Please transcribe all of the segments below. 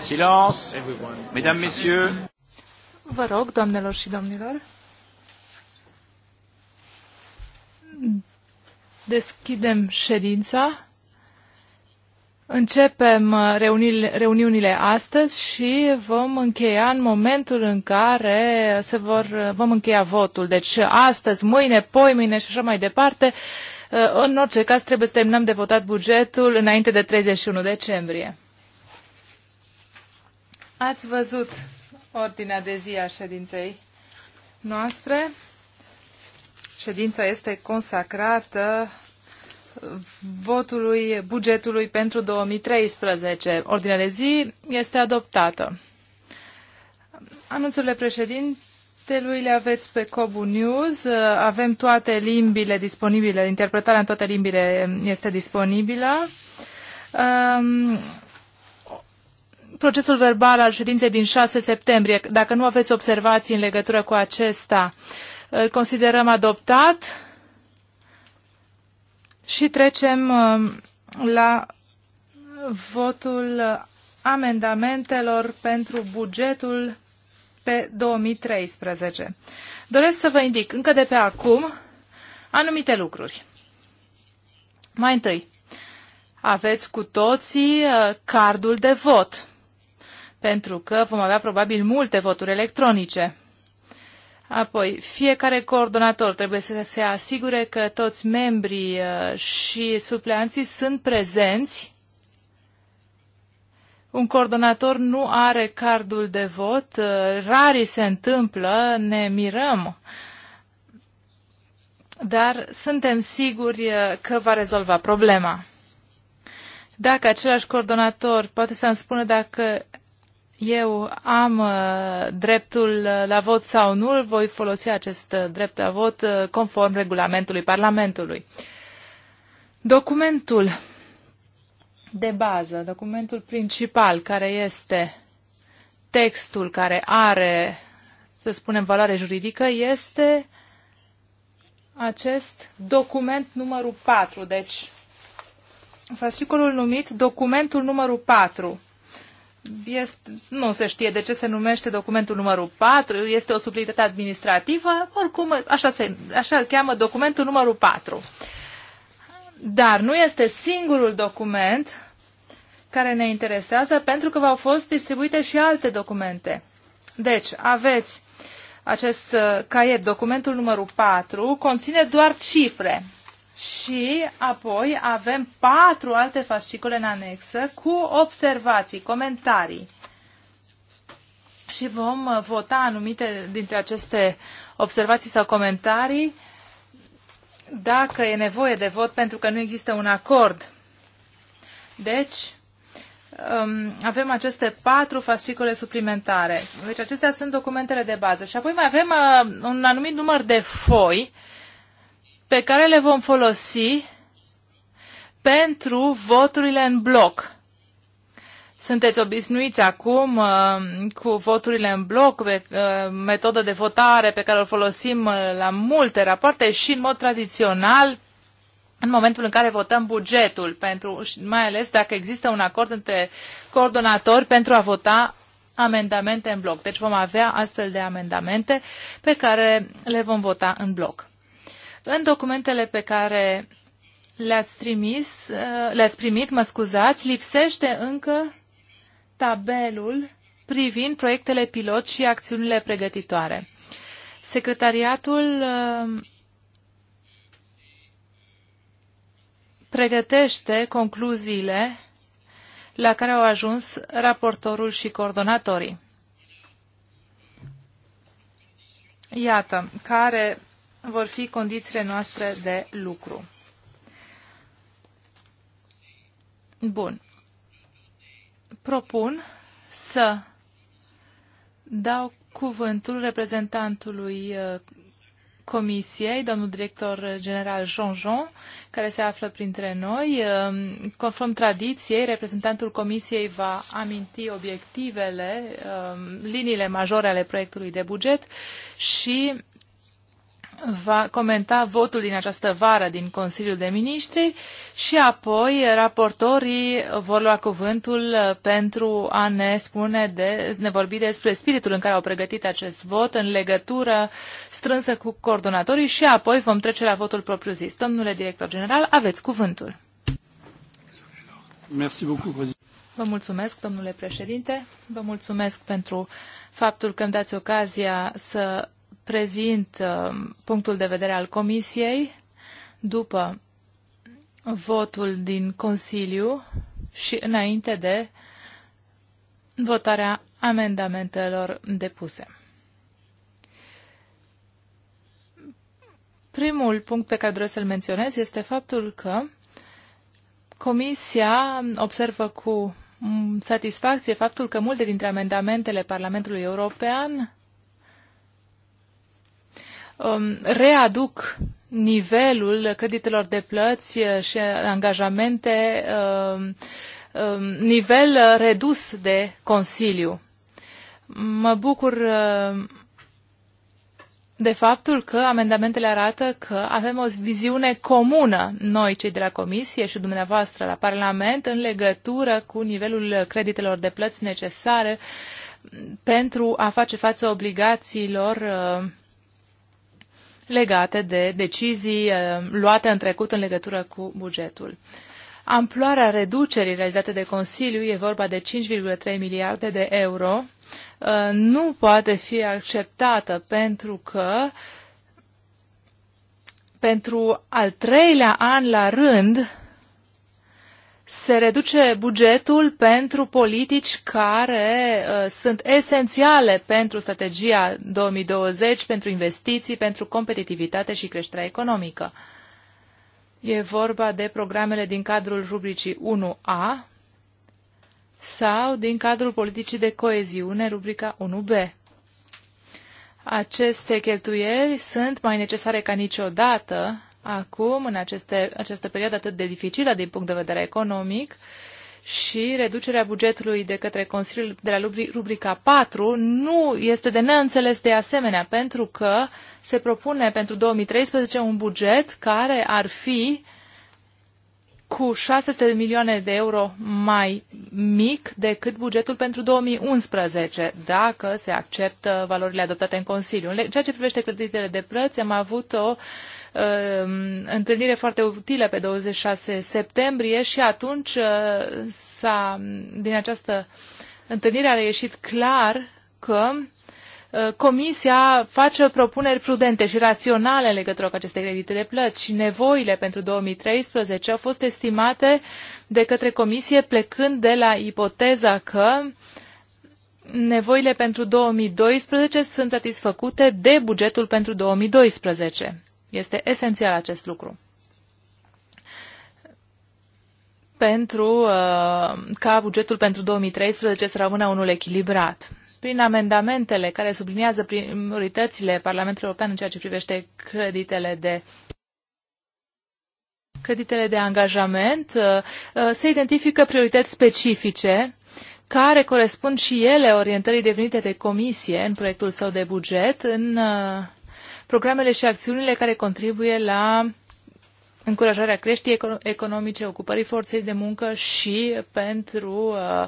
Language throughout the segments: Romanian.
silence mesdames messieurs vă rog doamnelor și domnilor deschidem ședința Începem uh, reuniunile astăzi și vom încheia în momentul în care se vor, uh, vom încheia votul. Deci astăzi, mâine, poimâine și așa mai departe. Uh, în orice caz trebuie să terminăm de votat bugetul înainte de 31 decembrie. Ați văzut ordinea de zi a ședinței noastre. Ședința este consacrată votului bugetului pentru 2013. Ordinea de zi este adoptată. Anunțurile președintelui le aveți pe Cobu News. Avem toate limbile disponibile, interpretarea în toate limbile este disponibilă. Um, procesul verbal al ședinței din 6 septembrie, dacă nu aveți observații în legătură cu acesta, îl considerăm adoptat. Și trecem uh, la votul amendamentelor pentru bugetul pe 2013. Doresc să vă indic încă de pe acum anumite lucruri. Mai întâi, aveți cu toții uh, cardul de vot, pentru că vom avea probabil multe voturi electronice. Apoi, fiecare coordonator trebuie să se asigure că toți membrii uh, și supleanții sunt prezenți. Un coordonator nu are cardul de vot, uh, rari se întâmplă, ne mirăm, dar suntem siguri uh, că va rezolva problema. Dacă același coordonator poate să-mi spună dacă eu am uh, dreptul la vot sau nu, voi folosi acest uh, drept la vot uh, conform regulamentului Parlamentului. Documentul de bază, documentul principal care este textul care are, să spunem, valoare juridică, este acest document numărul 4. Deci, fascicolul numit documentul numărul 4 este, nu se știe de ce se numește documentul numărul 4, este o sublitate administrativă, oricum așa, se, așa îl cheamă documentul numărul 4. Dar nu este singurul document care ne interesează pentru că v-au fost distribuite și alte documente. Deci, aveți acest uh, caiet, documentul numărul 4, conține doar cifre și apoi avem patru alte fascicole în anexă cu observații, comentarii. Și vom uh, vota anumite dintre aceste observații sau comentarii dacă e nevoie de vot pentru că nu există un acord. Deci, um, avem aceste patru fascicole suplimentare. Deci acestea sunt documentele de bază. Și apoi mai avem uh, un anumit număr de foi uh, pe care le vom folosi pentru voturile în bloc. Sunteți obișnuiți acum uh, cu voturile în bloc, pe, uh, metodă de votare pe care o folosim uh, la multe rapoarte și în mod tradițional în momentul în care votăm bugetul, pentru, mai ales dacă există un acord între coordonatori pentru a vota amendamente în bloc. Deci vom avea astfel de amendamente pe care le vom vota în bloc. În documentele pe care le-ați trimis, uh, le-ați primit, mă scuzați, lipsește încă tabelul privind proiectele pilot și acțiunile pregătitoare. Secretariatul uh, pregătește concluziile la care au ajuns raportorul și coordonatorii. Iată, care vor fi condițiile noastre de lucru. Bun. Propun să dau cuvântul reprezentantului uh, Comisiei, domnul director general Jean-Jean, care se află printre noi. Uh, conform tradiției, reprezentantul Comisiei va aminti obiectivele, uh, liniile majore ale proiectului de buget și va comenta votul din această vară din Consiliul de Ministri și apoi raportorii vor lua cuvântul pentru a ne spune de, ne vorbi despre spiritul în care au pregătit acest vot în legătură strânsă cu coordonatorii și apoi vom trece la votul propriu-zis. Domnule director general, aveți cuvântul. Vă mulțumesc, domnule președinte. Vă mulțumesc pentru faptul că îmi dați ocazia să prezint uh, punctul de vedere al Comisiei după votul din Consiliu și înainte de votarea amendamentelor depuse. Primul punct pe care doresc să-l menționez este faptul că Comisia observă cu satisfacție faptul că multe dintre amendamentele Parlamentului European um, readuc nivelul creditelor de plăți uh, și angajamente, um, um, nivel uh, redus de Consiliu. Mă bucur uh, de faptul că amendamentele arată că avem o viziune comună, noi cei de la Comisie și dumneavoastră la Parlament, în legătură cu nivelul creditelor de plăți necesare pentru a face față obligațiilor legate de decizii uh, luate în trecut în legătură cu bugetul. Amploarea reducerii realizate de Consiliu, e vorba de 5,3 miliarde de euro, uh, nu poate fi acceptată pentru că pentru al treilea an la rând se reduce bugetul pentru politici care uh, sunt esențiale pentru strategia 2020, pentru investiții, pentru competitivitate și creșterea economică. E vorba de programele din cadrul rubricii 1A sau din cadrul politicii de coeziune, rubrica 1B. Aceste cheltuieli sunt mai necesare ca niciodată acum, în aceste, această perioadă atât de dificilă din punct de vedere economic, și reducerea bugetului de către Consiliul de la rubrica 4 nu este de neînțeles de asemenea, pentru că se propune pentru 2013 un buget care ar fi cu 600 de milioane de euro mai mic decât bugetul pentru 2011, dacă se acceptă valorile adoptate în Consiliu. În ceea ce privește creditele de plăți, am avut o uh, Um, întâlnire foarte utilă pe 26 septembrie și atunci uh, s-a, din această întâlnire a ieșit clar că uh, Comisia face propuneri prudente și raționale legătură cu aceste credite de plăți și nevoile pentru 2013 au fost estimate de către Comisie plecând de la ipoteza că nevoile pentru 2012 sunt satisfăcute de bugetul pentru 2012. Este esențial acest lucru. pentru uh, ca bugetul pentru 2013 să rămână unul echilibrat. Prin amendamentele care subliniază prioritățile Parlamentului European în ceea ce privește creditele de creditele de angajament, uh, uh, se identifică priorități specifice care corespund și ele orientării devenite de comisie în proiectul său de buget în programele și acțiunile care contribuie la încurajarea creșterii economice, ocupării forței de muncă și pentru uh,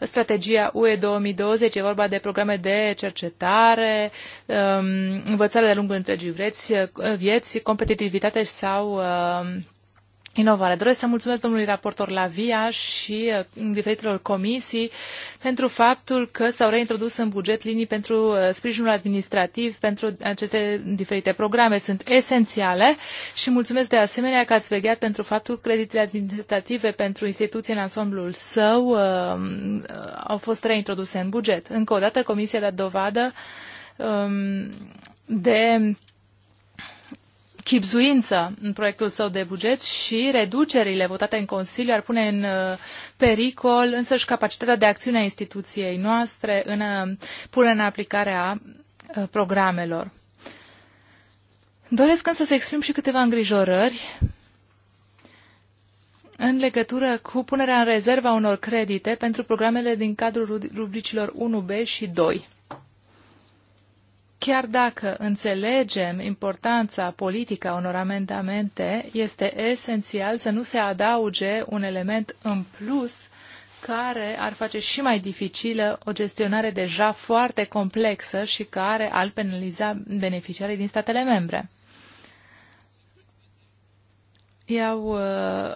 strategia UE 2020. E vorba de programe de cercetare, um, învățare de-a lungul întregii uh, vieți, competitivitate sau uh, inovare. Doresc să mulțumesc domnului raportor Lavia și uh, diferitelor comisii pentru faptul că s-au reintrodus în buget linii pentru uh, sprijinul administrativ pentru aceste diferite programe. Sunt esențiale și mulțumesc de asemenea că ați vegheat pentru faptul că creditele administrative pentru instituții în ansamblul său uh, uh au fost reintroduse în buget. Încă o dată, comisia de dovadă um, de chipzuință în proiectul său de buget și reducerile votate în Consiliu ar pune în uh, pericol însăși capacitatea de acțiune a instituției noastre în uh, pune în aplicare a uh, programelor. Doresc însă să exprim și câteva îngrijorări în legătură cu punerea în rezervă a unor credite pentru programele din cadrul rubricilor 1B și 2. Chiar dacă înțelegem importanța politică a unor amendamente, este esențial să nu se adauge un element în plus care ar face și mai dificilă o gestionare deja foarte complexă și care ar penaliza beneficiarii din statele membre. Iau uh,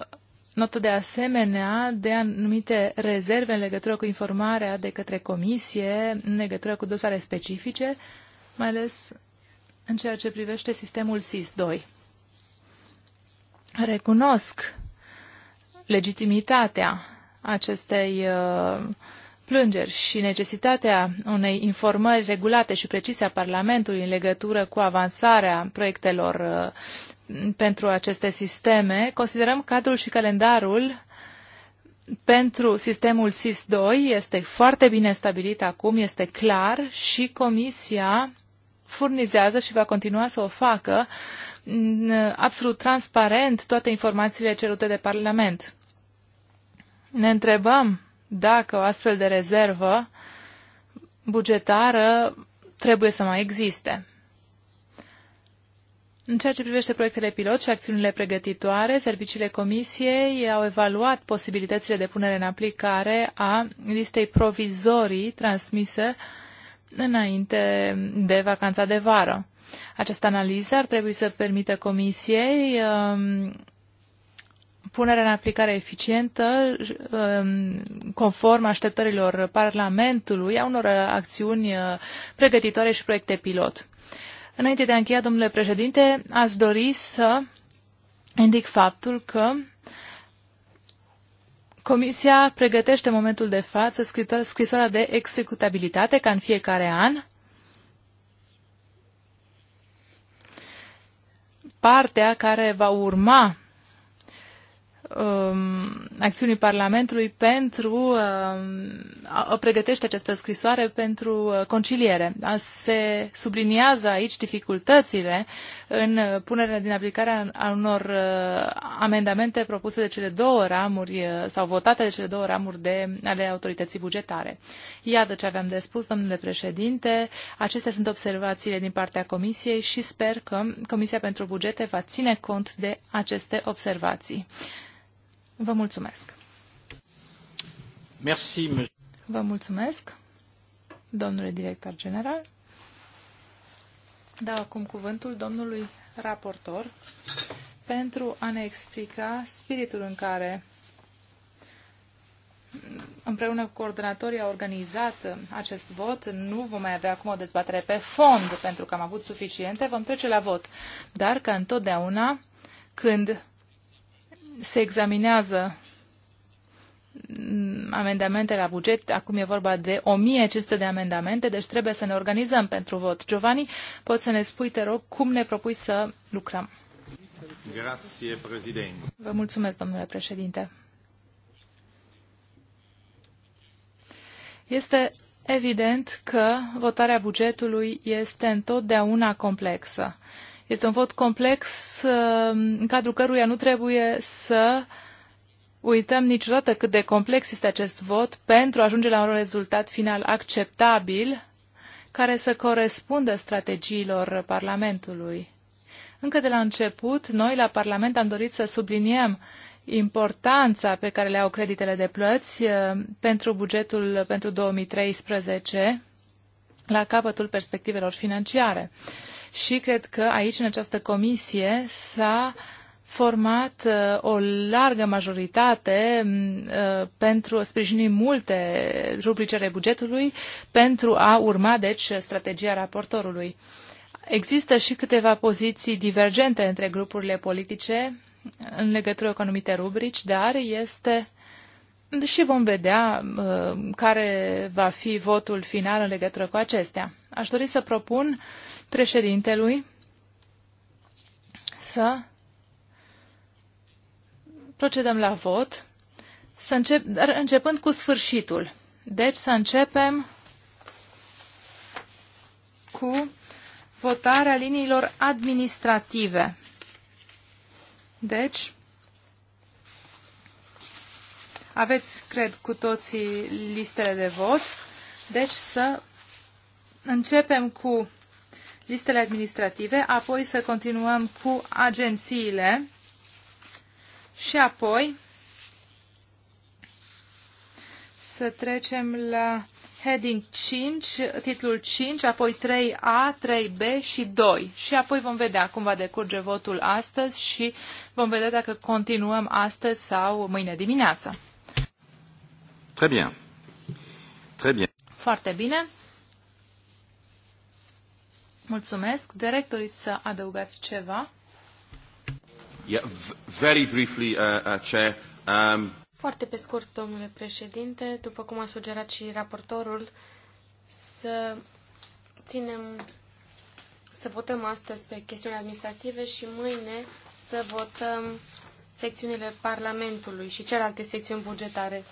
notă de asemenea de anumite rezerve în legătură cu informarea de către comisie, în legătură cu dosare specifice, mai ales în ceea ce privește sistemul SIS-2. Recunosc legitimitatea acestei uh, plângeri și necesitatea unei informări regulate și precise a Parlamentului în legătură cu avansarea proiectelor uh, pentru aceste sisteme, considerăm cadrul și calendarul pentru sistemul SIS-2 este foarte bine stabilit acum, este clar și Comisia furnizează și va continua să o facă absolut transparent toate informațiile cerute de Parlament. Ne întrebăm dacă o astfel de rezervă bugetară trebuie să mai existe. În ceea ce privește proiectele pilot și acțiunile pregătitoare, serviciile Comisiei au evaluat posibilitățile de punere în aplicare a listei provizorii transmise uh, înainte de vacanța de vară. Această analiză ar trebui să permită Comisiei um, punerea în aplicare eficientă, um, conform așteptărilor Parlamentului, a unor acțiuni uh, pregătitoare și proiecte pilot. Înainte de a încheia, domnule președinte, ați dori să indic faptul că Comisia pregătește în momentul de față scrisoarea de executabilitate, ca în fiecare an. Partea care va urma Um, acțiunii Parlamentului pentru a um, pregătește această scrisoare pentru uh, conciliere. Se subliniază aici dificultățile în punerea din aplicare a unor uh, amendamente propuse de cele două ramuri uh, sau votate de cele două ramuri de, ale autorității bugetare. Iată ce aveam de spus, domnule președinte. Acestea sunt observațiile din partea Comisiei și sper că Comisia pentru Bugete va ține cont de aceste observații. Vă mulțumesc. Merci, Vă mulțumesc, domnule director general. Dau acum cuvântul domnului raportor pentru a ne explica spiritul în care împreună cu coordonatorii a organizat acest vot. Nu vom mai avea acum o dezbatere pe fond, pentru că am avut suficiente. Vom trece la vot. Dar, ca întotdeauna, când se examinează amendamente la buget. Acum e vorba de 1500 de amendamente, deci trebuie să ne organizăm pentru vot. Giovanni, poți să ne spui, te rog, cum ne propui să lucrăm? Grazie, președinte. Vă mulțumesc, domnule președinte. Este evident că votarea bugetului este întotdeauna complexă este un vot complex uh, în cadrul căruia nu trebuie să uităm niciodată cât de complex este acest vot pentru a ajunge la un rezultat final acceptabil care să corespundă strategiilor Parlamentului. Încă de la început, noi la Parlament am dorit să subliniem importanța pe care le au creditele de plăți uh, pentru bugetul pentru 2013 la capătul perspectivelor financiare. Și cred că aici, în această comisie, s-a format uh, o largă majoritate mm, uh, pentru a sprijini multe ale bugetului pentru a urma, deci, strategia raportorului. Există și câteva poziții divergente între grupurile politice în legătură cu anumite rubrici, dar este și vom vedea uh, care va fi votul final în legătură cu acestea. Aș dori să propun președintelui să procedăm la vot, să încep, dar începând cu sfârșitul. Deci să începem cu votarea liniilor administrative. Deci, aveți, cred, cu toții listele de vot. Deci să începem cu listele administrative, apoi să continuăm cu agențiile și apoi să trecem la heading 5, titlul 5, apoi 3A, 3B și 2. Și apoi vom vedea cum va decurge votul astăzi și vom vedea dacă continuăm astăzi sau mâine dimineață. Très bien. Très bien. Foarte bine. Mulțumesc. Derek, doriți să adăugați ceva? Yeah, very briefly, uh, uh, Chair. Um... Foarte pe scurt, domnule președinte, după cum a sugerat și raportorul, să ținem, să votăm astăzi pe chestiuni administrative și mâine să votăm secțiunile Parlamentului și celelalte secțiuni bugetare.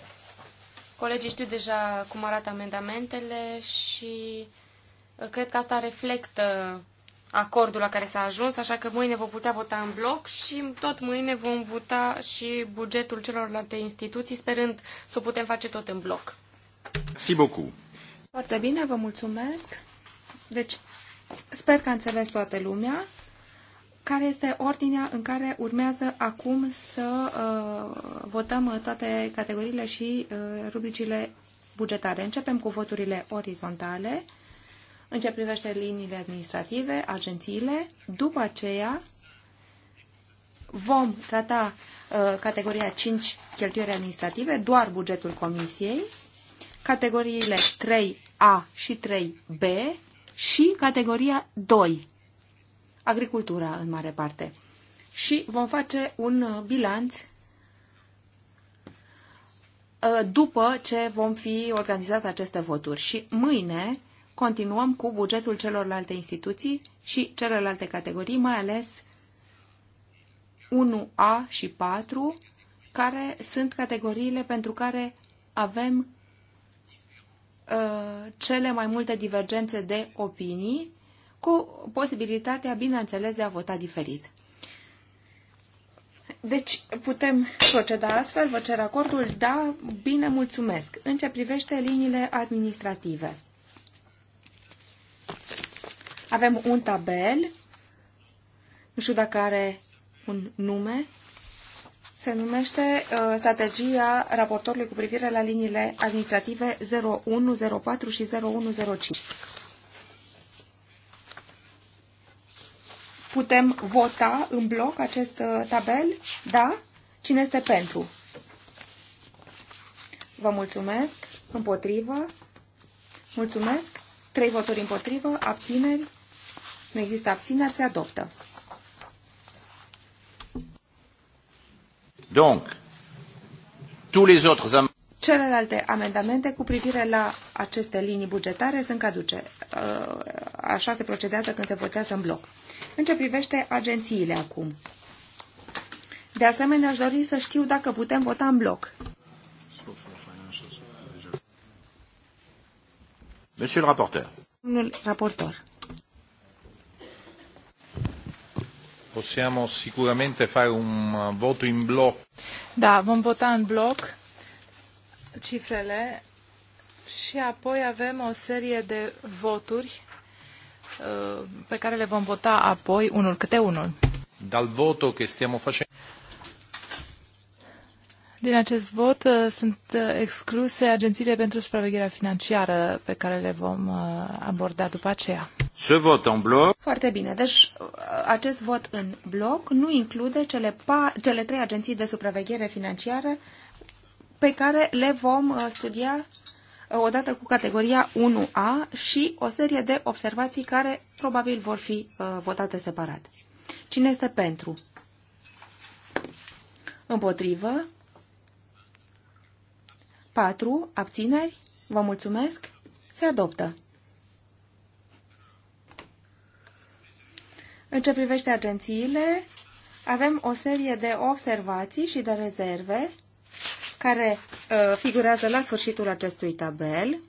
Colegii știu deja cum arată amendamentele și uh, cred că asta reflectă acordul la care s-a ajuns, așa că mâine vom putea vota în bloc și tot mâine vom vota și bugetul celorlalte instituții, sperând să o putem face tot în bloc. Si beaucoup. Foarte bine, vă mulțumesc. Deci, sper că a înțeles toată lumea care este ordinea în care urmează acum să uh, votăm uh, toate categoriile și uh, rubricile bugetare. Începem cu voturile orizontale, în ce privește liniile administrative, agențiile. După aceea vom trata uh, categoria 5, cheltuieli administrative, doar bugetul comisiei, categoriile 3A și 3B și categoria 2 agricultura în mare parte. Și vom face un uh, bilanț uh, după ce vom fi organizat aceste voturi. Și mâine continuăm cu bugetul celorlalte instituții și celelalte categorii, mai ales 1A și 4, care sunt categoriile pentru care avem uh, cele mai multe divergențe de opinii cu posibilitatea, bineînțeles, de a vota diferit. Deci putem proceda astfel, vă cer acordul, da, bine, mulțumesc. În ce privește liniile administrative. Avem un tabel, nu știu dacă are un nume, se numește uh, strategia raportorului cu privire la liniile administrative 0104 și 0105. Putem vota în bloc acest uh, tabel? Da? Cine este pentru? Vă mulțumesc. Împotrivă. Mulțumesc. Trei voturi împotrivă. Abțineri. Nu există abțineri. Se adoptă. Donc, tous les autres am Celelalte amendamente cu privire la aceste linii bugetare sunt caduce. Uh, așa se procedează când se votează în bloc. În ce privește agențiile acum. De asemenea, aș dori să știu dacă putem vota în bloc. Monsieur le rapporteur. Domnul raportor. Possiamo sicuramente fare un uh, voto in bloc. Da, vom vota în bloc cifrele și apoi avem o serie de voturi Uh, pe care le vom vota apoi unul câte unul. Dal voto che stiamo facendo. Din acest vot uh, sunt uh, excluse agențiile pentru supravegherea financiară pe care le vom aborda după aceea. Ce vot în bloc? Foarte bine. Deci acest vot în bloc nu include cele, pa, cele trei agenții de supraveghere financiară pe care le vom studia odată cu categoria 1A și o serie de observații care probabil vor fi uh, votate separat. Cine este pentru? Împotrivă? 4. Abțineri? Vă mulțumesc. Se adoptă. În ce privește agențiile, avem o serie de observații și de rezerve care uh, figurează la sfârșitul acestui tabel.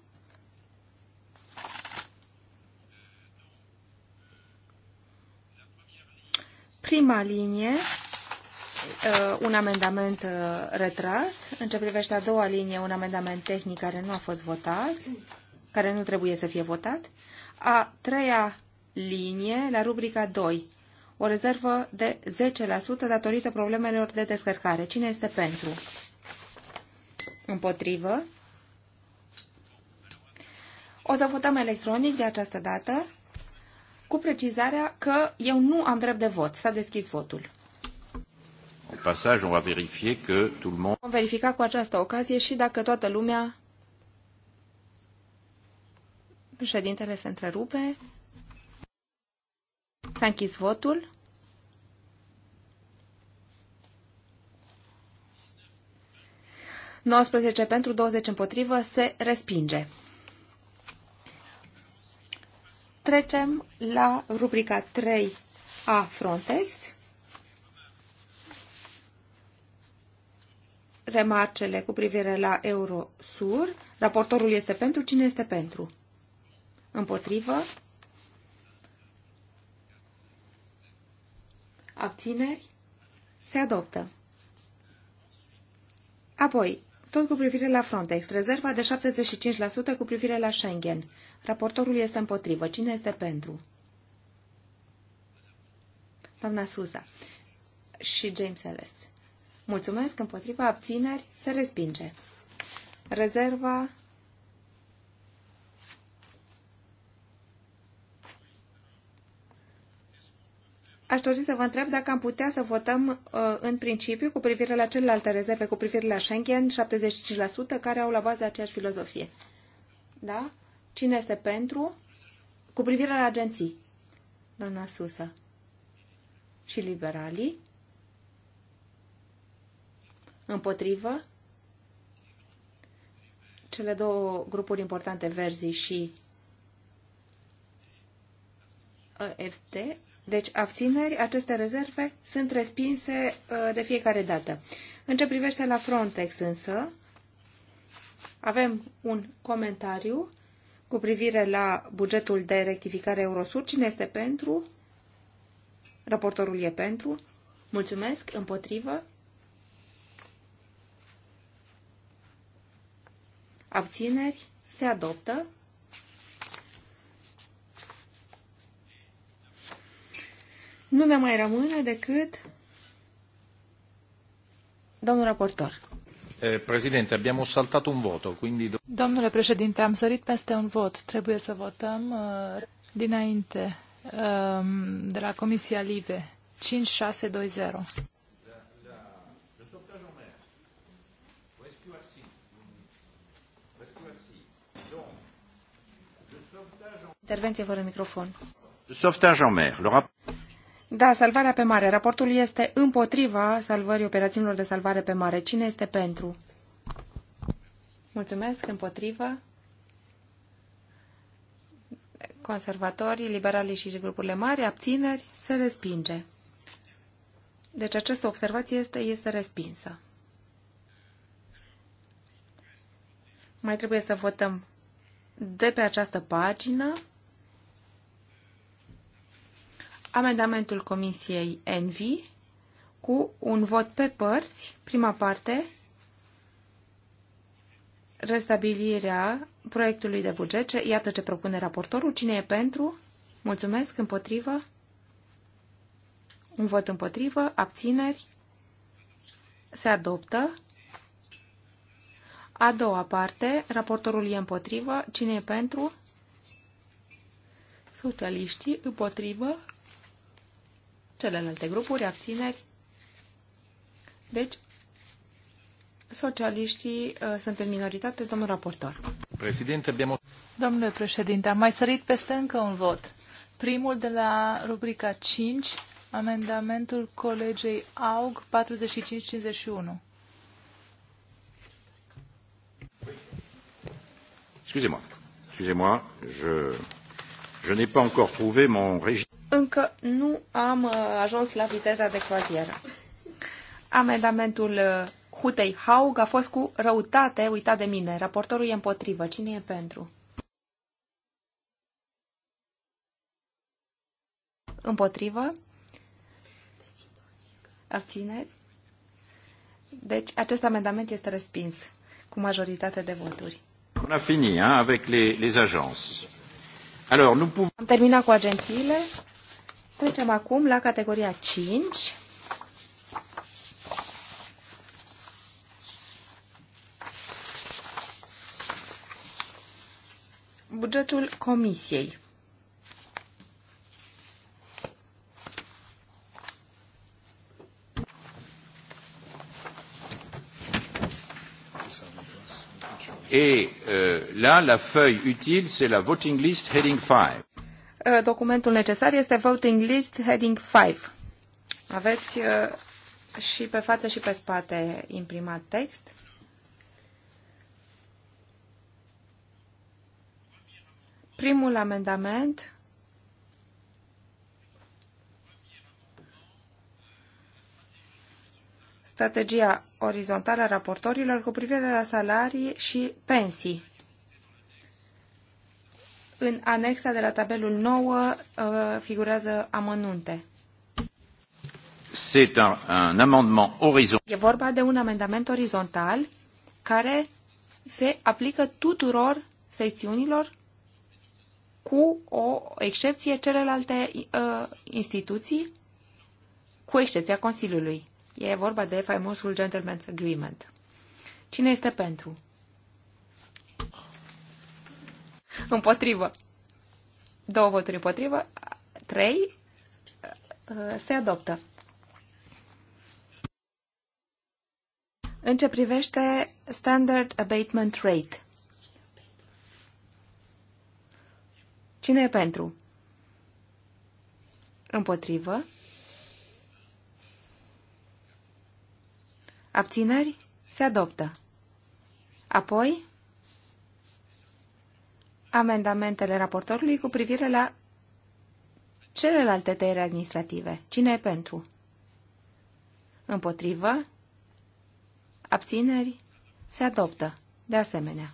Prima linie, uh, un amendament uh, retras. În ce privește a doua linie, un amendament tehnic care nu a fost votat, care nu trebuie să fie votat. A treia linie, la rubrica 2, o rezervă de 10% datorită problemelor de descărcare. Cine este pentru? Împotrivă. O să votăm electronic de această dată cu precizarea că eu nu am drept de vot. S-a deschis votul. În pasaj, on va verifie că tout le monde... Vom verifica cu această ocazie și dacă toată lumea... Președintele se întrerupe. S-a închis votul. 19 pentru, 20 împotrivă, se respinge. Trecem la rubrica 3 a Frontex. Remarcele cu privire la Eurosur. Raportorul este pentru. Cine este pentru? Împotrivă. Abțineri? Se adoptă. Apoi, tot cu privire la Frontex, rezerva de 75% cu privire la Schengen. Raportorul este împotrivă. Cine este pentru? Doamna Suza și James Ellis. Mulțumesc, împotriva abțineri, se respinge. Rezerva aș dori să vă întreb dacă am putea să votăm uh, în principiu cu privire la celelalte rezerve, cu privire la Schengen, 75%, care au la bază aceeași filozofie. Da? Cine este pentru? Cu privire la agenții. Doamna Susa. Și liberalii. Împotrivă. Cele două grupuri importante, Verzi și EFT, uh, deci, abțineri, aceste rezerve sunt respinse uh, de fiecare dată. În ce privește la Frontex însă, avem un comentariu cu privire la bugetul de rectificare Eurosur. Cine este pentru? Raportorul e pentru. Mulțumesc. Împotrivă. Abțineri. Se adoptă. Nu ne mai rămâne decât domnul raportor. Eh, președinte, abbiamo saltat un voto, quindi... Domnule președinte, am sărit peste un vot. Trebuie să votăm uh, dinainte uh, de la Comisia Live 5620. Intervenție fără microfon. Sauvetage en mer. Da, salvarea pe mare. Raportul este împotriva salvării operațiunilor de salvare pe mare. Cine este pentru? Mulțumesc. Împotrivă. Conservatorii, liberalii și grupurile mari, abțineri, se respinge. Deci această observație este, este respinsă. Mai trebuie să votăm de pe această pagină amendamentul Comisiei Envi cu un vot pe părți, prima parte, restabilirea proiectului de buget. Iată ce propune raportorul. Cine e pentru? Mulțumesc. Împotrivă? Un vot împotrivă. Abțineri? Se adoptă. A doua parte. Raportorul e împotrivă. Cine e pentru? Socialiștii împotrivă celelalte grupuri, abțineri. Deci, socialiștii uh, sunt în minoritate, domnul raportor. Președinte, demo... Domnule președinte, am mai sărit peste încă un vot. Primul de la rubrica 5, amendamentul colegei AUG 4551. Excusez-moi, excusez-moi, je, je n'ai pas encore trouvé mon régime încă nu am uh, ajuns la viteza de croazieră. Amendamentul uh, Hutei Haug a fost cu răutate uitat de mine. Raportorul e împotrivă. Cine e pentru? Împotrivă? Abțineri? Deci, acest amendament este respins cu majoritate de voturi. On a fini, hein, avec les, les agences. Alors, nous pouvons... Am terminat cu agențiile. Trecem acum la categoria 5. Bugetul Comisiei. Et euh, là, la feuille utile, c'est la voting list heading 5. Uh, documentul necesar este Voting List Heading 5. Aveți uh, și pe față și pe spate imprimat text. Primul amendament strategia orizontală a raportorilor cu privire la salarii și pensii. În anexa de la tabelul 9 uh, figurează amănunte. C'est un, un amendement orizontal. E vorba de un amendament orizontal care se aplică tuturor secțiunilor cu o excepție celelalte uh, instituții, cu excepția Consiliului. E vorba de faimosul Gentleman's Agreement. Cine este pentru? Împotrivă. Două voturi împotrivă. Trei. Uh, se adoptă. În ce privește Standard Abatement Rate. Cine e pentru? Împotrivă. Abțineri? Se adoptă. Apoi, amendamentele raportorului cu privire la celelalte tăieri administrative. Cine e pentru? Împotrivă? Abțineri? Se adoptă. De asemenea.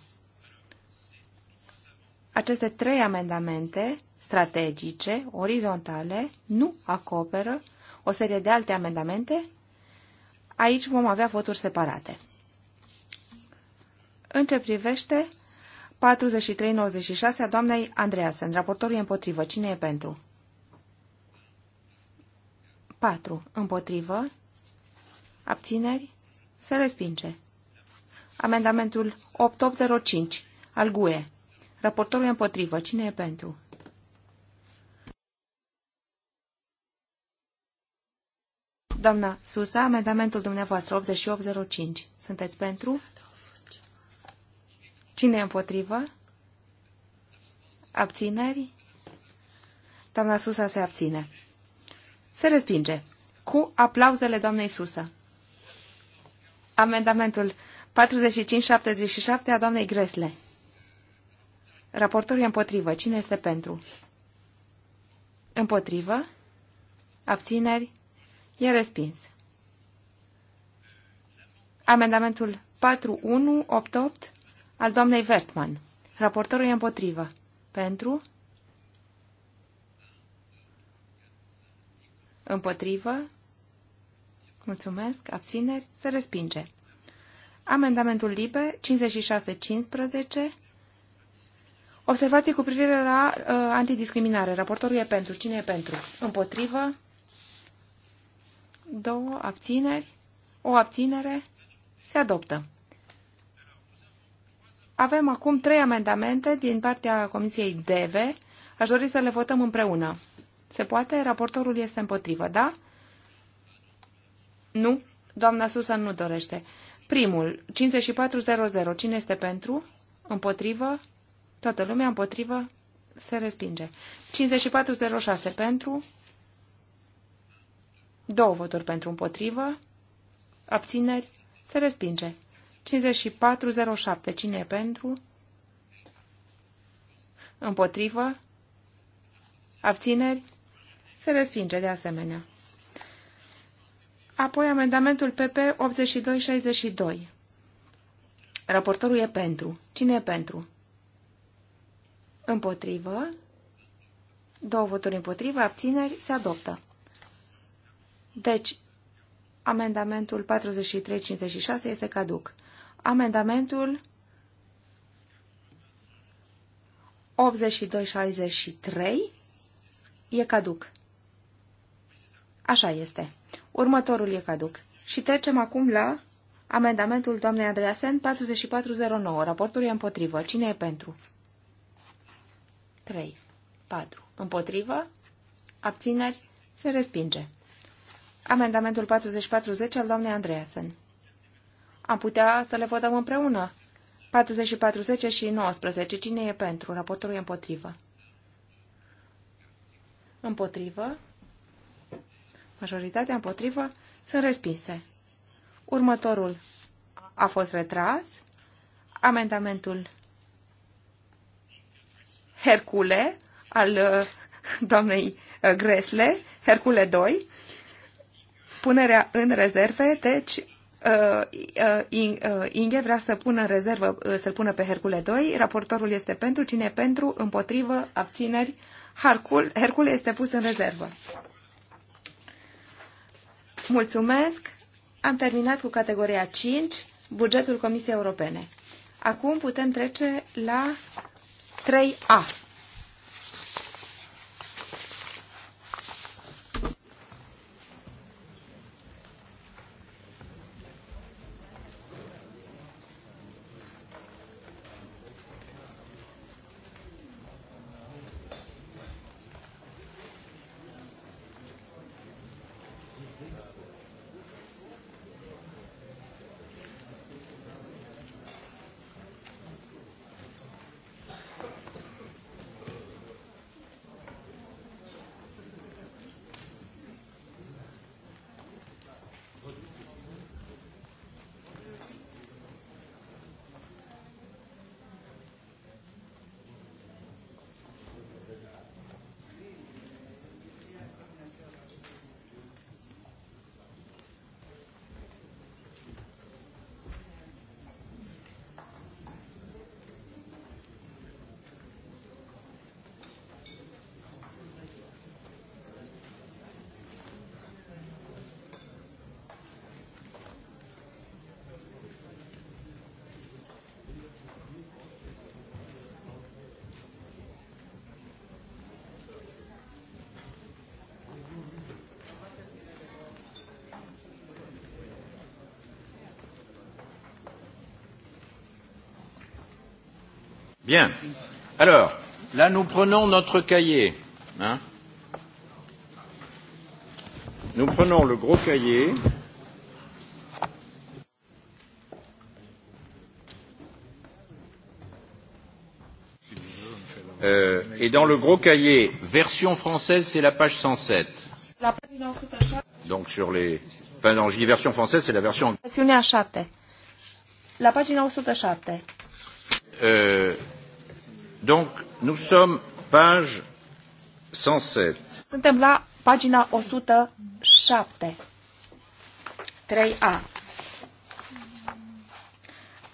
Aceste trei amendamente strategice, orizontale, nu acoperă o serie de alte amendamente. Aici vom avea voturi separate. În ce privește 43-96 a doamnei Andreasen. Raportorul e împotrivă. Cine e pentru? 4. Împotrivă. Abțineri. Se respinge. Amendamentul 8805 al GUE. Raportorul e împotrivă. Cine e pentru? Doamna Susa, amendamentul dumneavoastră 8805. Sunteți pentru? Cine e împotrivă? Abțineri? Doamna Susa se abține. Se respinge. Cu aplauzele doamnei Susa. Amendamentul 4577 a doamnei Gresle. Raportorul e împotrivă. Cine este pentru? Împotrivă? Abțineri? E respins. Amendamentul 4188 al doamnei Vertman. Raportorul e împotrivă. Pentru? Împotrivă? Mulțumesc. Abțineri? Se respinge. Amendamentul liber 5615. Observații cu privire la uh, antidiscriminare. Raportorul e pentru. Cine e pentru? Împotrivă? Două abțineri? O abținere? Se adoptă. Avem acum trei amendamente din partea Comisiei DEVE. Aș dori să le votăm împreună. Se poate? Raportorul este împotrivă, da? Nu? Doamna Susan nu dorește. Primul, 5400. Cine este pentru? Împotrivă? Toată lumea împotrivă? Se respinge. 5406 pentru? Două voturi pentru împotrivă? Abțineri? Se respinge. 5407. Cine e pentru? Împotrivă? Abțineri? Se respinge de asemenea. Apoi amendamentul PP 8262. Raportorul e pentru. Cine e pentru? Împotrivă. Două voturi împotrivă, abțineri, se adoptă. Deci, amendamentul 4356 este caduc. Amendamentul 8263 e caduc. Așa este. Următorul e caduc. Și trecem acum la amendamentul doamnei Andreasen 4409. Raportul e împotrivă. Cine e pentru? 3. 4. Împotrivă? Abțineri? Se respinge. Amendamentul 4410 al doamnei Andreasen. Am putea să le votăm împreună. 44, 10 și 19. Cine e pentru? Raportorul e împotrivă. Împotrivă. Majoritatea împotrivă. Sunt respinse. Următorul a fost retras. Amendamentul Hercule al uh, doamnei uh, Gresle, Hercule 2, punerea în rezerve, deci Uh, uh, uh, Inge vrea să pună în rezervă, să-l pună pe Hercule 2. Raportorul este pentru. Cine e pentru? Împotrivă? Abțineri? Hercul, Hercule este pus în rezervă. Mulțumesc. Am terminat cu categoria 5, bugetul Comisiei Europene. Acum putem trece la 3A. Bien. Alors, là, nous prenons notre cahier. Hein nous prenons le gros cahier. Euh, et dans le gros cahier, version française, c'est la page 107. La pagina Donc sur les... Enfin, non, je dis version française, c'est la version... La pagina 107. Euh, 107. Suntem la pagina 107. 3A.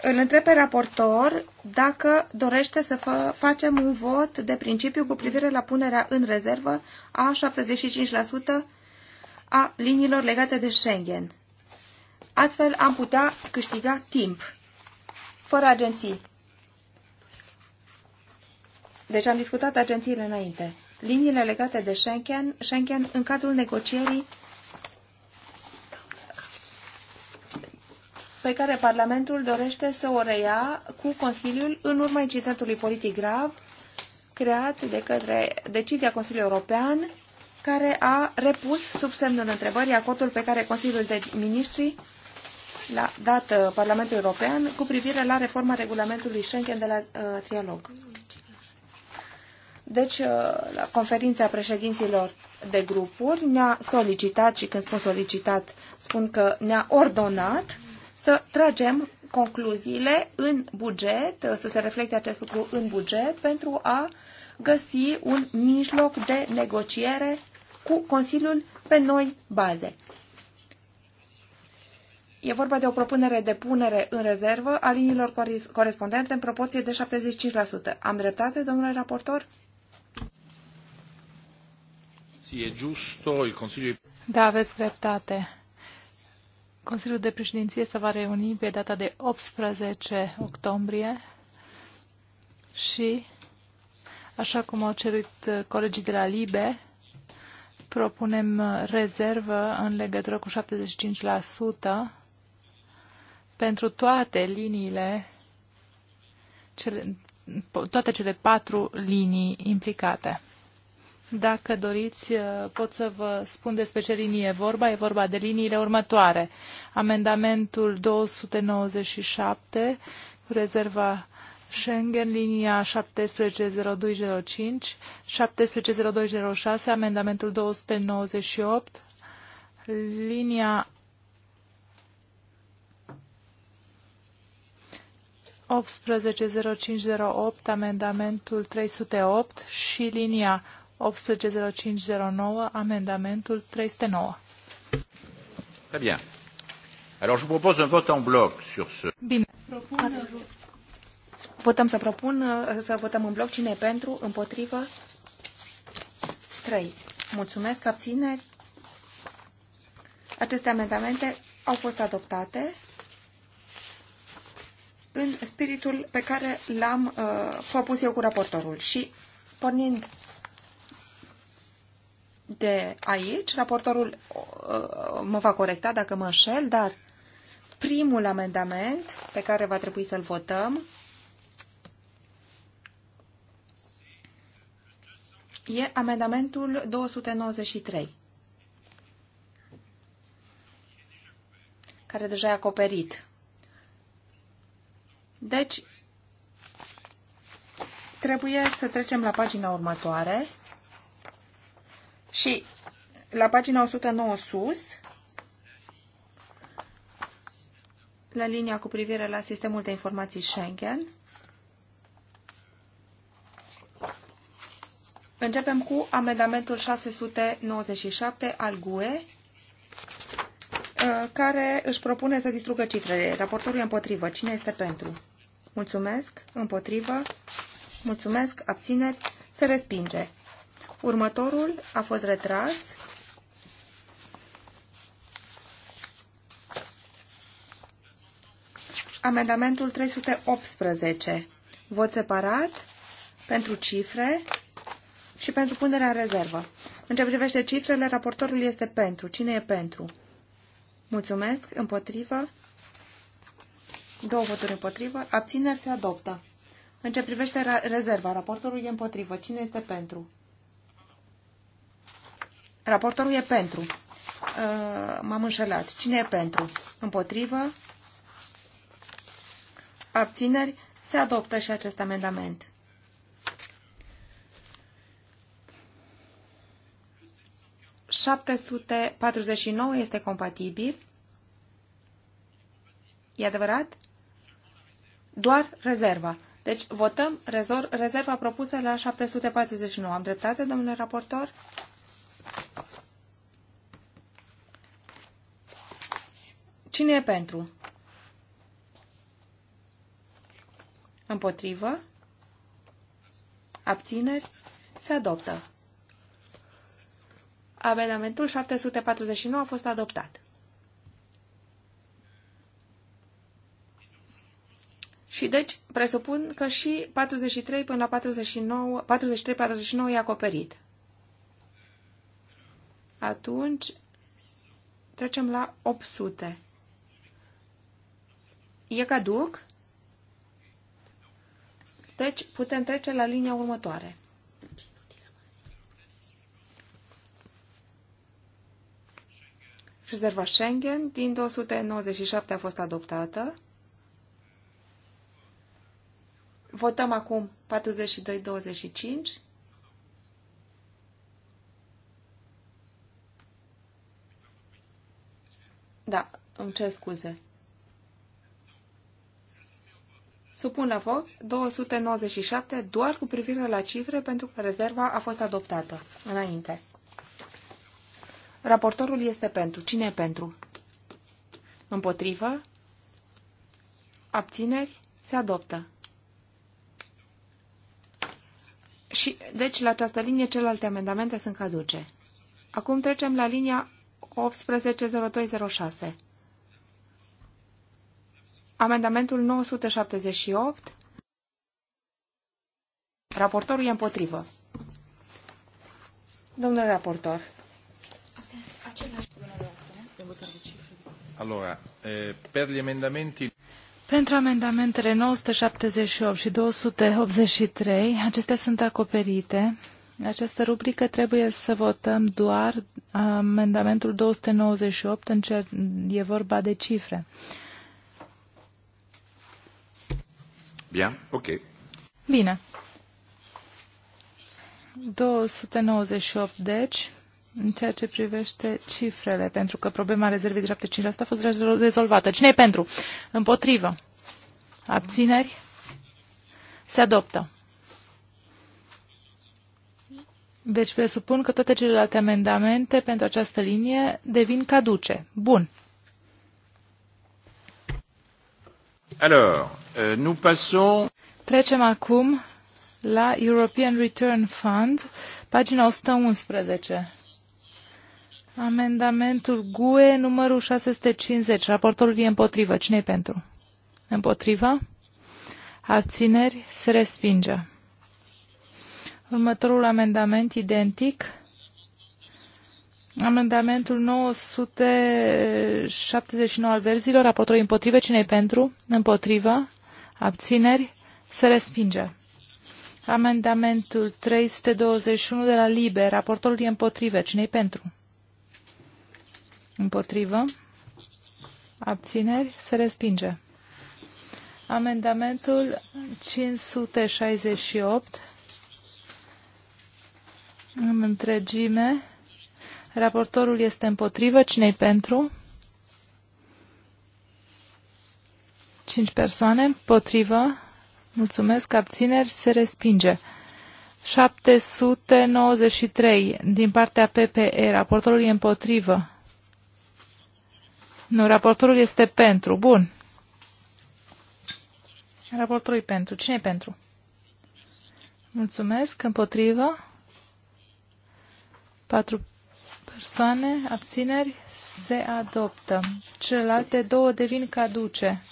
Îl întreb pe raportor dacă dorește să fă, facem un vot de principiu cu privire la punerea în rezervă a 75% a liniilor legate de Schengen. Astfel am putea câștiga timp, fără agenții. Deci am discutat agențiile înainte. Liniile legate de Schengen, Schengen în cadrul negocierii pe care Parlamentul dorește să o reia cu Consiliul în urma incidentului politic grav creat de către decizia Consiliului European care a repus sub semnul întrebării acordul pe care Consiliul de Ministri l-a dat uh, Parlamentul European cu privire la reforma regulamentului Schengen de la uh, trialog. Deci, uh, la conferința președinților de grupuri ne-a solicitat, și când spun solicitat, spun că ne-a ordonat să tragem concluziile în buget, uh, să se reflecte acest lucru în buget, pentru a găsi un mijloc de negociere cu Consiliul pe noi baze. E vorba de o propunere de punere în rezervă a liniilor corespondente în proporție de 75%. Am dreptate, domnule raportor? Da, aveți dreptate. Consiliul de președinție se va reuni pe data de 18 octombrie și, așa cum au cerut colegii de la LIBE, propunem rezervă în legătură cu 75% pentru toate liniile, cele, toate cele patru linii implicate. Dacă doriți, uh, pot să vă spun despre ce linie e vorba. E vorba de liniile următoare. Amendamentul 297 cu rezerva Schengen, linia 170205, 170206, amendamentul 298, linia 180508, amendamentul 308 și linia 180509, amendamentul 309. Très bien. Alors, je vous propose un vote en bloc sur ce. Bine. Propun... Votăm să propun, uh, să votăm în bloc cine e pentru, împotrivă, 3. Mulțumesc, abțineri. Aceste amendamente au fost adoptate în spiritul pe care l-am uh, propus eu cu raportorul și pornind de aici, raportorul uh, mă va corecta dacă mă înșel, dar primul amendament pe care va trebui să-l votăm e amendamentul 293, care deja e acoperit. Deci, trebuie să trecem la pagina următoare și la pagina 109 sus, la linia cu privire la sistemul de informații Schengen, Începem cu amendamentul 697 al GUE, uh, care își propune să distrugă cifrele. Raportorul e împotrivă. Cine este pentru? Mulțumesc. Împotrivă. Mulțumesc. Abțineri. Se respinge. Următorul a fost retras. Amendamentul 318. Vot separat pentru cifre și pentru punerea în rezervă. În ce privește cifrele, raportorul este pentru. Cine e pentru? Mulțumesc. Împotrivă. Două voturi împotrivă. Abțineri se adoptă. În ce privește rezerva, raportorul e împotrivă. Cine este pentru? Raportorul e pentru. Uh, m-am înșelat. Cine e pentru? Împotrivă? Abțineri? Se adoptă și acest amendament. 749 este compatibil. E adevărat? Doar rezerva. Deci votăm rezerva propusă la 749. Am dreptate, domnule raportor? Cine e pentru? Împotrivă? Abțineri? Se adoptă. Amendamentul 749 a fost adoptat. Și deci presupun că și 43 până la 49, 43-49 e acoperit. Atunci trecem la 800. E caduc? Deci putem trece la linia următoare. Rezerva Schengen din 297 a fost adoptată. Votăm acum 42-25. Da, îmi cer scuze. Supun la vot 297 doar cu privire la cifre pentru că rezerva a fost adoptată înainte. Raportorul este pentru. Cine e pentru? Împotrivă? Abțineri? Se adoptă. Și, deci, la această linie, celelalte amendamente sunt caduce. Acum trecem la linia 180206. Amendamentul 978. Raportorul e împotrivă. Domnule raportor. Allora, eh, per gli emendamenti... Pentru amendamentele 978 și 283, acestea sunt acoperite această rubrică trebuie să votăm doar amendamentul 298 în ce e vorba de cifre. Bine, ok. Bine. 298, deci, în ceea ce privește cifrele, pentru că problema rezervei de 75% a fost rezolvată. Cine e pentru? Împotrivă. Abțineri? Se adoptă. Deci presupun că toate celelalte amendamente pentru această linie devin caduce. Bun. Alors, euh, nous passons... Trecem acum la European Return Fund, pagina 111. Amendamentul GUE numărul 650. Raportorul e împotrivă. cine pentru? Împotrivă? Abțineri? Se respinge. Următorul amendament identic. Amendamentul 979 al verzilor, raportorul împotrivă, cine pentru? Împotrivă, abțineri, se respinge. Amendamentul 321 de la liber raportorul e împotrivă, cine pentru? Împotrivă, abțineri, se respinge. Amendamentul 568 în întregime. Raportorul este împotrivă. Cine-i pentru? Cinci persoane. Împotrivă. Mulțumesc. Abțineri. Se respinge. 793 din partea PPE. Raportorul e împotrivă. Nu, raportorul este pentru. Bun. Raportorul e pentru. Cine e pentru? Mulțumesc. Împotrivă. Patru persoane, abțineri, se adoptă. Celelalte două devin caduce.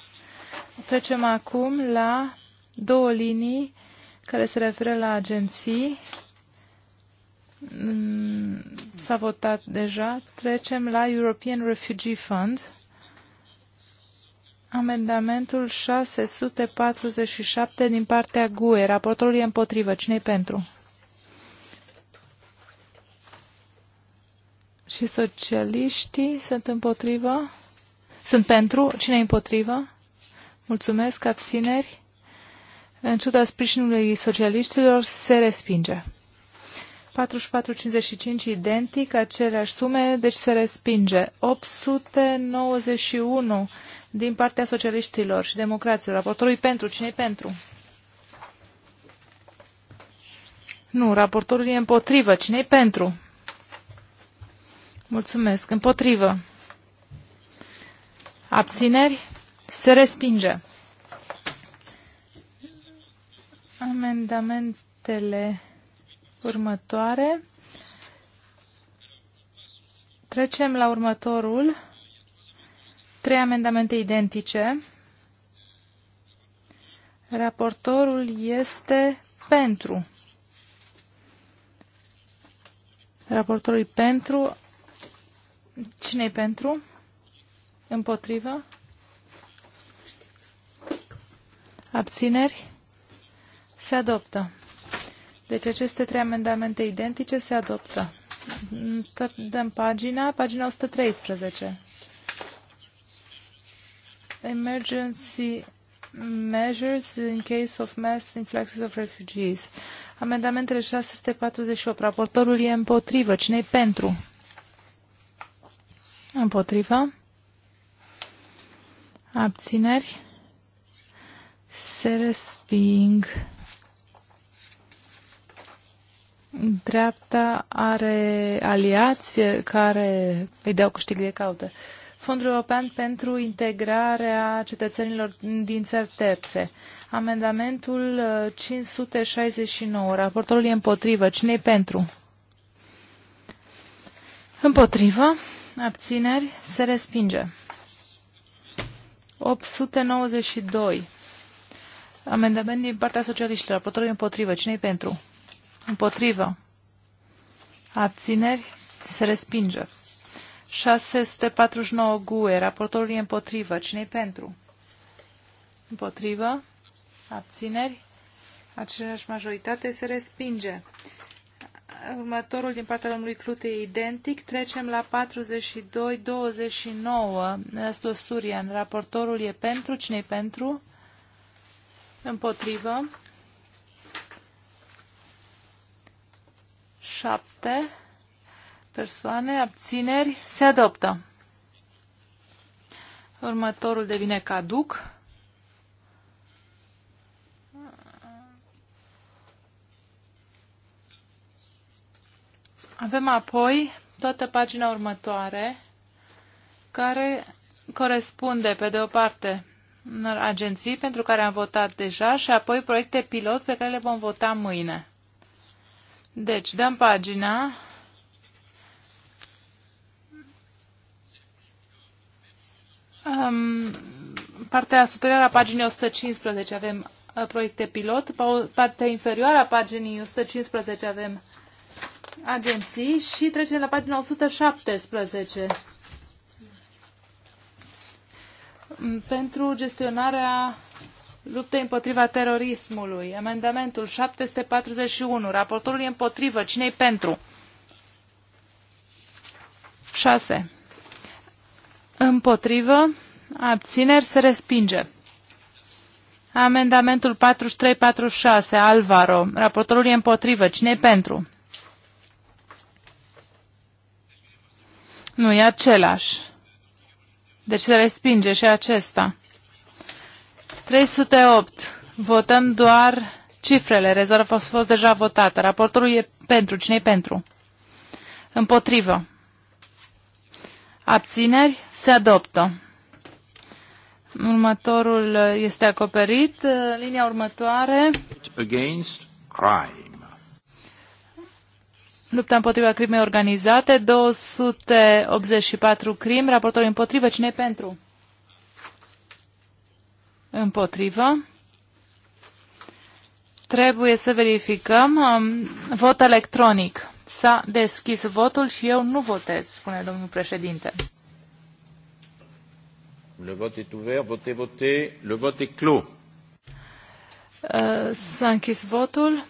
Trecem acum la două linii care se referă la agenții. Mm, s-a votat deja. Trecem la European Refugee Fund. Amendamentul 647 din partea GUE. Raportorul e împotrivă. Cine-i pentru? și socialiștii sunt împotriva? Sunt pentru? Cine e împotriva? Mulțumesc, abțineri. În ciuda sprijinului socialiștilor, se respinge. 44,55 identic, aceleași sume, deci se respinge. 891 din partea socialiștilor și democraților. Raportorul pentru. cine pentru? Nu, raportorul e împotrivă. cine pentru? Mulțumesc. Împotrivă. Abțineri? Se respinge. Amendamentele următoare. Trecem la următorul. Trei amendamente identice. Raportorul este pentru. Raportorul pentru Cine-i pentru? Împotrivă? Abțineri? Se adoptă. Deci aceste trei amendamente identice se adoptă. Dăm pagina, pagina 113. Emergency measures in case of mass influxes of refugees. Amendamentele 648. Raportorul e împotrivă. Cine-i pentru? Împotrivă. Abțineri. Se resping. Dreapta are aliați care îi dau câștig de caută. Fondul European pentru integrarea cetățenilor din țări terțe. Amendamentul 569. Uh, Raportorul e împotrivă. cine e pentru? Împotrivă abțineri, se respinge. 892. Amendament din partea socialiștilor. Potrivă împotrivă. cine e pentru? Împotrivă. Abțineri, se respinge. 649 GUE. Raportorul e împotrivă. cine e pentru? Împotrivă. Abțineri. Aceeași majoritate se respinge. Următorul din partea domnului Clute e identic. Trecem la 42-29. Năslu Surian. Raportorul e pentru. cine e pentru? Împotrivă. 7 persoane. Abțineri. Se adoptă. Următorul devine caduc. Avem apoi toată pagina următoare care corespunde, pe de o parte, unor agenții pentru care am votat deja și apoi proiecte pilot pe care le vom vota mâine. Deci, dăm pagina. Um, partea superioară a paginii 115 avem uh, proiecte pilot, partea inferioară a paginii 115 avem agenții și trecem la pagina 117. Pentru gestionarea luptei împotriva terorismului, amendamentul 741, raportorul e împotrivă, cine-i pentru? 6. Împotrivă, abțineri, se respinge. Amendamentul 4346, Alvaro. Raportorul e împotrivă. cine e pentru? Nu, e același. Deci se respinge și acesta. 308. Votăm doar cifrele. Rezerva a fost deja votată. Raportorul e pentru. Cine e pentru? Împotrivă. Abțineri? Se adoptă. Următorul este acoperit. Linia următoare. Against cry. Lupta împotriva crimei organizate, 284 crime. raportorul împotrivă, cine pentru? Împotrivă. Trebuie să verificăm um, vot electronic. S-a deschis votul și eu nu votez, spune domnul președinte. Le vot est ouvert, votez, votez. Le vot est clos. Uh, S-a închis votul.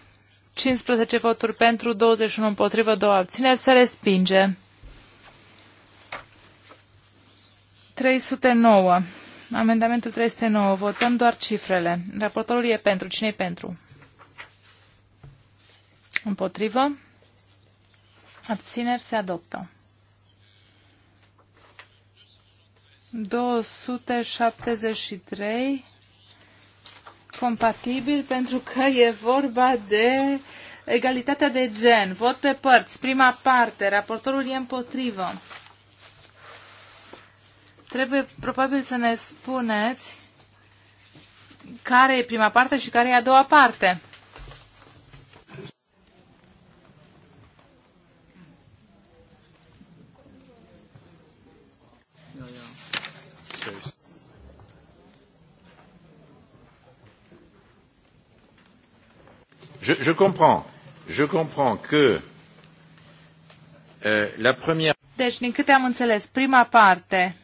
15 voturi pentru, 21 împotrivă, 2 abțineri, se respinge. 309. Amendamentul 309. Votăm doar cifrele. Raportorul e pentru. Cine e pentru? Împotrivă. Abțineri se adoptă. 273 compatibil pentru că e vorba de egalitatea de gen. Vot pe părți. Prima parte. Raportorul e împotrivă. Trebuie probabil să ne spuneți care e prima parte și care e a doua parte. je, je comprends, je comprends que euh, la première. Deci, din câte am înțeles, prima parte.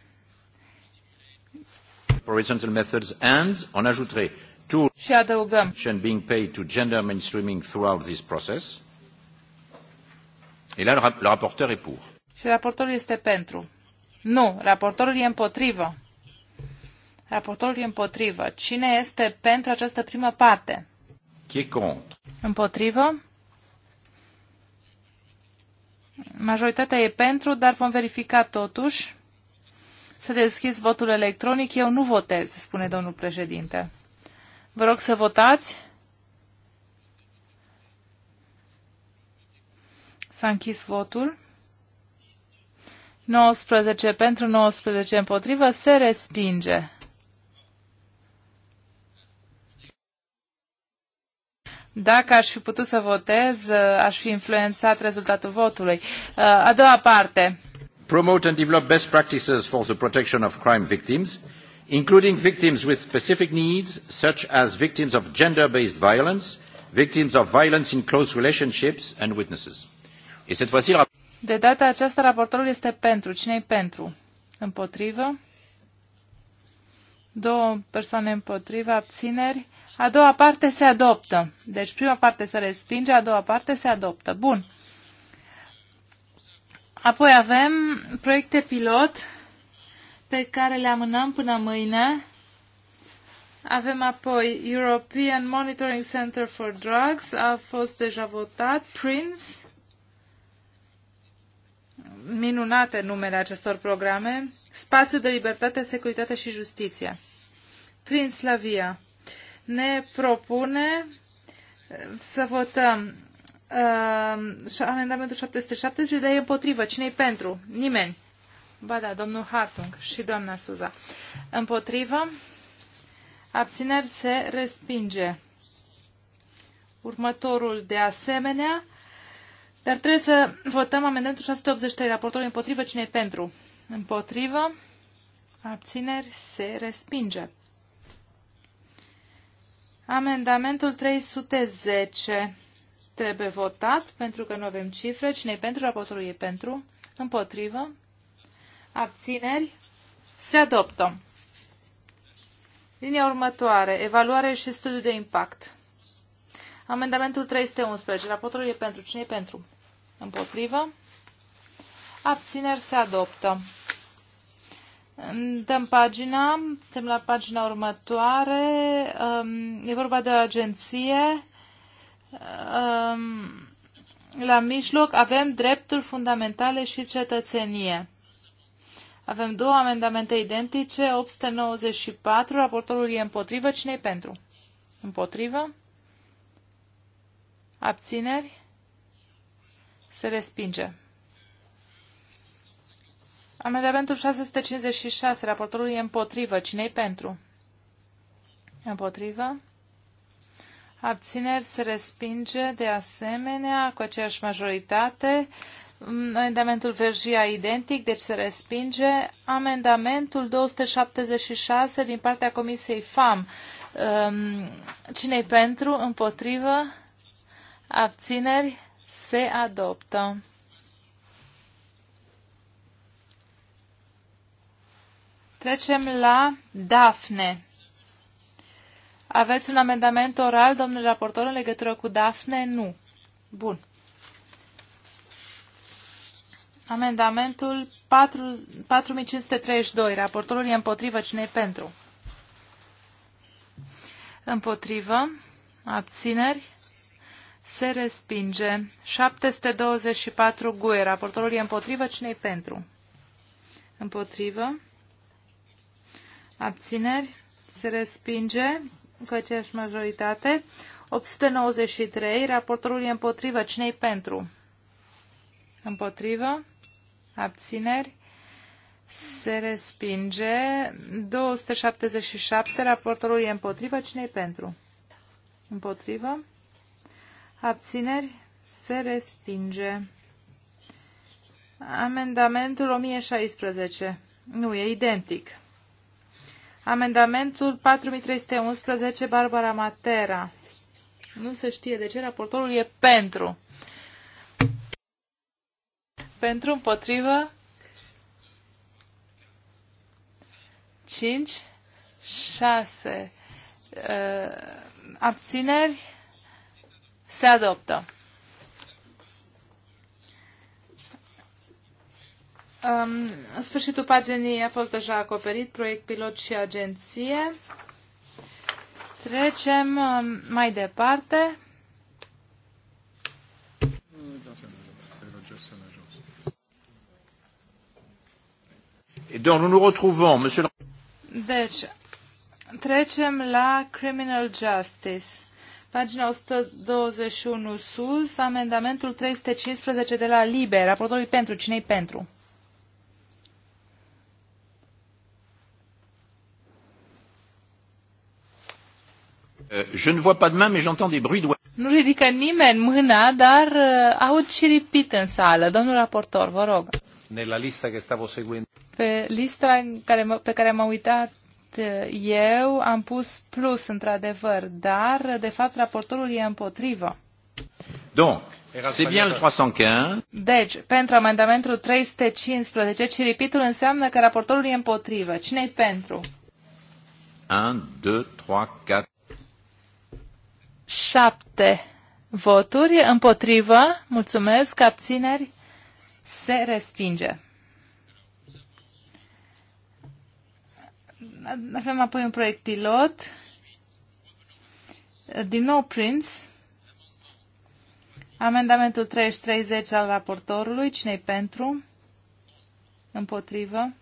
Horizontal methods and, on ajouterait, to și adăugăm. being paid to gender mainstreaming throughout this process. Et là, le, le rapporteur est pour. Și raportorul este pentru. Nu, raportorul e împotrivă. Raportorul e împotrivă. Cine este pentru această primă parte? Qui est contre? Împotrivă. Majoritatea e pentru, dar vom verifica totuși. Să deschis votul electronic. Eu nu votez, spune domnul președinte. Vă rog să votați. S-a închis votul. 19 pentru 19 împotrivă se respinge. Dacă aș fi putut să votez, uh, aș fi influențat rezultatul votului. Uh, a doua parte. Promote and develop best practices for the protection of crime victims, including victims with specific needs, such as victims of gender-based violence, victims of violence in close relationships and witnesses. Et cette fois-ci, de data aceasta, raportorul este pentru. cine pentru? Împotrivă? Două persoane împotrivă, abțineri. A doua parte se adoptă. Deci prima parte se respinge, a doua parte se adoptă. Bun. Apoi avem proiecte pilot pe care le amânăm până mâine. Avem apoi European Monitoring Center for Drugs, a fost deja votat, Prince, minunate numele acestor programe, Spațiu de Libertate, Securitate și Justiție, Prince Slavia ne propune să votăm uh, amendamentul 770, dar e împotrivă. Cine-i pentru? Nimeni. Ba da, domnul Hartung și doamna Suza. Împotrivă. Abțineri se respinge. Următorul de asemenea. Dar trebuie să votăm amendamentul 683. Raportorul împotrivă. Cine-i pentru? Împotrivă. Abțineri se respinge. Amendamentul 310 trebuie votat pentru că nu avem cifre. cine e pentru? Raportorul e pentru. Împotrivă. Abțineri. Se adoptă. Linia următoare. Evaluare și studiu de impact. Amendamentul 311. Raportorul e pentru. Cine e pentru? Împotrivă. Abțineri se adoptă. Dăm pagina, suntem la pagina următoare. Um, e vorba de o agenție. Um, la mijloc avem drepturi fundamentale și cetățenie. Avem două amendamente identice, 894, raportorul e împotrivă, cine pentru? Împotrivă? Abțineri? Se respinge. Amendamentul 656. Raportorul e împotrivă. Cine-i pentru? Împotrivă. Abțineri se respinge de asemenea cu aceeași majoritate. Mm, Amendamentul Vergia identic, deci se respinge. Amendamentul 276 din partea Comisiei FAM. Mm, Cine-i pentru? Împotrivă. Abțineri se adoptă. Trecem la DAFNE. Aveți un amendament oral, domnule raportor, în legătură cu DAFNE? Nu. Bun. Amendamentul 4, 4532. Raportorul e împotrivă. Cine e pentru? Împotrivă. Abțineri. Se respinge. 724 GUE. Raportorul e împotrivă. Cine e pentru? Împotrivă abțineri, se respinge cu aceeași majoritate. 893, raportorul e împotrivă, cine pentru? Împotrivă, abțineri, se respinge. 277, raportorul e împotrivă, cine pentru? Împotrivă, abțineri, se respinge. Amendamentul 1016. Nu, e identic. Amendamentul 4311, Barbara Matera. Nu se știe de ce raportorul e pentru. Pentru, împotrivă, 5, 6, uh, abțineri, se adoptă. Um, sfârșitul paginii a fost deja acoperit, proiect pilot și agenție. Trecem um, mai departe. Donc nous nous retrouvons, monsieur... Deci, trecem la Criminal Justice. Pagina 121 sus, amendamentul 315 de la Liber. Aprobat pentru. cine pentru? Euh, je ne vois pas de main, mais j'entends des bruits de... Nu ridică nimeni mâna, dar uh, aud ciripit în sală. Domnul raportor, vă rog. Nella lista che stavo seguendo. Pe lista care, pe care m-am uitat uh, eu am pus plus, într-adevăr, dar, uh, de fapt, raportorul e împotrivă. Donc, c'est bien le 315. Deci, pentru amendamentul 315, ciripitul înseamnă că raportorul e împotrivă. Cine-i pentru? 1, 2, 3, 4. 7 voturi împotrivă, mulțumesc, abțineri, se respinge. Avem apoi un proiect pilot. Din nou Prince. Amendamentul 3030 al raportorului. Cine-i pentru? Împotrivă?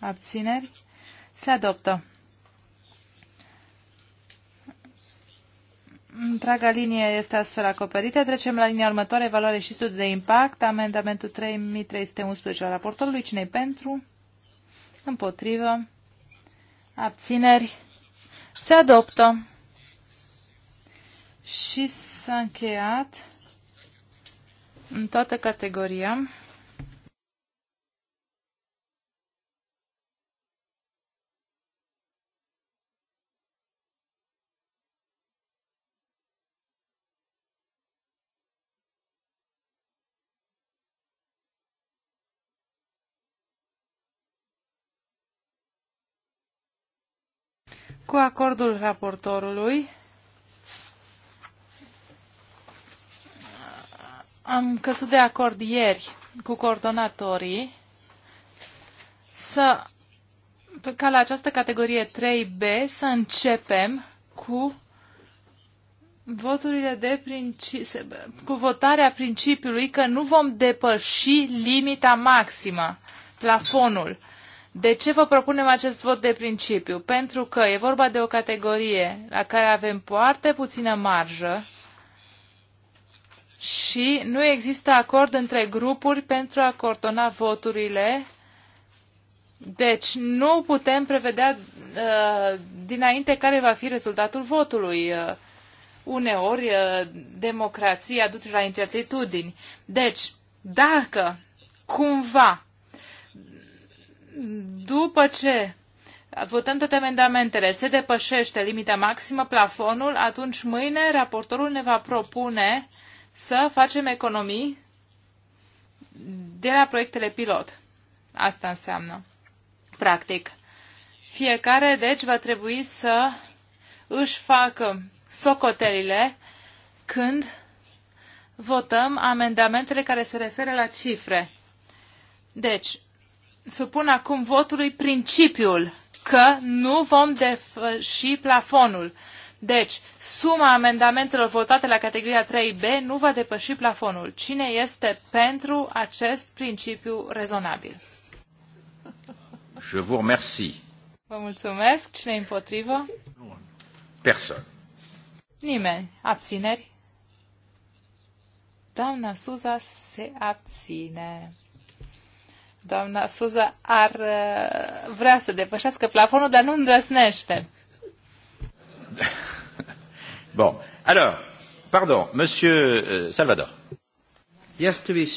Abțineri? Se adoptă. Întreaga linie este astfel acoperită. Trecem la linia următoare, valoare și studiu de impact. Amendamentul 3311 al raportorului. Cine-i pentru? Împotrivă? Abțineri? Se adoptă. Și s-a încheiat în toată categoria. Cu acordul raportorului am căzut de acord ieri cu coordonatorii să, ca la această categorie 3B, să începem cu voturile de principi, cu votarea principiului că nu vom depăși limita maximă, plafonul. De ce vă propunem acest vot de principiu? Pentru că e vorba de o categorie la care avem foarte puțină marjă și nu există acord între grupuri pentru a coordona voturile. Deci nu putem prevedea uh, dinainte care va fi rezultatul votului. Uh, uneori uh, democrația duce la incertitudini. Deci, dacă cumva după ce votăm toate amendamentele, se depășește limita maximă, plafonul, atunci mâine raportorul ne va propune să facem economii de la proiectele pilot. Asta înseamnă, practic. Fiecare, deci, va trebui să își facă socotelile când votăm amendamentele care se referă la cifre. Deci, supun acum votului principiul că nu vom depăși plafonul. Deci, suma amendamentelor votate la categoria 3B nu va depăși plafonul. Cine este pentru acest principiu rezonabil? Je vous remercie. Vă mulțumesc. Cine împotrivă? Persoană. Nimeni. Abțineri? Doamna Suza se abține. Doamna Suza ar uh, vrea să depășească plafonul, dar nu îndrăsnește. Bun. Alors, pardon, monsieur euh, Salvador. Uh,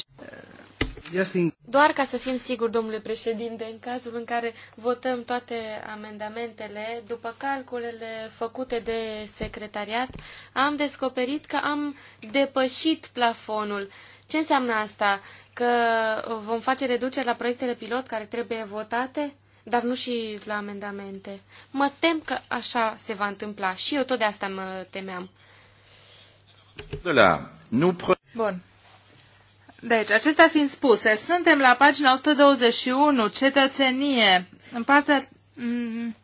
Doar ca să fim siguri, domnule președinte, în cazul în care votăm toate amendamentele, după calculele făcute de secretariat, am descoperit că am depășit plafonul. Ce înseamnă asta? că vom face reduceri la proiectele pilot care trebuie votate, dar nu și la amendamente. Mă tem că așa se va întâmpla și eu tot de asta mă temeam. nu Bun. Deci, acestea fiind spuse, suntem la pagina 121, cetățenie. În partea... Mm.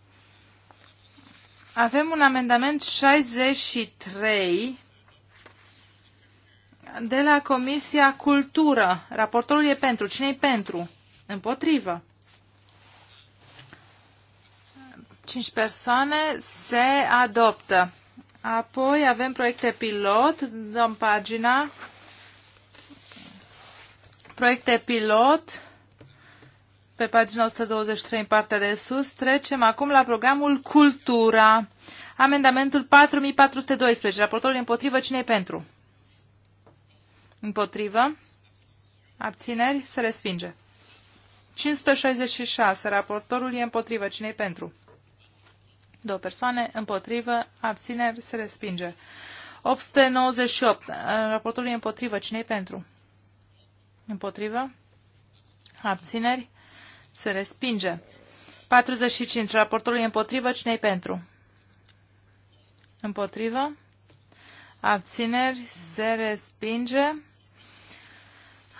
avem un amendament 63 de la Comisia Cultură. Raportorul e pentru. cine e pentru? Împotrivă. Cinci persoane se adoptă. Apoi avem proiecte pilot. Dăm pagina. Proiecte pilot. Pe pagina 123 în partea de sus. Trecem acum la programul Cultura. Amendamentul 4412. Raportorul împotrivă. cine e pentru? Împotrivă. Abțineri. Se respinge. 566. Raportorul e împotrivă. cine pentru? Două persoane. Împotrivă. Abțineri. Se respinge. 898. Raportorul e împotrivă. cine pentru? Împotrivă. Abțineri. Se respinge. 45. Raportorul e împotrivă. cine pentru? Împotrivă. Abțineri. Se respinge.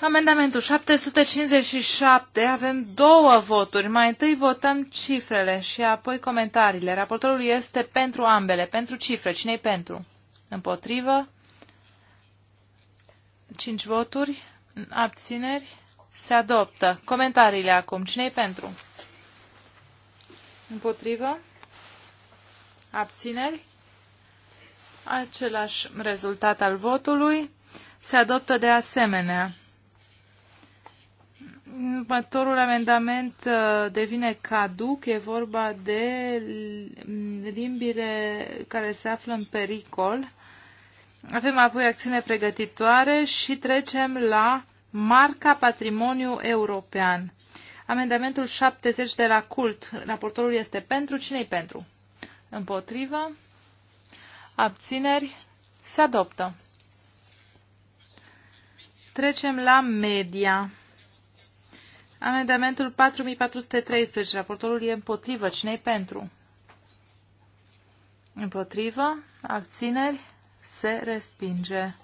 Amendamentul 757, avem două voturi. Mai întâi votăm cifrele și apoi comentariile. Raportorul este pentru ambele, pentru cifre. Cine-i pentru? Împotrivă? Cinci voturi, abțineri, se adoptă. Comentariile acum. Cine-i pentru? Împotrivă? Abțineri? Același rezultat al votului. Se adoptă de asemenea. Următorul amendament uh, devine caduc, e vorba de limbile care se află în pericol. Avem apoi acțiune pregătitoare și trecem la marca patrimoniu european. Amendamentul 70 de la cult. Raportorul este pentru. Cine-i pentru? Împotrivă. Abțineri. Se adoptă. Trecem la media. Amendamentul 4413. Raportorul e împotrivă. Cine-i pentru? Împotrivă. Abțineri. Se respinge.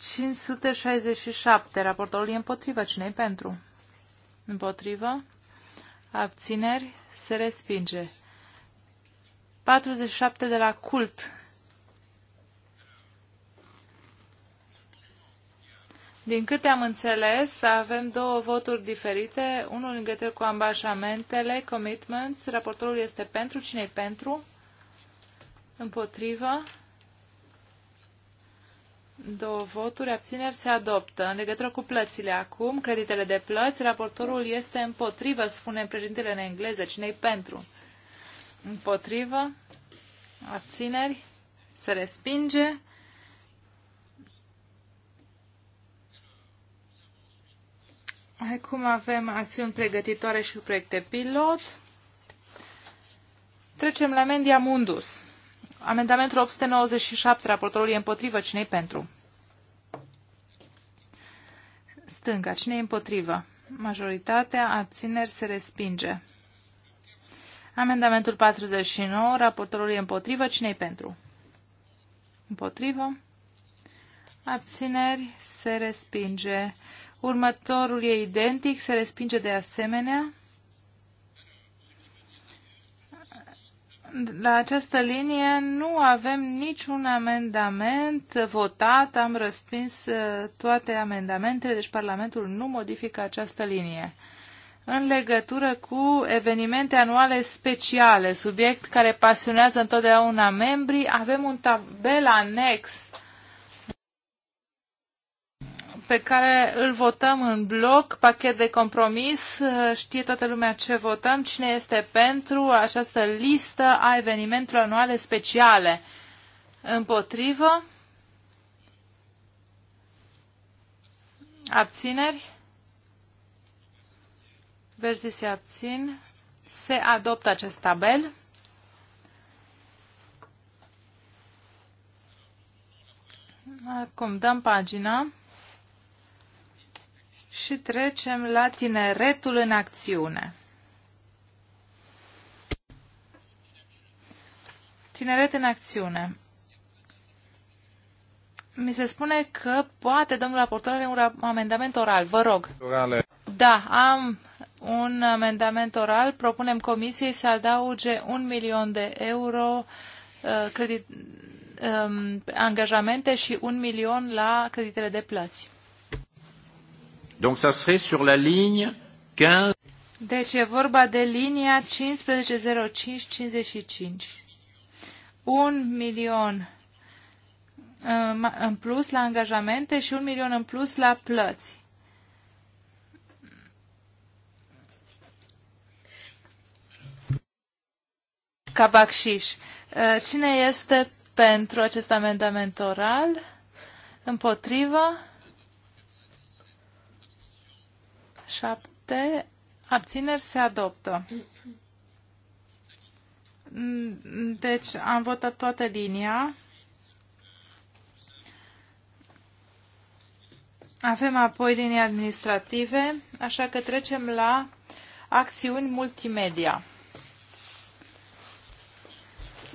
567. Raportorul e împotrivă. Cine-i pentru? Împotrivă. Abțineri. Se respinge. 47 de la cult. Din câte am înțeles, avem două voturi diferite, unul în legătură cu ambașamentele, commitments, raportorul este pentru, cine pentru? Împotrivă? Două voturi, abțineri se adoptă. În legătură cu plățile acum, creditele de plăți, raportorul este împotrivă, spune președintele în engleză, cine pentru? Împotrivă? Abțineri? Se respinge? Acum avem acțiuni pregătitoare și proiecte pilot. Trecem la Mendia Mundus. Amendamentul 897, raportorul e împotrivă, cine pentru? Stânga, cine e împotrivă? Majoritatea, abțineri, se respinge. Amendamentul 49, raportorul e împotrivă, cine pentru? Împotrivă. Abțineri, se respinge. Următorul e identic, se respinge de asemenea. La această linie nu avem niciun amendament votat, am răspins uh, toate amendamentele, deci Parlamentul nu modifică această linie. În legătură cu evenimente anuale speciale, subiect care pasionează întotdeauna membrii, avem un tabel anex uh, pe care îl votăm în bloc, pachet de compromis, știe toată lumea ce votăm, cine este pentru această listă a evenimentelor anuale speciale. Împotrivă? Abțineri? Verzii se abțin. Se adoptă acest tabel. Acum dăm pagina. Și trecem la tineretul în acțiune. Tineret în acțiune. Mi se spune că poate domnul raportor are un amendament oral. Vă rog. Orale. Da, am un amendament oral. Propunem comisiei să adauge un milion de euro uh, credit, um, angajamente și un milion la creditele de plăți. Donc ça serait sur la ligne 15. Deci e vorba de linia 150555. Un milion uh, în plus la angajamente și un milion în plus la plăți. Cabacșiș, uh, Cine este pentru acest amendament oral? Împotrivă? 7. Abțineri se adoptă. Mm, deci am votat toată linia. Avem apoi linii administrative, așa că trecem la acțiuni multimedia.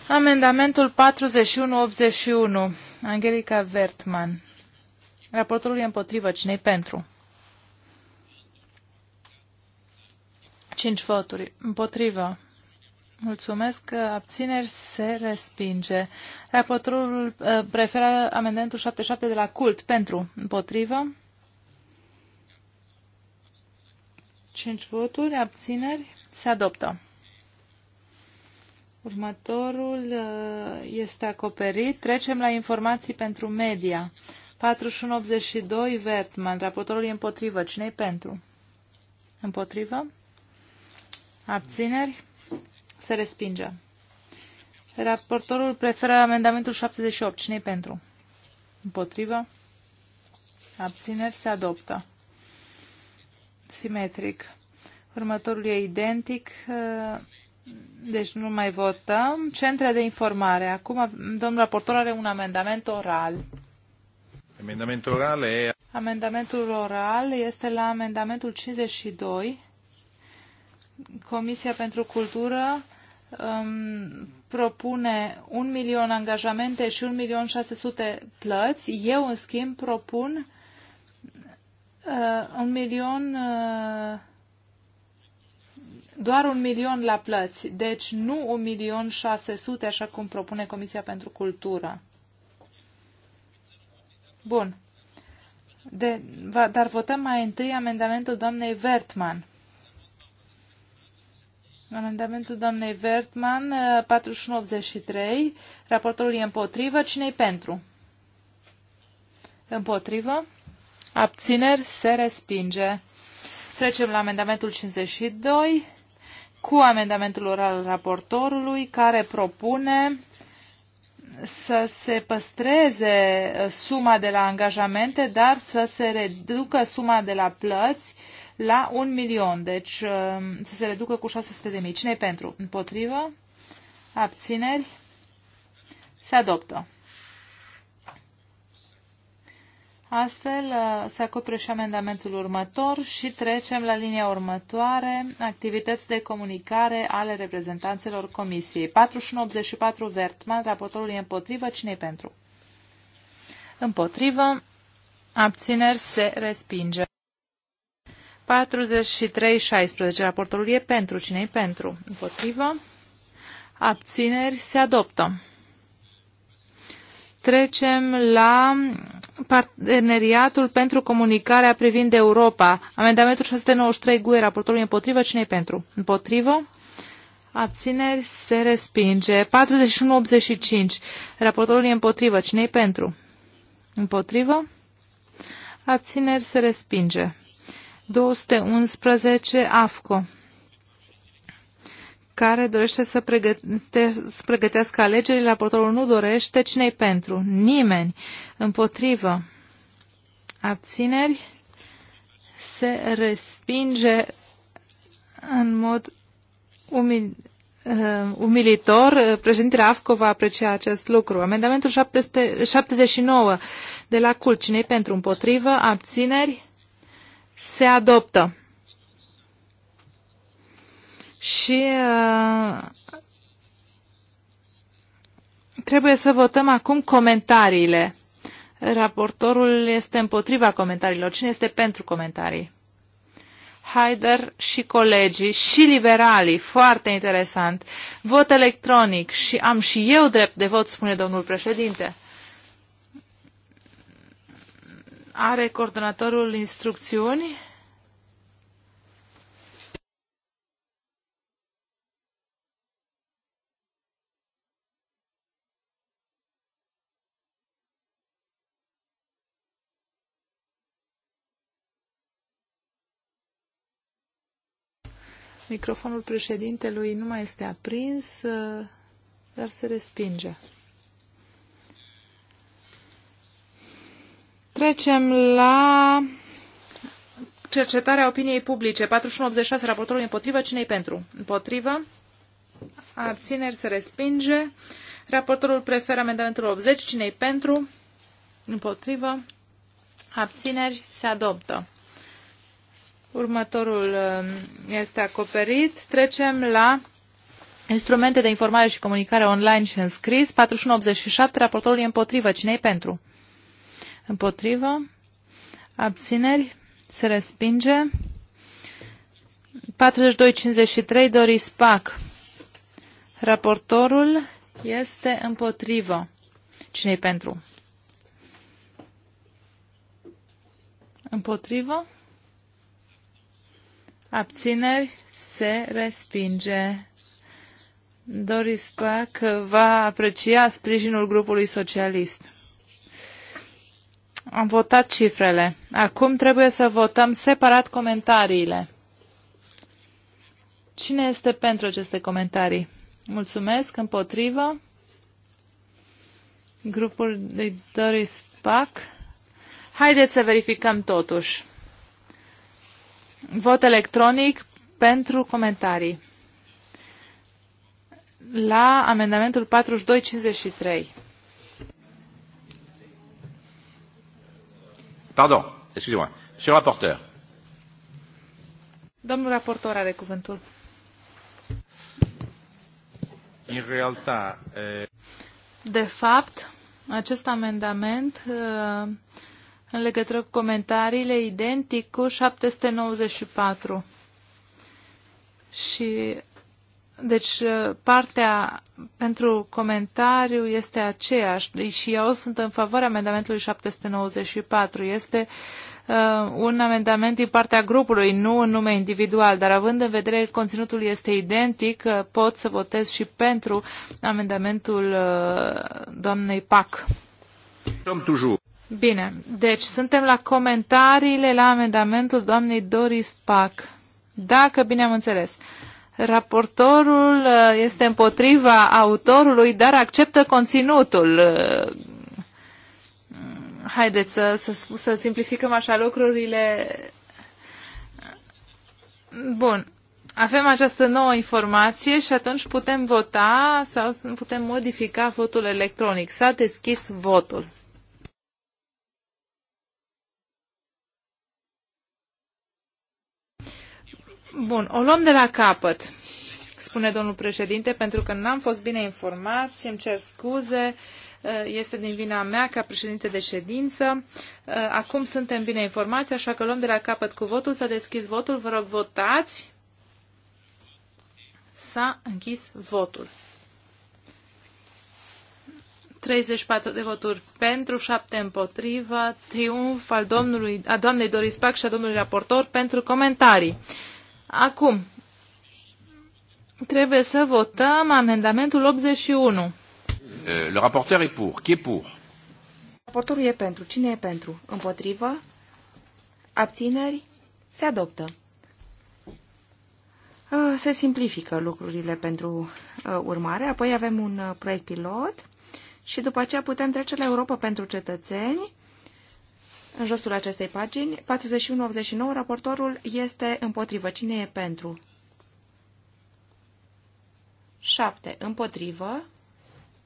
Amendamentul 4181. Angelica Vertman. Raportul e împotrivă. cine pentru? 5 voturi. Împotrivă. Mulțumesc. Abțineri se respinge. Raportorul uh, preferă amendamentul 77 de la cult. Pentru. Împotrivă. 5 voturi. Abțineri. Se adoptă. Următorul uh, este acoperit. Trecem la informații pentru media. 4182 Vertman. Raportorul e împotrivă. cine e pentru? Împotrivă? Abțineri? Se respinge. Raportorul preferă amendamentul 78. Cine-i pentru? Împotrivă? Abțineri? Se adoptă. Simetric. Următorul e identic, eh, deci nu mai votăm. Centre de informare. Acum domnul raportor are un amendament oral. Amendamentul oral e... Amendamentul oral este la amendamentul 52 Comisia pentru Cultură um, propune un milion angajamente și un milion sute plăți. Eu, în schimb, propun uh, un milion, uh, doar un milion la plăți, deci nu un milion sute, așa cum propune Comisia pentru Cultură. Bun. De, va, dar votăm mai întâi amendamentul doamnei Vertman. Amendamentul doamnei Vertman, 4183. Uh, Raportorul e împotrivă. Cine-i pentru? Împotrivă. Abțineri se respinge. Trecem la amendamentul 52 cu amendamentul oral raportorului care propune să se păstreze uh, suma de la angajamente, dar să se reducă suma de la plăți la un milion, deci uh, să se reducă cu 600 de mii. Cine e pentru? Împotrivă? Abțineri? Se adoptă. Astfel uh, se acoperă și amendamentul următor și trecem la linia următoare, activități de comunicare ale reprezentanțelor Comisiei. 4184 Vertman, raportorul e împotrivă, cine e pentru? Împotrivă, abțineri se respinge. 43-16. Raportorul e pentru. cine e pentru? Împotrivă. Abțineri se adoptă. Trecem la parteneriatul pentru comunicarea privind Europa. Amendamentul 693 GUE. Raportorul e împotrivă. cine e pentru? Împotrivă. Abțineri se respinge. 41-85. Raportorul e împotrivă. cine e pentru? Împotrivă. Abțineri se respinge. 211 AFCO care dorește să, pregăte, să pregătească alegerile, raportorul nu dorește, cine-i pentru? Nimeni. Împotrivă. Abțineri. Se respinge în mod umil, uh, umilitor. Președintele AFCO va aprecia acest lucru. Amendamentul 79 de la CUL. Cine-i pentru? Împotrivă. Abțineri se adoptă. Și uh, trebuie să votăm acum comentariile. Raportorul este împotriva comentariilor. Cine este pentru comentarii? Haider și colegii și liberalii. Foarte interesant. Vot electronic și am și eu drept de vot, spune domnul președinte. Are coordonatorul instrucțiuni? Microfonul președintelui nu mai este aprins, dar se respinge. Trecem la cercetarea opiniei publice. 4186, raportorul împotrivă. cine pentru? Împotrivă. Abțineri se respinge. Raportorul preferă amendamentul 80. cine pentru? Împotrivă. Abțineri se adoptă. Următorul um, este acoperit. Trecem la instrumente de informare și comunicare online și înscris. 4187, raportorul e împotrivă. cine pentru? Împotrivă. Abțineri. Se respinge. 42.53, Doris Pac. Raportorul este împotrivă. cine e pentru? Împotrivă? Abțineri se respinge. Doris Pac va aprecia sprijinul grupului socialist. Am votat cifrele. Acum trebuie să votăm separat comentariile. Cine este pentru aceste comentarii? Mulțumesc. Împotrivă? Grupul de Doris Pac. Haideți să verificăm totuși. Vot electronic pentru comentarii. La amendamentul 4253. Pardon, excusez-moi. Monsieur le rapporteur. Domnul raportor are cuvântul. În realtà, e... Eh, De fapt, acest amendament eh, în legătură cu comentariile identic cu 794. Și deci uh, partea pentru comentariu este aceeași și deci, eu sunt în favoarea amendamentului 794. Este uh, un amendament din partea grupului, nu în nume individual, dar având în vedere că conținutul este identic, uh, pot să votez și pentru amendamentul uh, doamnei PAC. Bine, deci suntem la comentariile la amendamentul doamnei Doris PAC. Dacă bine am înțeles. Uh, Raportorul uh, este împotriva autorului, dar acceptă conținutul. Uh, mm, haideți să, să, să simplificăm așa lucrurile. Bun. Avem această nouă informație și atunci putem vota sau putem modifica votul electronic. S-a deschis votul. Bun, o luăm de la capăt, spune domnul președinte, pentru că n-am fost bine informați, îmi cer scuze, eh, este din vina mea ca președinte de ședință. Eh, acum suntem bine informați, așa că luăm de la capăt cu votul. S-a deschis votul, vă rog votați. S-a închis votul. 34 de voturi pentru, 7 împotrivă, triumf al domnului, a doamnei Doris Pac și a domnului raportor pentru comentarii. Acum, trebuie să votăm amendamentul 81. Eh, le raporteur e pour. Qui e pour? Raportorul e pentru. Cine e pentru? Împotrivă? Abțineri? Se adoptă. Eh, se simplifică lucrurile pentru eh, urmare. Apoi avem un proiect pilot și după aceea putem trece la Europa pentru cetățeni în josul acestei pagini, 4189, raportorul este împotrivă. Cine e pentru? 7. Împotrivă.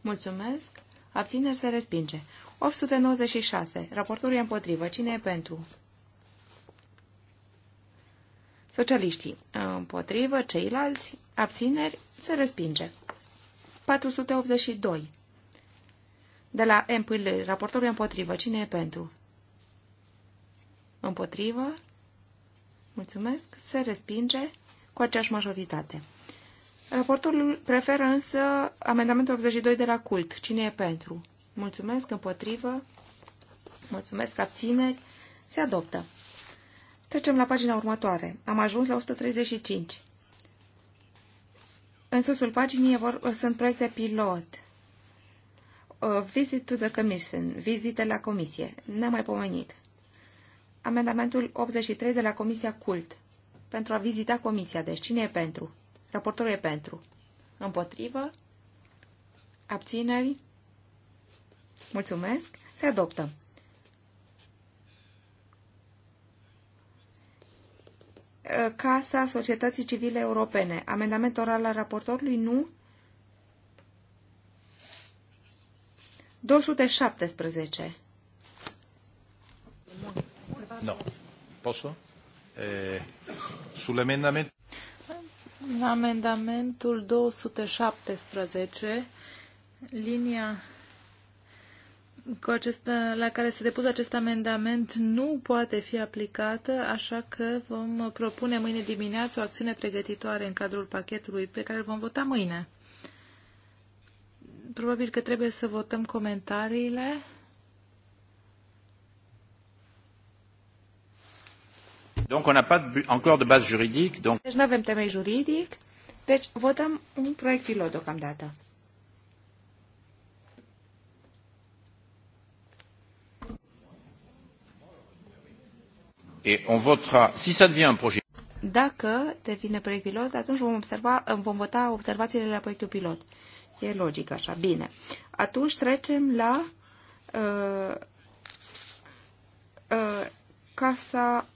Mulțumesc. Abțineri se respinge. 896. Raportorul e împotrivă. Cine e pentru? Socialiștii. Împotrivă. Ceilalți. Abțineri se respinge. 482. De la MPL. Raportorul e împotrivă. Cine e pentru? Împotrivă. Mulțumesc. Se respinge cu aceeași majoritate. Raportul preferă însă amendamentul 82 de la cult. Cine e pentru? Mulțumesc. Împotrivă. Mulțumesc. Abțineri. Se adoptă. Trecem la pagina următoare. Am ajuns la 135. În susul paginii vor, sunt proiecte pilot. Uh, visit to the commission. Vizite la comisie. Ne-am mai pomenit amendamentul 83 de la Comisia CULT. Pentru a vizita Comisia. Deci cine e pentru? Raportorul e pentru. Împotrivă? Abțineri? Mulțumesc. Se adoptă. Casa Societății Civile Europene. Amendament oral al raportorului? Nu. 217. No. Posso? Eh, sull'emendamento... La amendamentul 217, linia cu acest, la care se depus acest amendament nu poate fi aplicată, așa că vom propune mâine dimineață o acțiune pregătitoare în cadrul pachetului pe care îl vom vota mâine. Probabil că trebuie să votăm comentariile Donc on n'a pas encore de base juridique. Donc... Deci nu avem temei juridic, deci votăm un proiect pilot deocamdată. Et on votera, si ça devient un projet... Dacă devine proiect pilot, atunci vom, observa, vom vota observațiile la proiectul pilot. E logic așa. Bine. Atunci trecem la uh, uh, Casa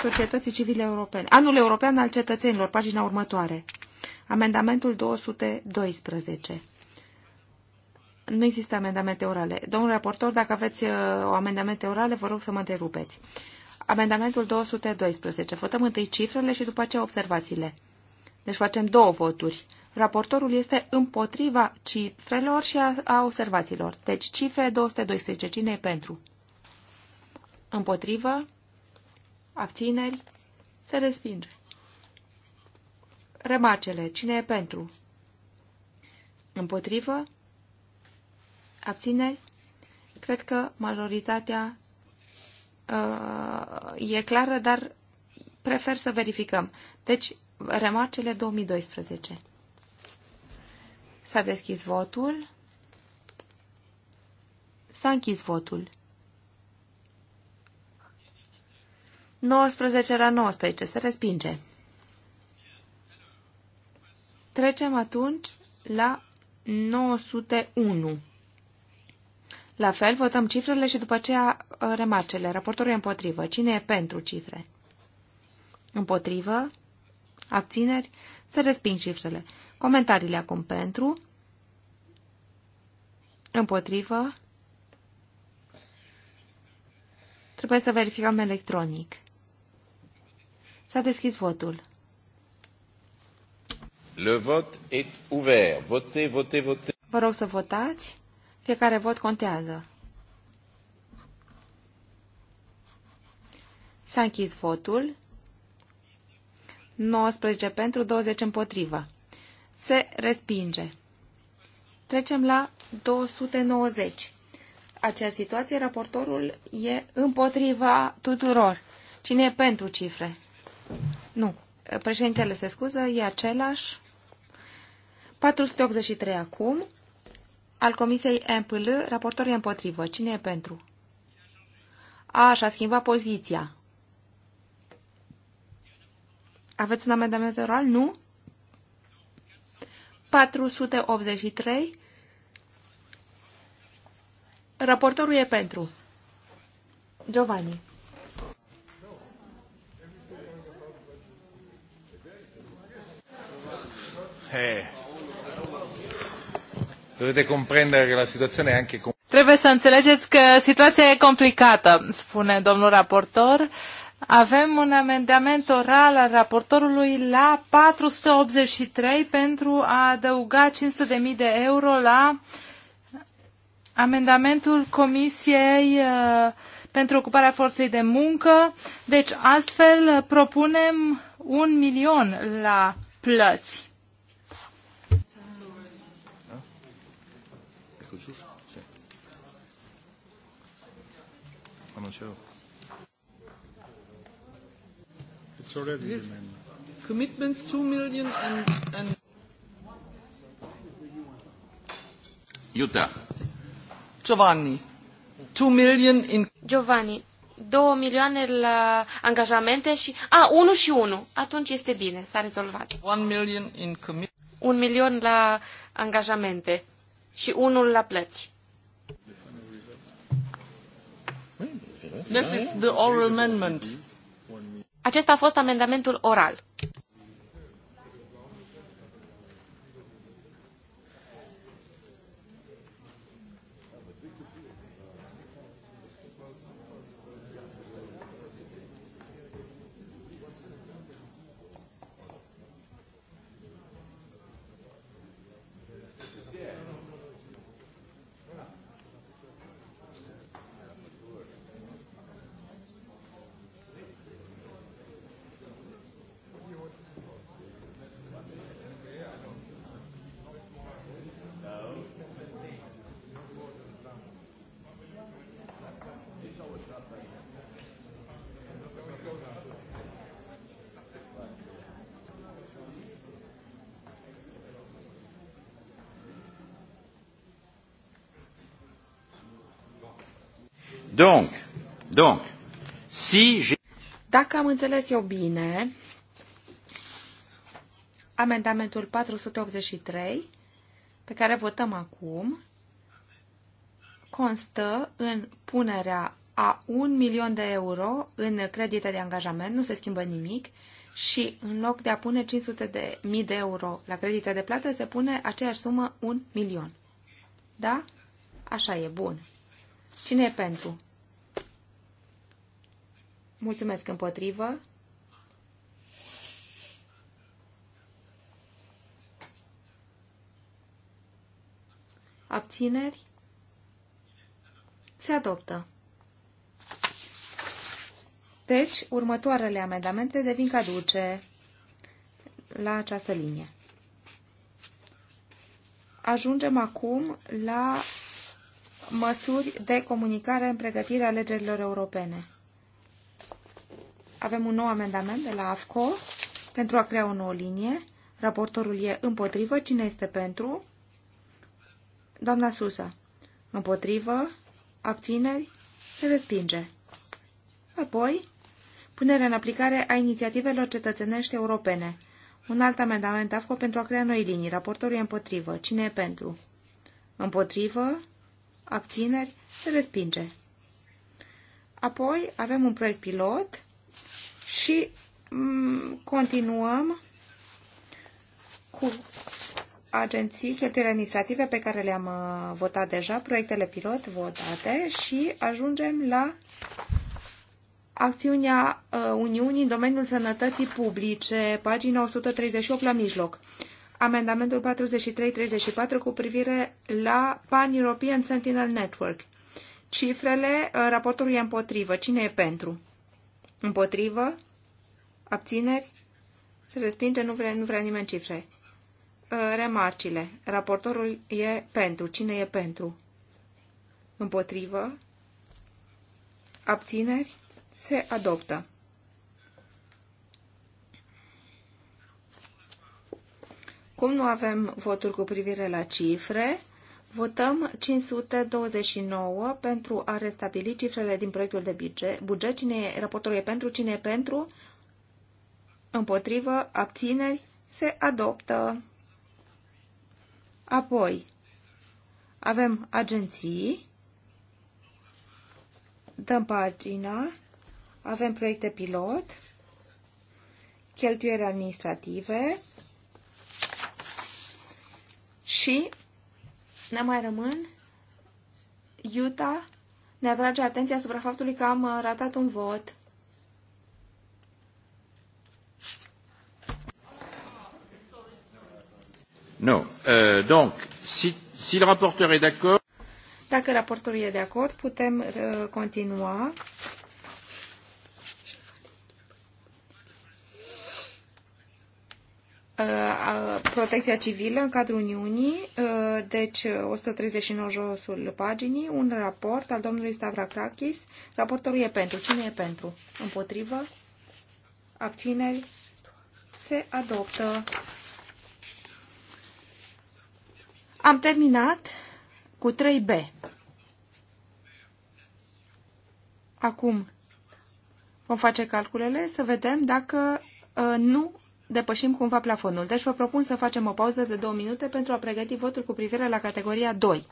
societății civile europene. Anul european al cetățenilor, pagina următoare. Amendamentul 212. Nu există amendamente orale. Domnul raportor, dacă aveți uh, o amendamente orale, vă rog să mă întrerupeți. Amendamentul 212. Votăm întâi cifrele și după aceea observațiile. Deci facem două voturi. Raportorul este împotriva cifrelor și a, a observațiilor. Deci cifre 212. Cine e pentru? Împotrivă? Abțineri? Se respinge. Remarcele. Cine e pentru? Împotrivă? Abțineri? Cred că majoritatea uh, e clară, dar prefer să verificăm. Deci, remarcele 2012. S-a deschis votul. S-a închis votul. 19 la 19 se respinge. Trecem atunci la 901. La fel, votăm cifrele și după aceea uh, remarcele. Raportorul e împotrivă. Cine e pentru cifre? Împotrivă? Abțineri? Se resping cifrele. Comentariile acum pentru. Împotrivă? Trebuie să verificăm electronic. S-a deschis votul. Le vot est ouvert. Votez, votez, votez. Vă rog să votați. Fiecare vot contează. S-a închis votul. 19 pentru, 20 împotrivă. Se respinge. Trecem la 290. Aceeași situație, raportorul e împotriva tuturor. Cine e pentru cifre? Nu. Președintele se scuză, e același. 483 acum. Al Comisiei MPL, raportor e împotrivă. Cine e pentru? A, și-a schimbat poziția. Aveți un amendament oral? Nu? 483. Raportorul e pentru. Giovanni. Eh. Dovete comprendere che la situazione è anche Trebuie să înțelegeți că situația e complicată, spune domnul raportor. Avem un amendament oral al raportorului la 483 pentru a adăuga 500.000 de euro la amendamentul Comisiei eh, pentru ocuparea forței de muncă. Deci astfel propunem un milion la plăți. show. It's already This commitments, 2 million and, and Iuta. Giovanni. 2 million in... Giovanni, 2 milioane la angajamente și... A, 1 și 1. Atunci este bine, s-a rezolvat. 1 million in Un milion la angajamente și unul la plăți. This is the oral amendment. Acesta a fost amendamentul oral. Donc, donc, si Dacă am înțeles eu bine, amendamentul 483, pe care votăm acum, constă în punerea a 1 milion de euro în credite de angajament, nu se schimbă nimic, și în loc de a pune 500 de mii de euro la credite de plată, se pune aceeași sumă 1 milion. Da? Așa e, bun. Cine e pentru? Mulțumesc împotrivă. Abțineri. Se adoptă. Deci, următoarele amendamente devin caduce la această linie. Ajungem acum la măsuri de comunicare în pregătirea alegerilor europene avem un nou amendament de la AFCO pentru a crea o nouă linie. Raportorul e împotrivă. Cine este pentru? Doamna Susa. Împotrivă. Abțineri. Se respinge. Apoi, punerea în aplicare a inițiativelor cetățenești europene. Un alt amendament AFCO pentru a crea noi linii. Raportorul e împotrivă. Cine e pentru? Împotrivă. Abțineri. Se respinge. Apoi avem un proiect pilot și mm, continuăm cu agenții, cheltuielile administrative pe care le-am uh, votat deja, proiectele pilot votate și ajungem la acțiunea uh, Uniunii în domeniul sănătății publice, pagina 138 la mijloc. Amendamentul 43-34 cu privire la Pan-European Sentinel Network. Cifrele, uh, raportului e împotrivă. Cine e pentru? Împotrivă? Abțineri? Se respinge, nu vrea, nu vrea nimeni cifre. Uh, remarcile. Raportorul e pentru. Cine e pentru? Împotrivă? Abțineri? Se adoptă. Cum nu avem voturi cu privire la cifre, Votăm 529 pentru a restabili cifrele din proiectul de buget. Cine e, raportorul e pentru, cine e pentru, împotrivă, abțineri, se adoptă. Apoi, avem agenții, dăm pagina, avem proiecte pilot, cheltuieli administrative și ne mai rămân. Utah ne atrage atenția asupra faptului că am uh, ratat un vot. Nu. Deci, donc, si, si le rapporteur est d'accord. Dacă raportorul e de acord, putem uh, continua. Uh, protecția civilă în cadrul Uniunii, uh, deci 139 uh, josul paginii, un raport al domnului Stavrakakis. Raportorul e pentru. Cine e pentru? Împotrivă? Abțineri? Se adoptă. Am terminat cu 3B. Acum vom face calculele să vedem dacă nu depășim cumva plafonul. Deci vă propun să facem o pauză de două minute pentru a pregăti votul cu privire la categoria 2.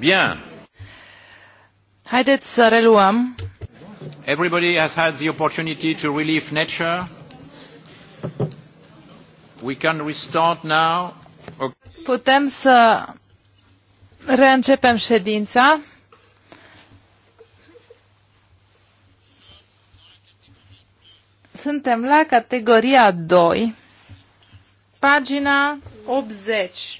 Bien. Haideți să reluăm. Everybody has had the opportunity to relieve nature. We can restart now. Putem să reîncepem ședința. Suntem la categoria 2, pagina 80.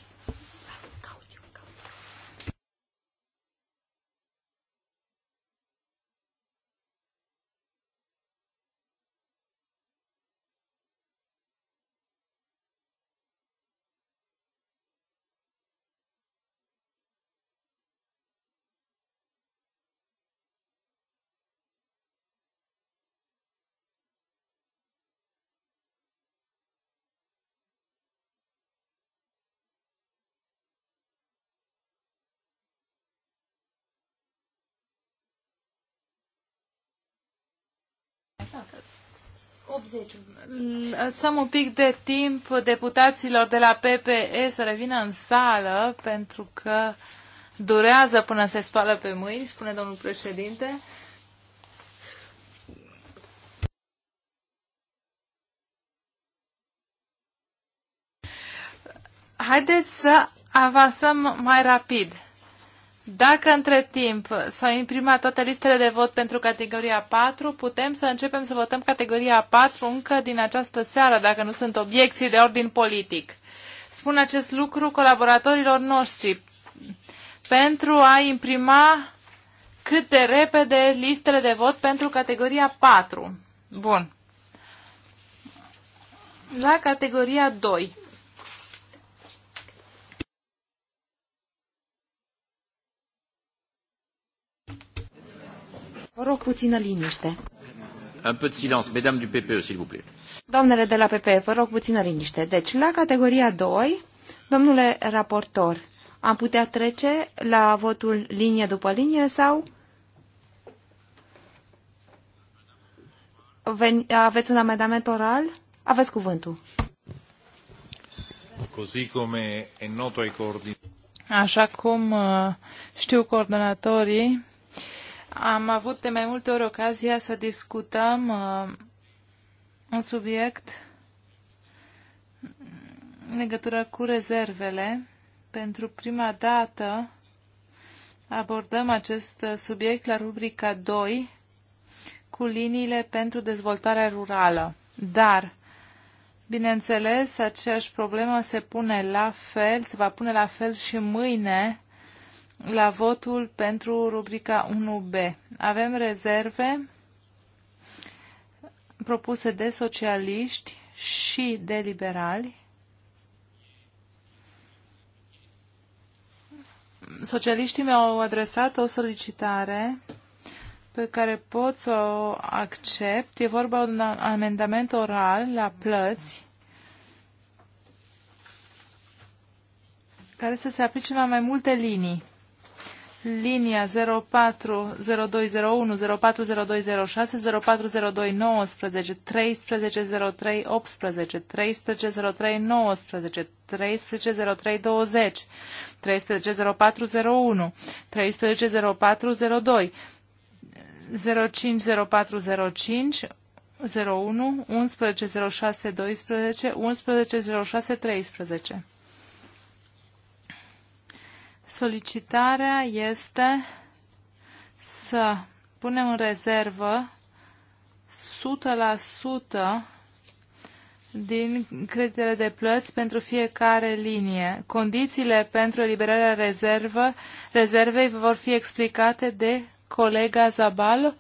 Mm, lăsăm un pic de timp deputaților de la PPE să revină în sală, pentru că durează până se spală pe mâini, spune domnul președinte. Haideți să avansăm mai rapid. Dacă între timp s-au imprimat toate listele de vot pentru categoria 4, putem să începem să votăm categoria 4 încă din această seară, dacă nu sunt obiecții de ordin politic. Spun acest lucru colaboratorilor noștri pentru a imprima cât de repede listele de vot pentru categoria 4. Bun. La categoria 2. Vă rog puțină liniște. Un peu de silence, mesdames du PPE, s'il vous plaît. Doamnele de la PPE, vă rog puțină liniște. Deci, la categoria 2, domnule raportor, am putea trece la votul linie după linie sau aveți un amendament oral? Aveți cuvântul. Așa cum uh, știu coordonatorii, am avut de mai multe ori ocazia să discutăm uh, un subiect în legătură cu rezervele. Pentru prima dată abordăm acest subiect la rubrica 2 cu liniile pentru dezvoltarea rurală. Dar, bineînțeles, aceeași problemă se pune la fel, se va pune la fel și mâine la votul pentru rubrica 1B. Avem rezerve propuse de socialiști și de liberali. Socialiștii mi-au adresat o solicitare pe care pot să o accept. E vorba de un amendament oral la plăți care să se aplice la mai multe linii linia 040201, 040206, 040219, 130318, 130319, 130320, 130401, 130402, 050405, 01, 110612, 110613. Solicitarea este să punem în rezervă 100% din creditele de plăți pentru fiecare linie. Condițiile pentru eliberarea rezervă, rezervei vor fi explicate de colega Zabal,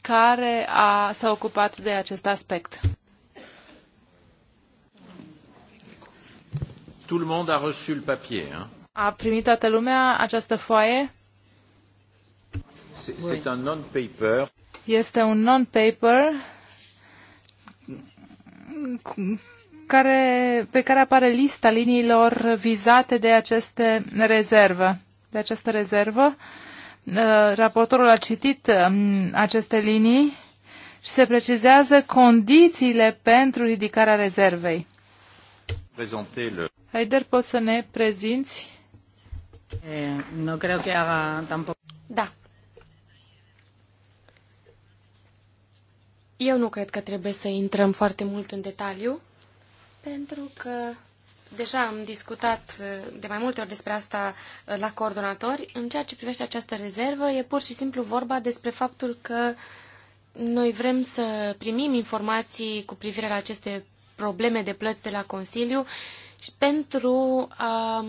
care a, s-a ocupat de acest aspect. Tout le monde a reçu le papier, hein? A primit toată lumea această foaie? Este un non-paper care, pe care apare lista liniilor vizate de aceste rezervă. De această rezervă. Uh, raportorul a citit um, aceste linii și se precizează condițiile pentru ridicarea rezervei. Haider, poți să ne prezinți Eh, no creo que haga tampoco. Da. Eu nu cred că trebuie să intrăm foarte mult în detaliu, pentru că deja am discutat eh, de mai multe ori despre asta eh, la coordonatori. În ceea ce privește această rezervă, e pur și simplu vorba despre faptul că noi vrem să primim informații cu privire la aceste probleme de plăți de la Consiliu și pentru a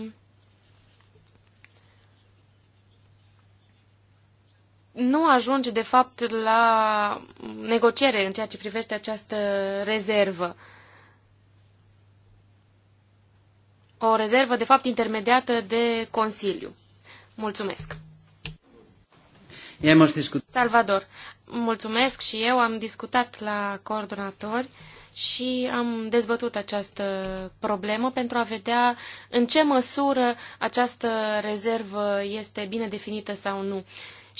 nu ajunge de fapt, la negociere în ceea ce privește această rezervă. O rezervă, de fapt, intermediată de Consiliu. Mulțumesc! Salvador, mulțumesc și eu. Am discutat la coordonatori și am dezbătut această problemă pentru a vedea în ce măsură această rezervă este bine definită sau nu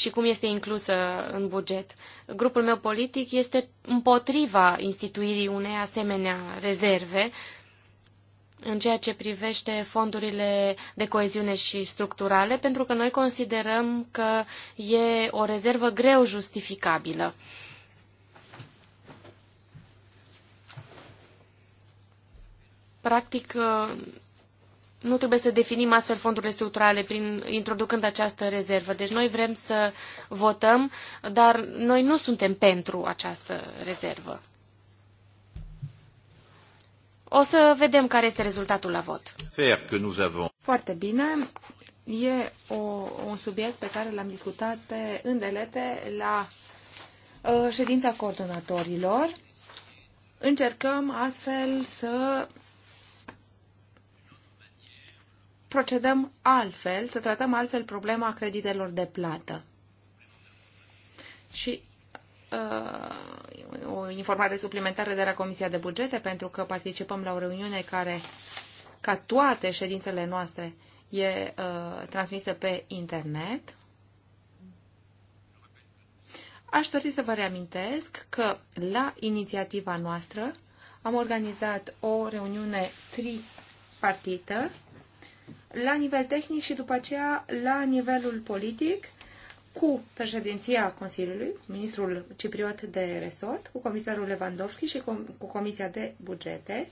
și cum este inclusă în buget. Grupul meu politic este împotriva instituirii unei asemenea rezerve în ceea ce privește fondurile de coeziune și structurale, pentru că noi considerăm că e o rezervă greu justificabilă. Practic, nu trebuie să definim astfel fondurile structurale prin introducând această rezervă. Deci noi vrem să votăm, dar noi nu suntem pentru această rezervă. O să vedem care este rezultatul la vot. Foarte bine. E o, un subiect pe care l-am discutat pe îndelete la uh, ședința coordonatorilor. Încercăm astfel să procedăm altfel, să tratăm altfel problema creditelor de plată. Și uh, o informare suplimentară de la Comisia de Bugete, pentru că participăm la o reuniune care, ca toate ședințele noastre, e uh, transmisă pe internet. Aș dori să vă reamintesc că la inițiativa noastră am organizat o reuniune tripartită la nivel tehnic și după aceea la nivelul politic cu președinția Consiliului, ministrul cipriot de resort, cu comisarul Lewandowski și cu Comisia de Bugete,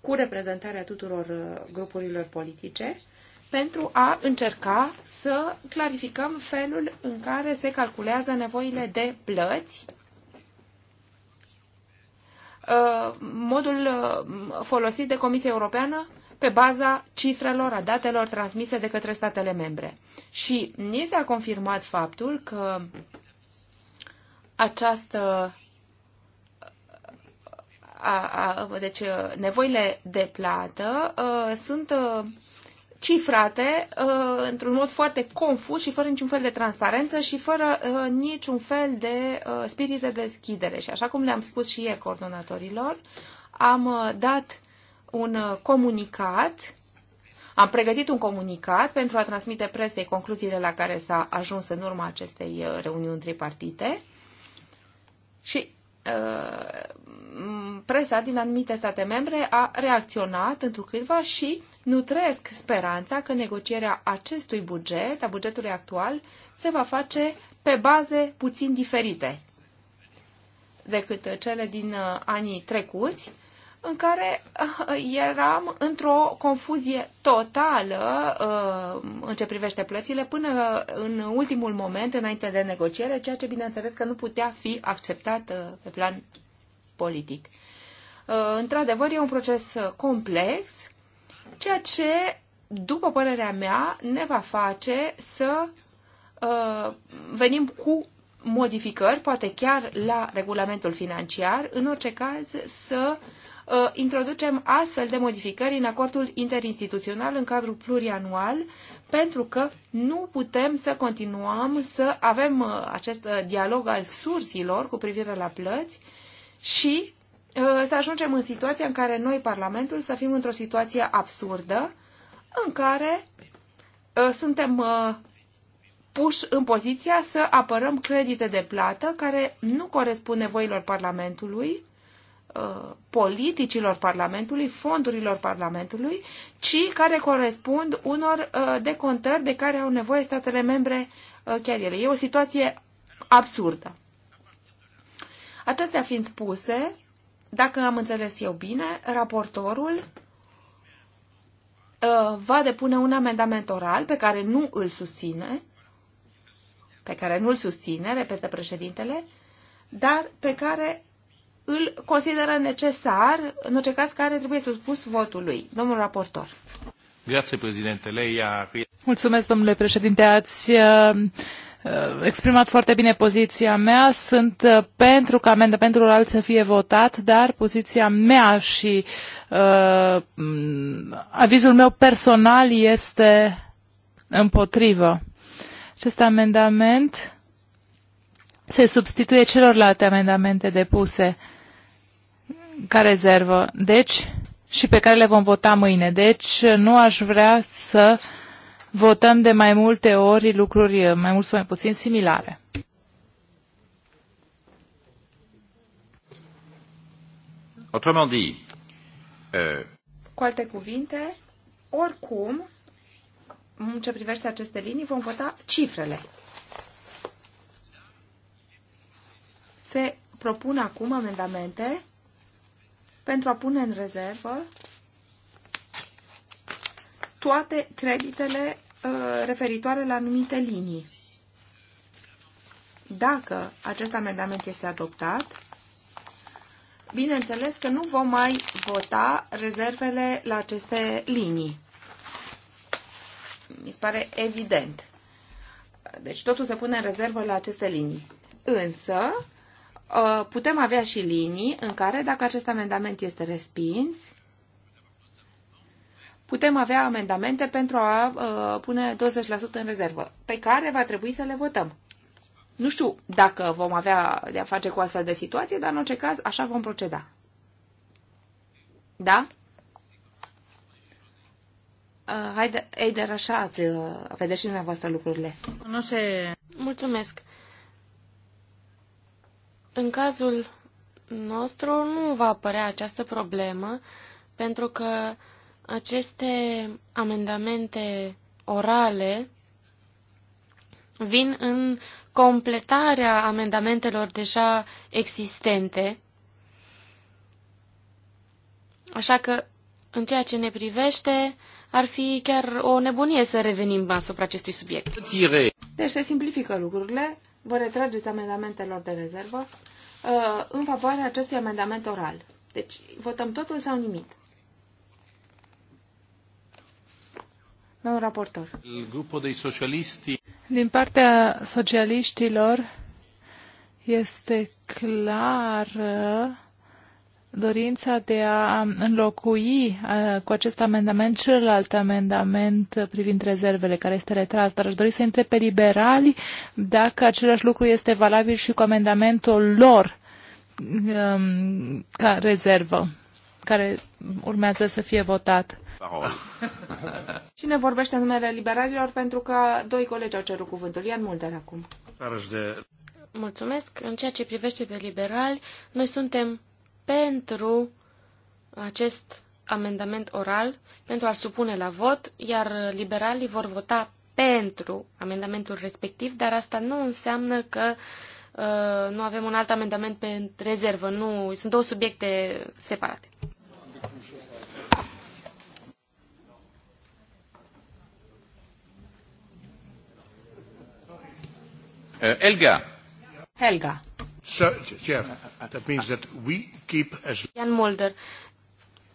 cu reprezentarea tuturor uh, grupurilor politice, pentru a încerca să clarificăm felul în care se calculează nevoile de plăți uh, modul uh, folosit de Comisia Europeană pe baza cifrelor, a datelor transmise de către statele membre. Și ni s-a confirmat faptul că această a, a, deci nevoile de plată a, sunt a, cifrate a, într-un mod foarte confuz și fără niciun fel de transparență și fără a, niciun fel de a, spirit de deschidere. Și așa cum le-am spus și ieri coordonatorilor, am a, dat un uh, comunicat, am pregătit un comunicat pentru a transmite presei concluziile la care s-a ajuns în urma acestei uh, reuniuni tripartite și uh, presa din anumite state membre a reacționat întrucâtva și nutresc speranța că negocierea acestui buget, a bugetului actual, se va face pe baze puțin diferite decât cele din anii trecuți, în care eh, eram într-o confuzie totală eh, în ce privește plățile până în ultimul moment, înainte de negociere, ceea ce bineînțeles că nu putea fi acceptat eh, pe plan politic. Într-adevăr, e un proces complex, ceea ce, după părerea mea, ne va face să venim cu modificări, poate chiar la regulamentul financiar, în orice caz să uh, Uh, introducem astfel de modificări în acordul interinstituțional în cadrul plurianual, pentru că nu putem să continuăm să avem uh, acest uh, dialog al sursilor cu privire la plăți și să ajungem în situația în care noi, Parlamentul, să fim într-o situație absurdă, în care suntem puși în poziția să apărăm credite de plată care nu corespund nevoilor Parlamentului, Uh, politicilor Parlamentului, fondurilor Parlamentului, ci care corespund unor uh, decontări de care au nevoie statele membre uh, chiar ele. E o situație absurdă. Acestea fiind spuse, dacă am înțeles eu bine, raportorul va depune un amendament oral pe care nu îl susține, pe care nu îl susține, repetă președintele, dar pe care îl consideră necesar, în orice caz care trebuie pus votului. Domnul raportor. Grație, președinte. Leia... Mulțumesc, domnule președinte. Ați uh, uh, exprimat foarte bine poziția mea. Sunt uh, pentru ca amendamentul oral să fie votat, dar poziția mea și uh, mm, avizul meu personal este împotrivă. Acest amendament se substituie celorlalte amendamente depuse ca rezervă, deci, și pe care le vom vota mâine. Deci, nu aș vrea să votăm de mai multe ori lucruri mai mult sau mai puțin similare. Autrement dit, euh, Cu alte cuvinte, oricum, în ce privește aceste linii, vom vota cifrele. Se propun acum amendamente pentru a pune în rezervă toate creditele uh, referitoare la anumite linii. Dacă acest amendament este adoptat, bineînțeles că nu vom mai vota rezervele la aceste linii. Mi se pare evident. Deci totul se pune în rezervă la aceste linii. Însă, Uh, putem avea și linii în care, dacă acest amendament este respins, putem avea amendamente pentru a uh, pune 20% în rezervă, pe care va trebui să le votăm. Nu știu dacă vom avea de-a face cu astfel de situație, dar în orice caz așa vom proceda. Da? Uh, haide, Eider, așa ați, uh, vedeți și dumneavoastră lucrurile. Nu se... Mulțumesc. În cazul nostru nu va apărea această problemă, pentru că aceste amendamente orale vin în completarea amendamentelor deja existente. Așa că, în ceea ce ne privește, ar fi chiar o nebunie să revenim asupra acestui subiect. Deci se simplifică lucrurile vă retrageți amendamentelor de rezervă uh, în favoarea acestui amendament oral. Deci, votăm totul sau nimic? Domnul raportor. Grupul de socialiști. Din partea socialiștilor este clar dorința de a înlocui cu acest amendament celălalt amendament privind rezervele care este retras, dar aș dori să întreb pe liberali dacă același lucru este valabil și cu amendamentul lor um, ca rezervă care urmează să fie votat. Cine vorbește în numele liberalilor? Pentru că doi colegi au cerut cuvântul. Ian Mulder acum. Mulțumesc. În ceea ce privește pe liberali, noi suntem pentru acest amendament oral, pentru a-l supune la vot, iar liberalii vor vota pentru amendamentul respectiv, dar asta nu înseamnă că uh, nu avem un alt amendament pe rezervă. Nu, sunt două subiecte separate. Uh, Helga. Helga. Ian Mulder,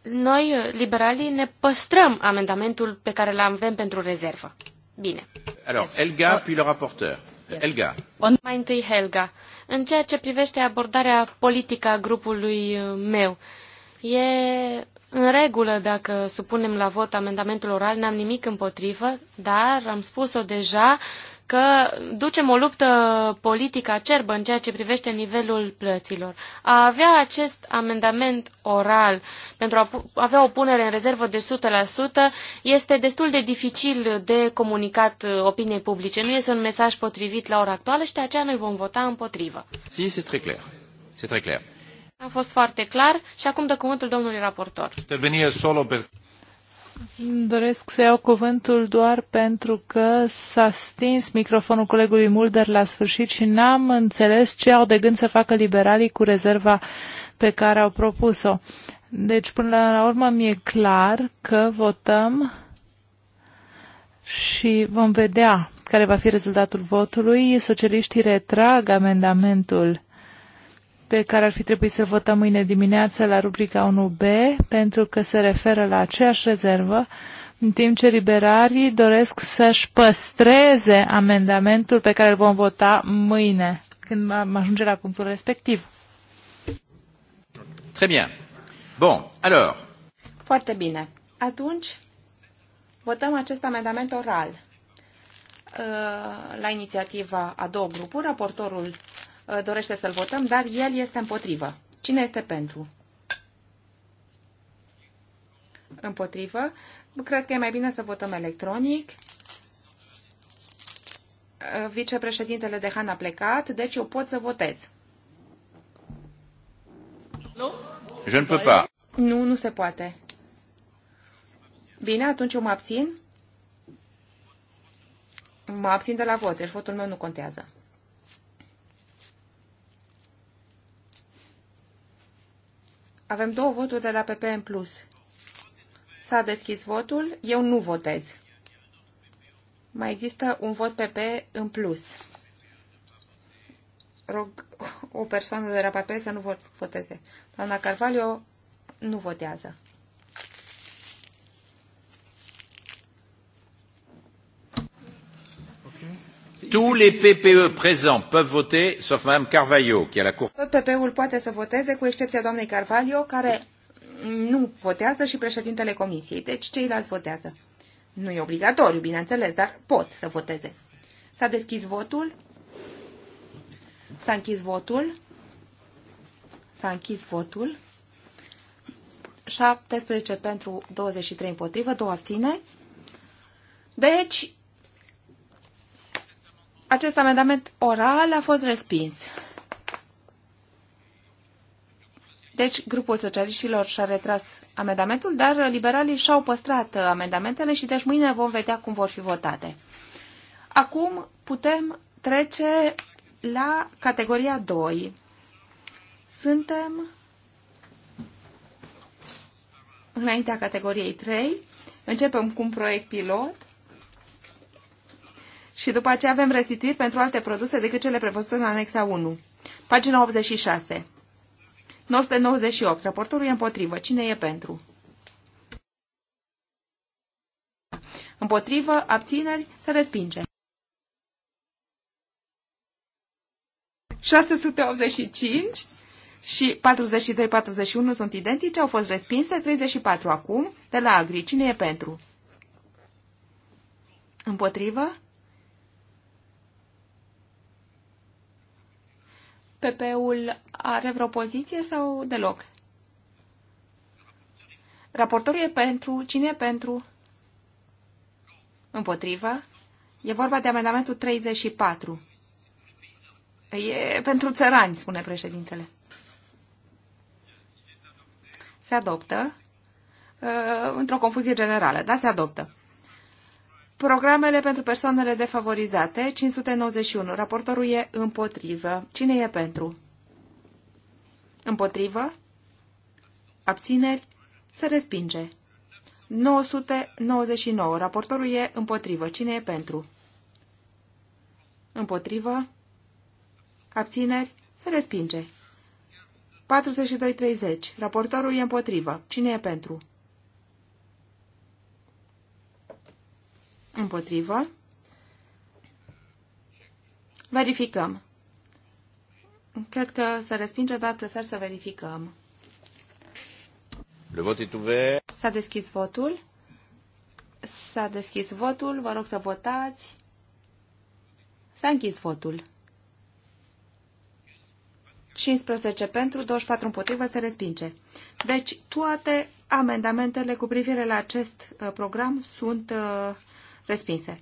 noi, liberalii, ne păstrăm amendamentul pe care l avem pentru rezervă. Bine. Alors, yes. Elga, puis le rapporteur. Yes. Elga. Mai întâi Helga. În ceea ce privește abordarea politică a grupului uh, meu, e în regulă dacă supunem la vot amendamentul oral, n-am nimic împotrivă, dar am spus-o deja, că ducem o luptă politică acerbă în ceea ce privește nivelul plăților. A avea acest amendament oral pentru a avea o punere în rezervă de 100% este destul de dificil de comunicat uh, opiniei publice. Nu este un mesaj potrivit la ora actuală și de aceea noi vom vota împotrivă. Si, c'est très clair. C'est très clair. A fost foarte clar și acum dă cuvântul domnului raportor. Intervenie solo pentru. Doresc să iau cuvântul doar pentru că s-a stins microfonul colegului Mulder la sfârșit și n-am înțeles ce au de gând să facă liberalii cu rezerva pe care au propus-o. Deci, până la urmă, mi-e clar că votăm și vom vedea care va fi rezultatul votului. Socialiștii retrag amendamentul pe care ar fi trebuit să votăm mâine dimineață la rubrica 1B, pentru că se referă la aceeași rezervă, în timp ce liberarii doresc să-și păstreze amendamentul pe care îl vom vota mâine, când am ajunge la punctul respectiv. Très bien. Bon, alors. Foarte bine. Atunci, votăm acest amendament oral uh, la inițiativa a două grupuri. Raportorul Uh, dorește să-l votăm, dar el este împotrivă. Cine este pentru? Împotrivă. Cred că e mai bine să votăm electronic. Uh, vicepreședintele de Han a plecat, deci eu pot să votez. Nu? Je ne peux pas. Nu, nu se poate. Bine, atunci eu mă abțin. Mă abțin de la vot, deci votul meu nu contează. Avem două voturi de la PP în plus. S-a deschis votul. Eu nu votez. Mai există un vot PP în plus. Rog o persoană de la PP să nu voteze. Doamna Carvalho nu votează. Tous les PPE présents peuvent voter, sauf Madame Carvalho, qui a la cour. Tot PP-ul poate să voteze, cu excepția doamnei Carvalho, care nu votează și președintele comisiei. Deci ceilalți votează. Nu e obligatoriu, bineînțeles, dar pot să voteze. S-a deschis votul. S-a închis votul. S-a închis votul. 17 pentru 23 împotrivă, două abțineri. Deci, acest amendament oral a fost respins. Deci, grupul socialiștilor și-a retras amendamentul, dar liberalii și-au păstrat amendamentele și deci mâine vom vedea cum vor fi votate. Acum putem trece la categoria 2. Suntem înaintea categoriei 3. Începem cu un proiect pilot și după aceea avem restituiri pentru alte produse decât cele prevăzute în anexa 1. Pagina 86. 998. raportul e împotrivă. Cine e pentru? Împotrivă, abțineri, să respinge. 685 și 42-41 sunt identice, au fost respinse, 34 acum, de la Agri. Cine e pentru? Împotrivă? PP-ul are vreo poziție sau deloc? Raportorul e pentru. Cine e pentru? Împotrivă. E vorba de amendamentul 34. E pentru țărani, spune președintele. Se adoptă. Uh, într-o confuzie generală, dar se adoptă. Programele pentru persoanele defavorizate, 591. Raportorul e împotrivă. Cine e pentru? Împotrivă? Abțineri? Se respinge. 999. Raportorul e împotrivă. Cine e pentru? Împotrivă? Abțineri? Se respinge. 42.30. Raportorul e împotrivă. Cine e pentru? Împotrivă. Verificăm. Cred că se respinge, dar prefer să verificăm. Le S-a deschis votul. S-a deschis votul. Vă rog să votați. S-a închis votul. 15 pentru, 24 împotrivă, se respinge. Deci, toate amendamentele cu privire la acest uh, program sunt uh, Respinse.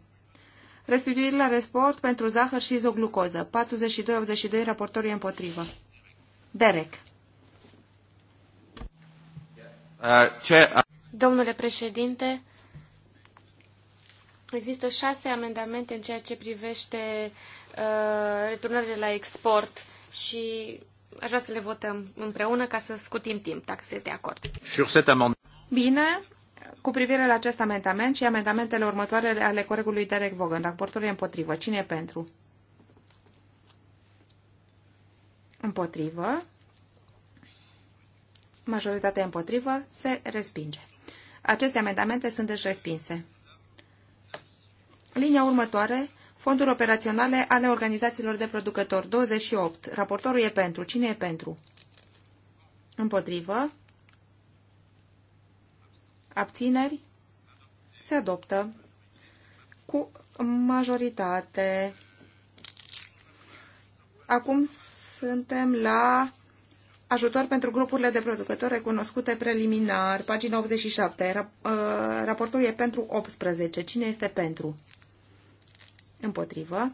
Restituiri la resport pentru zahăr și izoglucoză. 42-82, raportorii împotrivă. Derek. Domnule președinte, există șase amendamente în ceea ce privește uh, returnările la export și aș vrea să le votăm împreună ca să scutim timp, dacă sunteți de acord. Bine, cu privire la acest amendament și amendamentele următoare ale colegului Derek Vogan. Raportul e împotrivă. Cine e pentru? Împotrivă. Majoritatea împotrivă se respinge. Aceste amendamente sunt deci respinse. Linia următoare, fonduri operaționale ale organizațiilor de producători, 28. Raportorul e pentru. Cine e pentru? Împotrivă abțineri, se adoptă cu majoritate. Acum suntem la ajutor pentru grupurile de producători recunoscute preliminar, pagina 87. Uh, raportul e pentru 18. Cine este pentru? Împotrivă.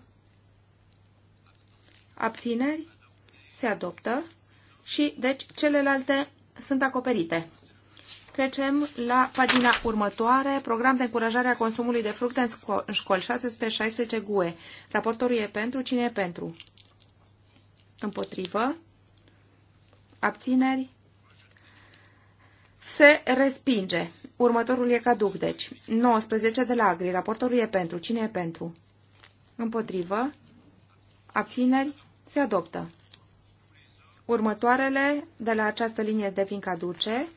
Abțineri? Se adoptă. Și, deci, celelalte sunt acoperite. Trecem la pagina următoare, program de încurajare a consumului de fructe în școli, 616 GUE. Raportorul e pentru, cine e pentru? Împotrivă. Abțineri. Se respinge. Următorul e caduc, deci. 19 de la Agri. Raportorul e pentru. Cine e pentru? Împotrivă. Abțineri. Se adoptă. Următoarele de la această linie devin caduce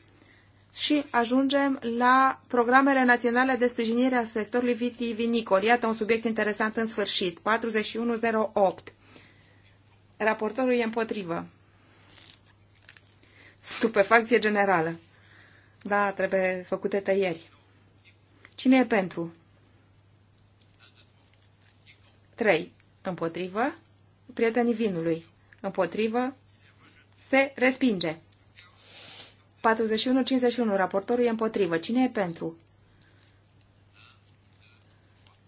și ajungem la programele naționale de sprijinire a sectorului vitivinicol. Iată un subiect interesant în sfârșit. 4108. Raportorul e împotrivă. Stupefacție generală. Da, trebuie făcute tăieri. Cine e pentru? 3. Împotrivă. Prietenii vinului. Împotrivă. Se respinge. 41-51. Raportorul e împotrivă. Cine e pentru?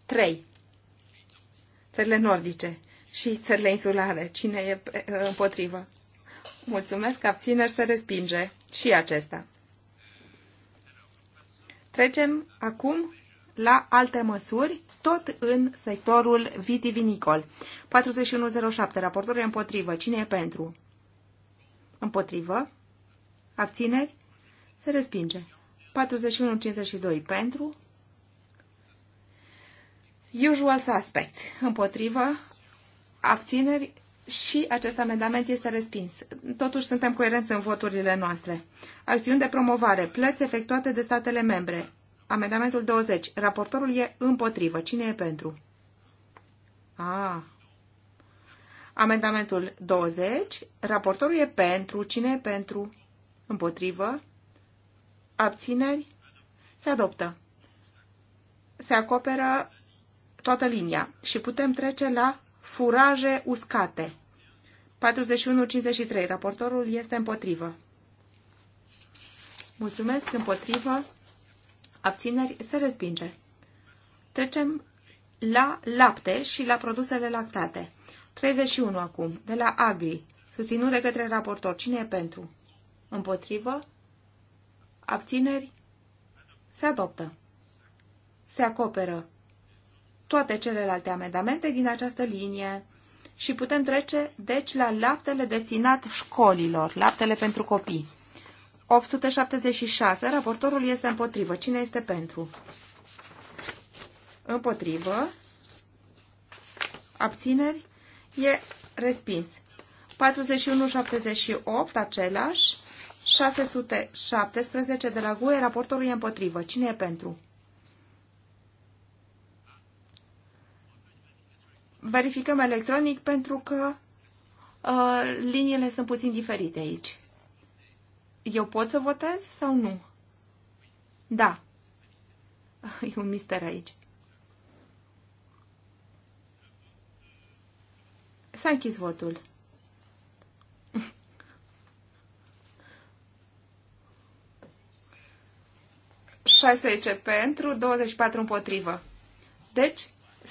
3. Țările nordice și țările insulare. Cine e uh, împotrivă? Mulțumesc, abțineri se respinge și acesta. Trecem acum la alte măsuri, tot în sectorul vitivinicol. 4107, raportorul e împotrivă. Cine e pentru? Împotrivă. Abțineri? Se respinge. 41-52 pentru. Usual suspect. Împotrivă. Abțineri? Și acest amendament este respins. Totuși suntem coerenți în voturile noastre. Acțiuni de promovare. Plăți efectuate de statele membre. Amendamentul 20. Raportorul e împotrivă. Cine e pentru? A. Amendamentul 20. Raportorul e pentru. Cine e pentru? Împotrivă. Abțineri. Se adoptă. Se acoperă toată linia și putem trece la furaje uscate. 41-53. Raportorul este împotrivă. Mulțumesc, împotrivă. Abțineri se respinge. Trecem la lapte și la produsele lactate. 31 acum, de la Agri, susținut de către raportor. Cine e pentru? Împotrivă. Abțineri. Se adoptă. Se acoperă toate celelalte amendamente din această linie și putem trece, deci, la laptele destinat școlilor, laptele pentru copii. 876. Raportorul este împotrivă. Cine este pentru? Împotrivă. Abțineri. E respins. 4178, același. 617 de la GUE, raportorul e împotrivă. Cine e pentru? Verificăm electronic pentru că uh, liniile sunt puțin diferite aici. Eu pot să votez sau nu? Da. E un mister aici. S-a închis votul. 16 pentru, 24 împotrivă. Deci,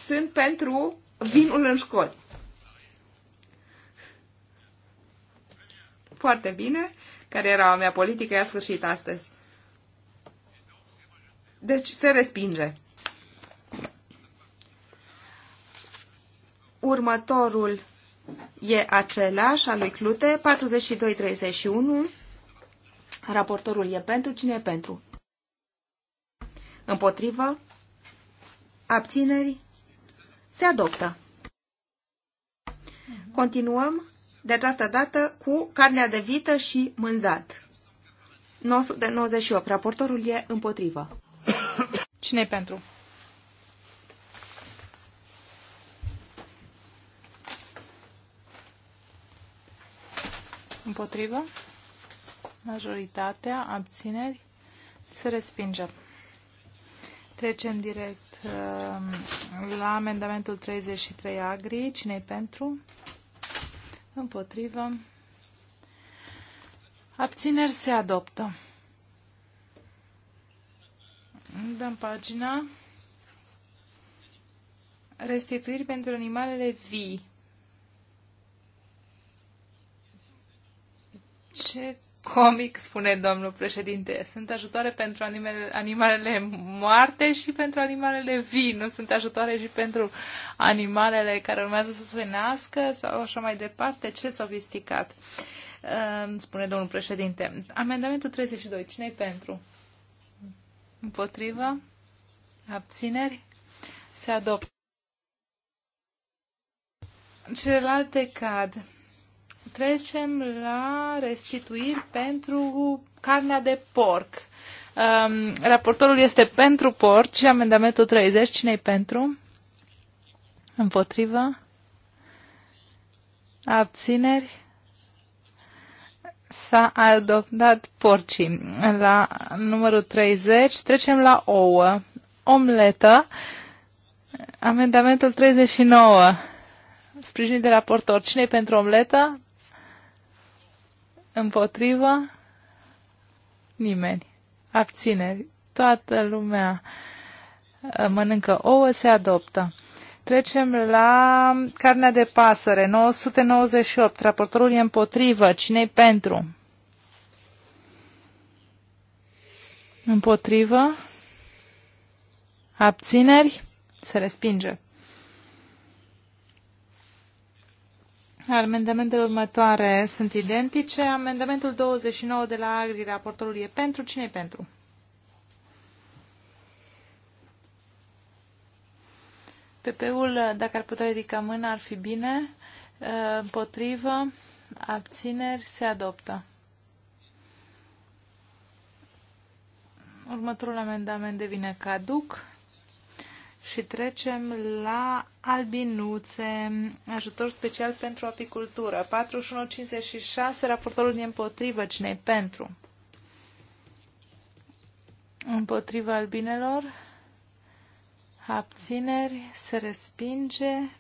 sunt pentru vinul în școli. Foarte bine, care era a mea politică, i-a sfârșit astăzi. Deci se respinge. Următorul e același, al lui Clute, 42-31. Raportorul e pentru, cine e pentru? Împotrivă? Abțineri? Se adoptă. Continuăm de această dată cu carnea de vită și mânzat. 998. Raportorul e împotrivă. cine e pentru? Împotrivă? Majoritatea, abțineri, se respinge. Trecem direct uh, la amendamentul 33 agri. Cine-i pentru? Împotrivă. Abțineri se adoptă. Dăm pagina. Restituiri pentru animalele vii. Ce comic, spune domnul președinte. Sunt ajutoare pentru animele, animalele moarte și pentru animalele vii. Nu sunt ajutoare și pentru animalele care urmează să se nască sau așa mai departe. Ce sofisticat, ehm, spune domnul președinte. Amendamentul 32. Cine-i pentru? Împotrivă? Abțineri? Se adoptă. Celelalte cad. Trecem la restituiri pentru carnea de porc. Um, raportorul este pentru porci, amendamentul 30. Cine-i pentru? Împotrivă? Abțineri? S-a adoptat porcii. La numărul 30 trecem la ouă. Omletă. Amendamentul 39. Sprijinit de raportor. cine pentru omletă? împotriva Nimeni. Abțineri. Toată lumea uh, mănâncă ouă, se adoptă. Trecem la carnea de pasăre, 998. Raportorul e împotrivă. cine pentru? Împotrivă? Abțineri? Se respinge. Amendamentele următoare sunt identice. Amendamentul 29 de la Agri, raportorul e pentru. Cine e pentru? PP-ul, dacă ar putea ridica mâna, ar fi bine. Uh, împotrivă, abțineri, se adoptă. Următorul amendament devine caduc și trecem la albinuțe, ajutor special pentru apicultură. 4156, raportorul e împotrivă, cine pentru? Împotriva albinelor, abțineri, se respinge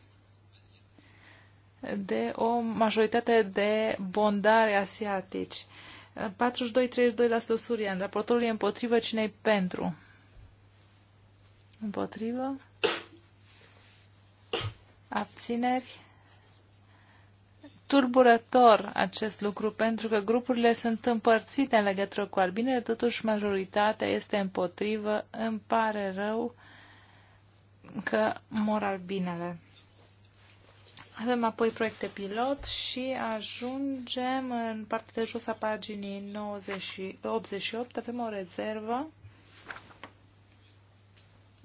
de o majoritate de bondare asiatici. 42-32% surian. Raportorul e împotrivă, cine pentru? Împotrivă. Abțineri. Turburător acest lucru, pentru că grupurile sunt împărțite în legătură cu albinele, totuși majoritatea este împotrivă. Îmi pare rău că mor albinele. Avem apoi proiecte pilot și ajungem în partea de jos a paginii 90, 88, avem o rezervă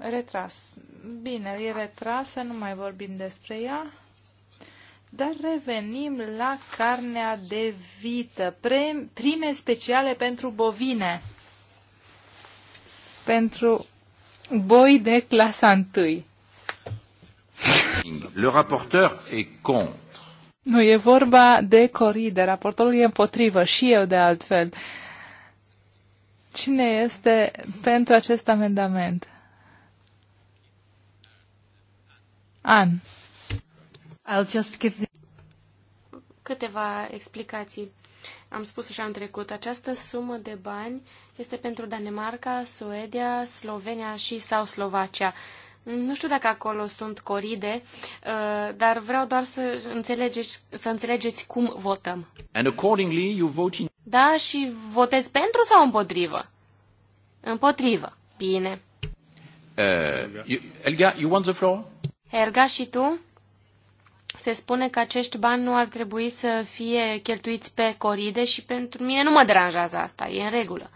Retras. Bine, e retrasă, nu mai vorbim despre ea. Dar revenim la carnea de vită. Prime speciale pentru bovine. Pentru boi de clasa 1. Le raporteur e contre. Nu, e vorba de coride. Raportorul e împotrivă și eu de altfel. Cine este pentru acest amendament? an. I'll just give the... Câteva explicații. Am spus și am trecut, această sumă de bani este pentru Danemarca, Suedia, Slovenia și sau Slovacia. Nu știu dacă acolo sunt coride, uh, dar vreau doar să înțelegeți, să înțelegeți cum votăm. And accordingly, you vote in... Da, și votez pentru sau împotrivă? Împotrivă. Bine. Uh, you, Elga, you want the floor? Helga, și tu? Se spune că acești bani nu ar trebui să fie cheltuiți pe coride și pentru mine nu mă deranjează asta, e în regulă.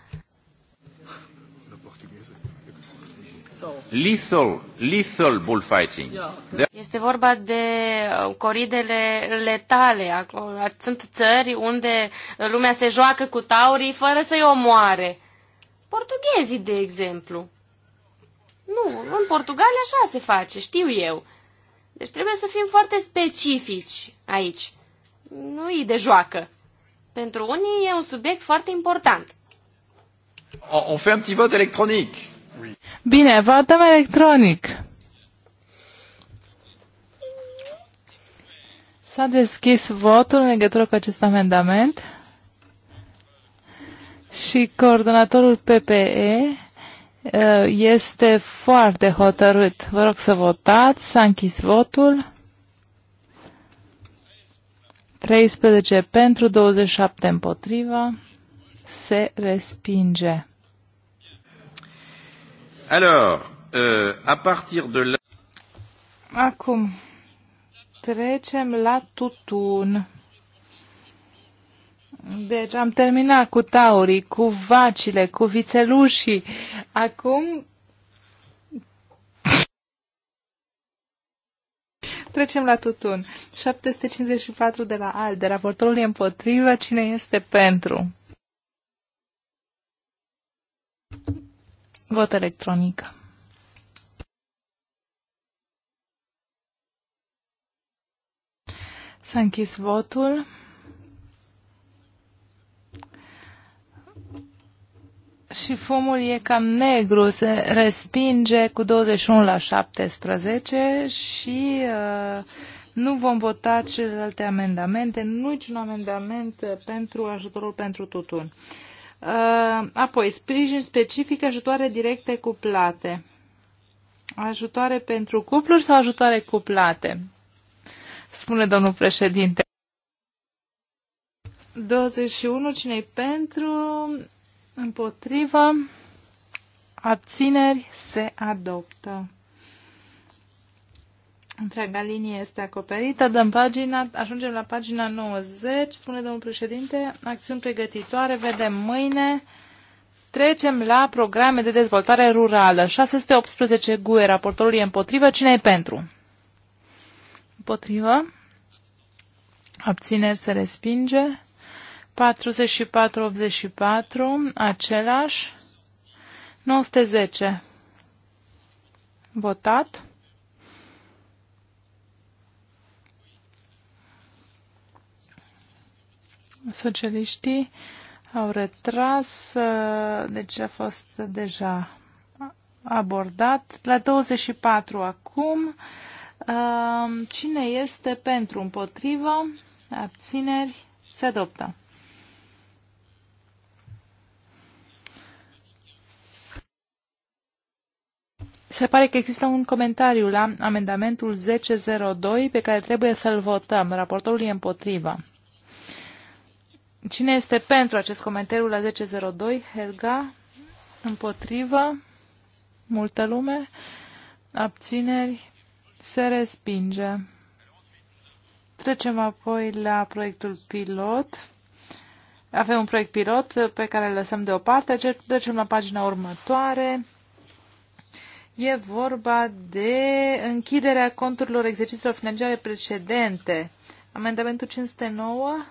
Lethal, lethal bullfighting. Este vorba de uh, coridele letale. Sunt țări unde lumea se joacă cu taurii fără să-i omoare. Portughezii, de exemplu. Nu, în Portugalia așa se face, știu eu. Deci trebuie să fim foarte specifici aici. Nu e de joacă. Pentru unii e un subiect foarte important. On fait un petit vot electronic. Bine, votăm electronic. S-a deschis votul în legătură cu acest amendament și coordonatorul PPE Eh, este foarte hotărât. Vă rog să votați. S-a închis votul. 13 pentru, 27 împotriva. Se respinge. Alors, euh, à partir de la... Acum, trecem la tutun. Deci am terminat cu taurii, cu vacile, cu vițelușii. Acum Trecem la tutun. 754 de la ALDE. Raportorul e împotrivă. Cine este pentru? Vot electronic. S-a închis votul. și fumul e cam negru, se respinge cu 21 la 17 și uh, nu vom vota celelalte amendamente, niciun amendament pentru ajutorul pentru tutun. Uh, apoi, sprijin specific, ajutoare directe cuplate. Ajutoare pentru cupluri sau ajutoare cuplate? Spune domnul președinte. 21, cine pentru? împotrivă, abțineri, se adoptă. Întreaga linie este acoperită. Dăm pagina, ajungem la pagina 90, spune domnul președinte, acțiuni pregătitoare, vedem mâine. Trecem la programe de dezvoltare rurală. 618 GUE, raportorul e împotrivă, cine e pentru? Împotrivă. Abțineri se respinge. 4484, același. 910. Votat. Socialiștii au retras, deci a fost deja abordat. La 24 acum, um, cine este pentru împotrivă, abțineri, se adoptă. Se pare că există un comentariu la amendamentul 1002 pe care trebuie să-l votăm. Raportorul e împotriva. Cine este pentru acest comentariu la 1002? Helga? Împotrivă? Multă lume? Abțineri? Se respinge. Trecem apoi la proiectul pilot. Avem un proiect pilot pe care îl lăsăm deoparte. Deci, trecem la pagina următoare. E vorba de închiderea conturilor exercițiilor financiare precedente. Amendamentul 509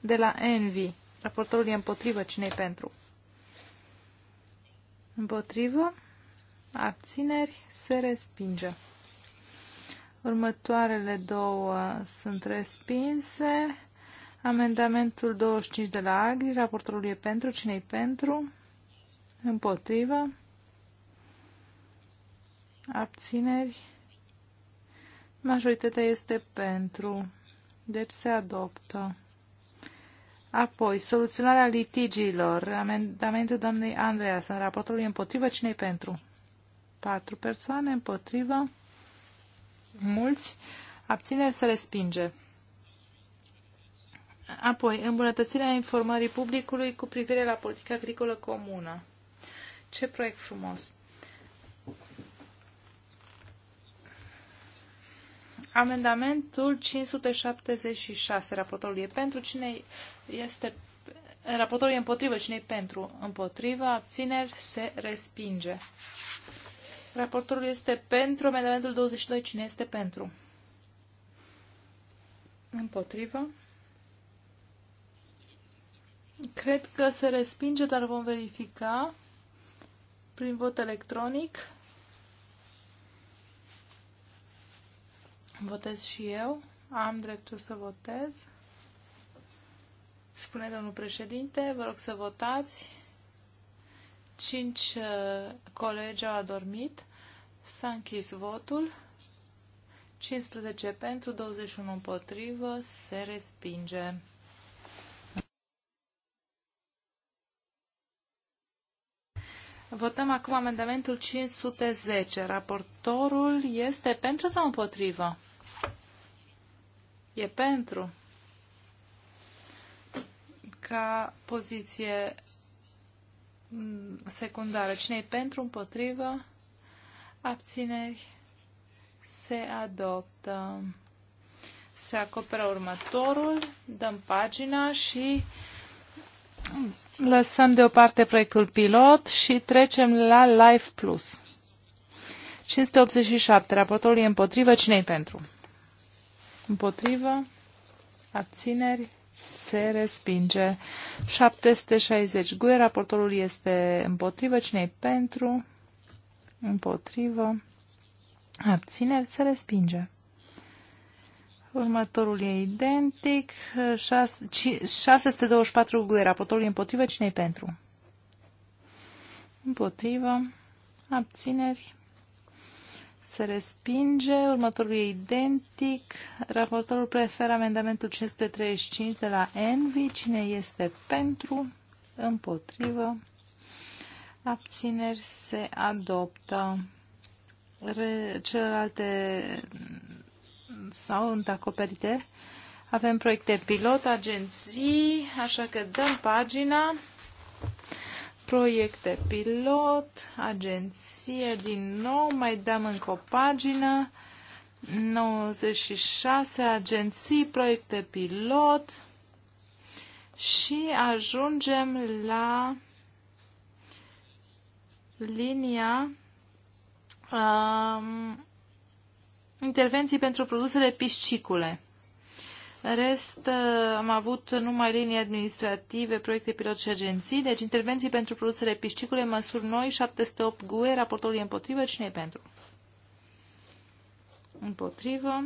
de la Envi. Raportorul e împotrivă. cine pentru? Împotrivă. Abțineri. Se respinge. Următoarele două sunt respinse. Amendamentul 25 de la Agri. Raportorul e pentru. cine pentru? Împotrivă abțineri, majoritatea este pentru, deci se adoptă. Apoi, soluționarea litigiilor, amendamentul doamnei Andreas în raportul lui împotrivă, cine pentru? Patru persoane împotrivă, mulți, abțineri se respinge. Apoi, îmbunătățirea informării publicului cu privire la politica agricolă comună. Ce proiect frumos! Amendamentul 576. Raportorul e pentru. Cine este Raportorul e împotrivă. cine e pentru? Împotrivă. Abțineri. Se respinge. Raportorul este pentru. Amendamentul 22. Cine este pentru? Împotrivă. Cred că se respinge, dar vom verifica prin vot electronic. Votez și eu. Am dreptul să votez. Spune domnul președinte, vă rog să votați. Cinci uh, colegi au adormit. S-a închis votul. 15 pentru, 21 împotrivă, se respinge. Votăm acum amendamentul 510. Raportorul este pentru sau împotrivă? e pentru ca poziție secundară. Cine e pentru, împotrivă, abțineri, se adoptă. Se acoperă următorul, dăm pagina și lăsăm deoparte proiectul pilot și trecem la Life Plus. 587. Raportorul e împotrivă. cine pentru? Împotrivă. Abțineri. Se respinge. 760. Gue. Raportorul este împotrivă. cine pentru? Împotrivă. Abțineri. Se respinge. Următorul e identic. 624 GUE. Raportorul e împotrivă. cine pentru? Împotrivă. Abțineri se respinge. Următorul e identic. Raportorul preferă amendamentul 535 de la Envi. Cine este pentru? Împotrivă. Abțineri se adoptă. Re, celelalte sau sunt acoperite. Avem proiecte pilot, agenții, așa că dăm pagina proiecte pilot, agenție, din nou, mai dăm încă o pagină, 96 agenții, proiecte pilot și ajungem la linia um, intervenții pentru produsele piscicule rest, uh, am avut numai linii administrative, proiecte pilot și agenții, deci intervenții pentru produsele piscicole, măsuri noi, 708 GUE, raportul e împotrivă, cine e pentru? Împotrivă,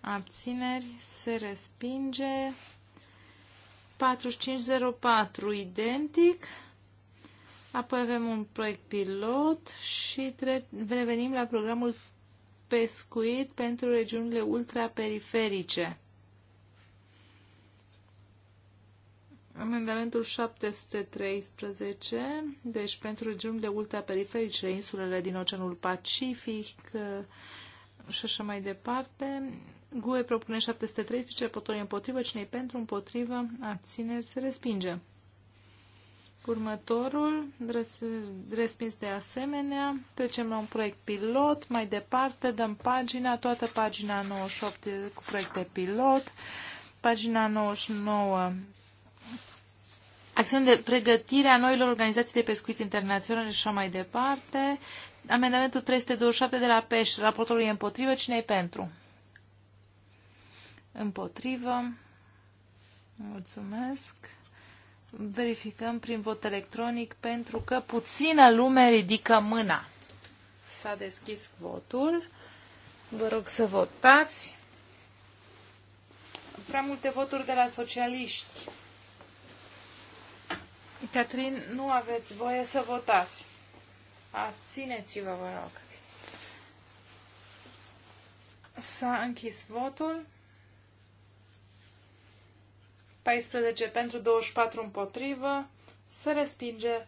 abțineri, se respinge, 4504, identic, apoi avem un proiect pilot și revenim la programul pescuit pentru regiunile ultraperiferice. Amendamentul 713, deci pentru regiunile ultraperiferice, insulele din Oceanul Pacific uh, și așa mai departe. GUE propune 713, potoi împotrivă, cine pentru, împotrivă, abțineri, se respinge. Următorul, respins de asemenea, trecem la un proiect pilot, mai departe dăm pagina, toată pagina 98 cu proiecte pilot, pagina 99 acțiuni de pregătire a noilor organizații de pescuit internaționale și așa mai departe. Amendamentul 327 de la PEș, Raportul e împotrivă, cine e pentru? Împotrivă. Mulțumesc. Verificăm prin vot electronic pentru că puțină lume ridică mâna. S-a deschis votul. Vă rog să votați. Prea multe voturi de la socialiști. Catrin, nu aveți voie să votați. Abțineți-vă, vă rog. S-a închis votul. 14 pentru 24 împotrivă. Se respinge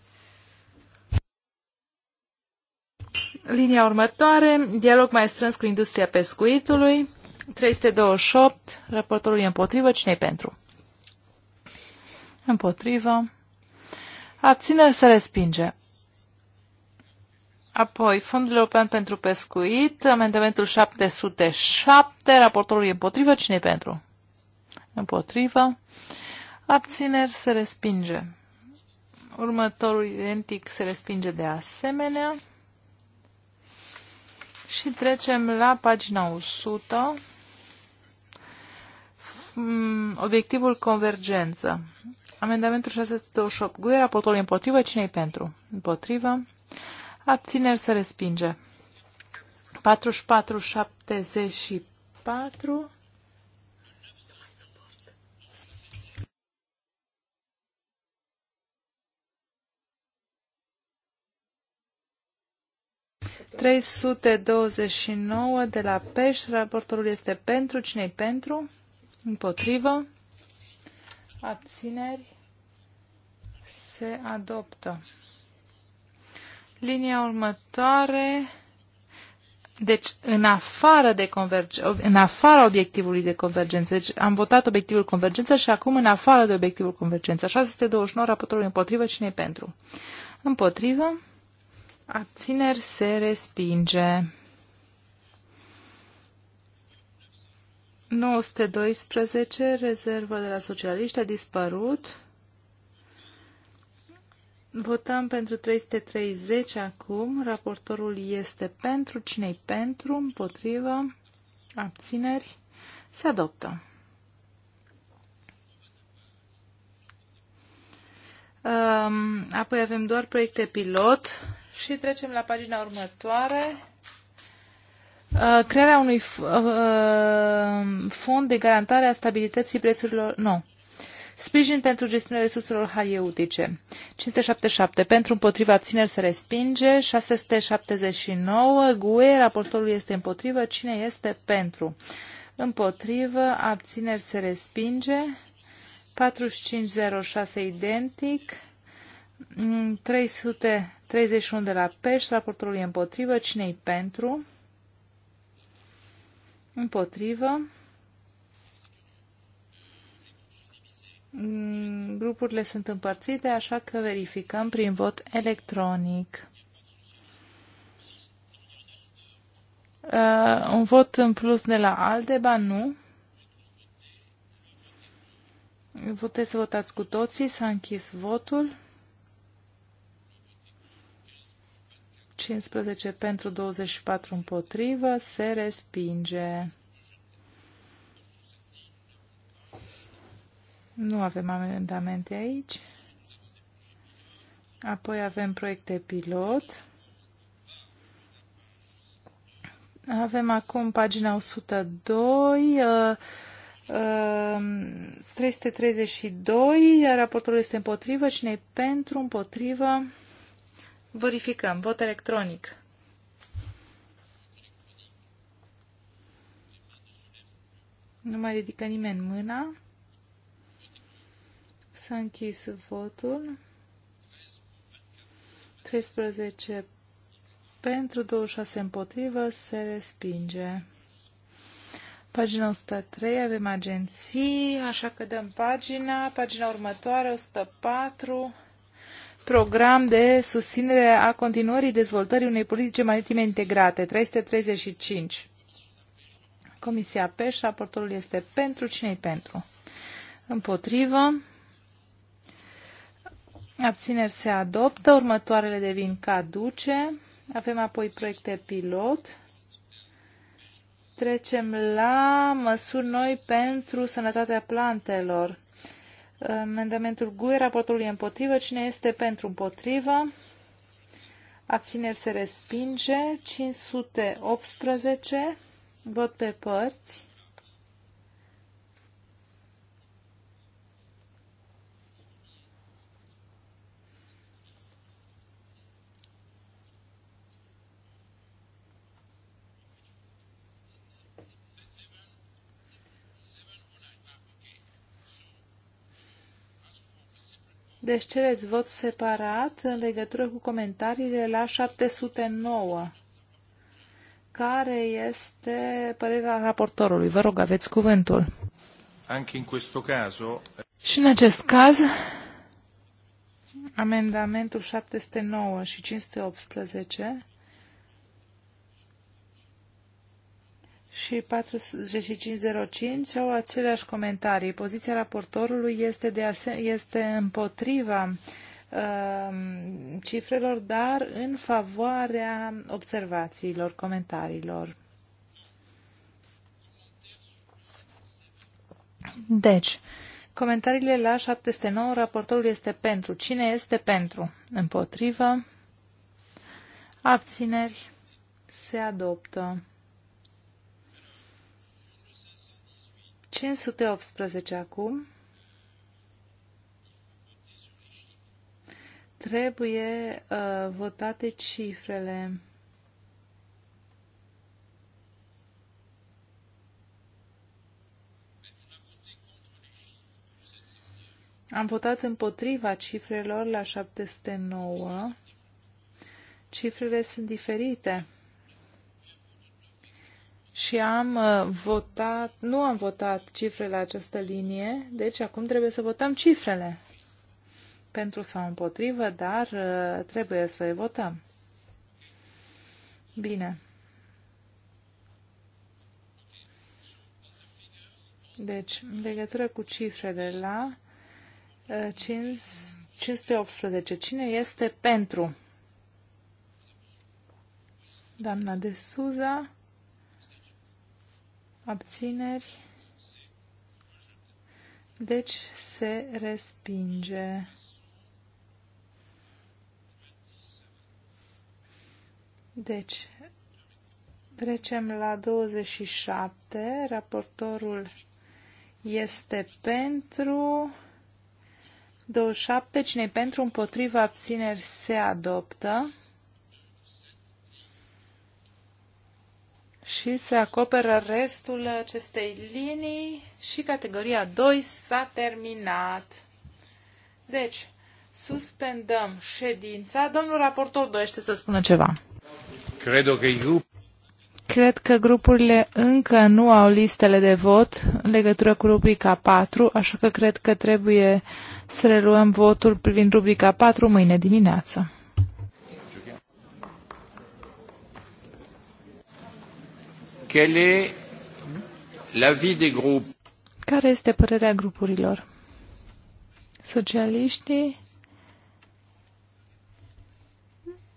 linia următoare, dialog mai strâns cu industria pescuitului, 328, raportorul e împotrivă, cine pentru? Împotrivă, Abțineri se respinge. Apoi, Fondul European pentru Pescuit, amendamentul 707, raportorul e împotrivă, cine e pentru? Împotrivă. Abțineri se respinge. Următorul identic se respinge de asemenea. Și trecem la pagina 100. Obiectivul convergență. Amendamentul 628. Guie raportorul împotrivă. Cine-i pentru? Împotrivă. Abțineri se respinge. 4474. Trei sute douăzeci și nouă de la pești. Raportorul este pentru. Cine-i pentru? Împotrivă. Abțineri se adoptă. Linia următoare, deci în afară, de converg- în afara obiectivului de convergență, deci am votat obiectivul convergență și acum în afară de obiectivul convergență. 629 raportorul împotrivă, cine pentru? Împotrivă, abțineri se respinge. 912, rezervă de la socialiști, a dispărut. Votăm pentru 330 acum. Raportorul este pentru. cine pentru? Împotrivă? Abțineri? Se adoptă. Um, apoi avem doar proiecte pilot și trecem la pagina următoare. Uh, crearea unui uh, fond de garantare a stabilității prețurilor. Nu. Sprijin pentru gestiunea resurselor haieutice. 577. Pentru împotriva țineri se respinge. 679. GUE. Raportorul este împotrivă. Cine este pentru? Împotrivă. Abțineri se respinge. 4506 identic. 331 de la pești, raportorul e împotrivă, cine pentru? Împotrivă. Mm, grupurile sunt împărțite, așa că verificăm prin vot electronic. Uh, un vot în plus de la Aldeba, nu. Puteți să votați cu toții. S-a închis votul. 15 pentru 24 împotrivă. Se respinge. Nu avem amendamente aici. Apoi avem proiecte pilot. Avem acum pagina 102, 332, uh, um, raportul este împotrivă, cine e pentru, împotrivă. Verificăm, vot electronic. Nu mai ridică nimeni mâna. S-a închis votul. 13 pentru, 26 împotrivă, se respinge. Pagina 103, avem agenții, așa că dăm pagina. Pagina următoare, 104, program de susținere a continuării dezvoltării unei politice maritime integrate, 335. Comisia PEș, raportorul este pentru, cine pentru? Împotrivă, abțineri se adoptă, următoarele devin caduce, avem apoi proiecte pilot, trecem la măsuri noi pentru sănătatea plantelor. Amendamentul GUE, raportul e împotrivă, cine este pentru împotrivă? Abțineri se respinge, 518, vot pe părți. Deci cereți vot separat în legătură cu comentariile la 709. Care este părerea raportorului? Vă rog, aveți cuvântul. Anche in questo caso... Și în acest caz, amendamentul 709 și 518 și 4505 au aceleași comentarii. Poziția raportorului este, de este împotriva uh, cifrelor, dar în favoarea observațiilor, comentariilor. Deci, comentariile la 709, raportorul este pentru. Cine este pentru? Împotrivă? Abțineri? Se adoptă. 518 acum. Trebuie uh, votate cifrele. Am votat împotriva cifrelor la 709. Cifrele sunt diferite și am uh, votat, nu am votat cifrele la această linie, deci acum trebuie să votăm cifrele. Pentru sau împotrivă, dar uh, trebuie să le votăm. Bine. Deci, în legătură cu cifrele la 518, uh, cine este pentru? Doamna de Suza abțineri, deci se respinge. Deci, trecem la 27. Raportorul este pentru 27. Cine pentru împotriva abțineri se adoptă. și se acoperă restul acestei linii și categoria 2 s-a terminat. Deci, suspendăm ședința. Domnul raportor dorește să spună ceva. Cred că grup... Cred că grupurile încă nu au listele de vot în legătură cu rubrica 4, așa că cred că trebuie să reluăm votul privind rubrica 4 mâine dimineață. Care este părerea grupurilor? Socialiștii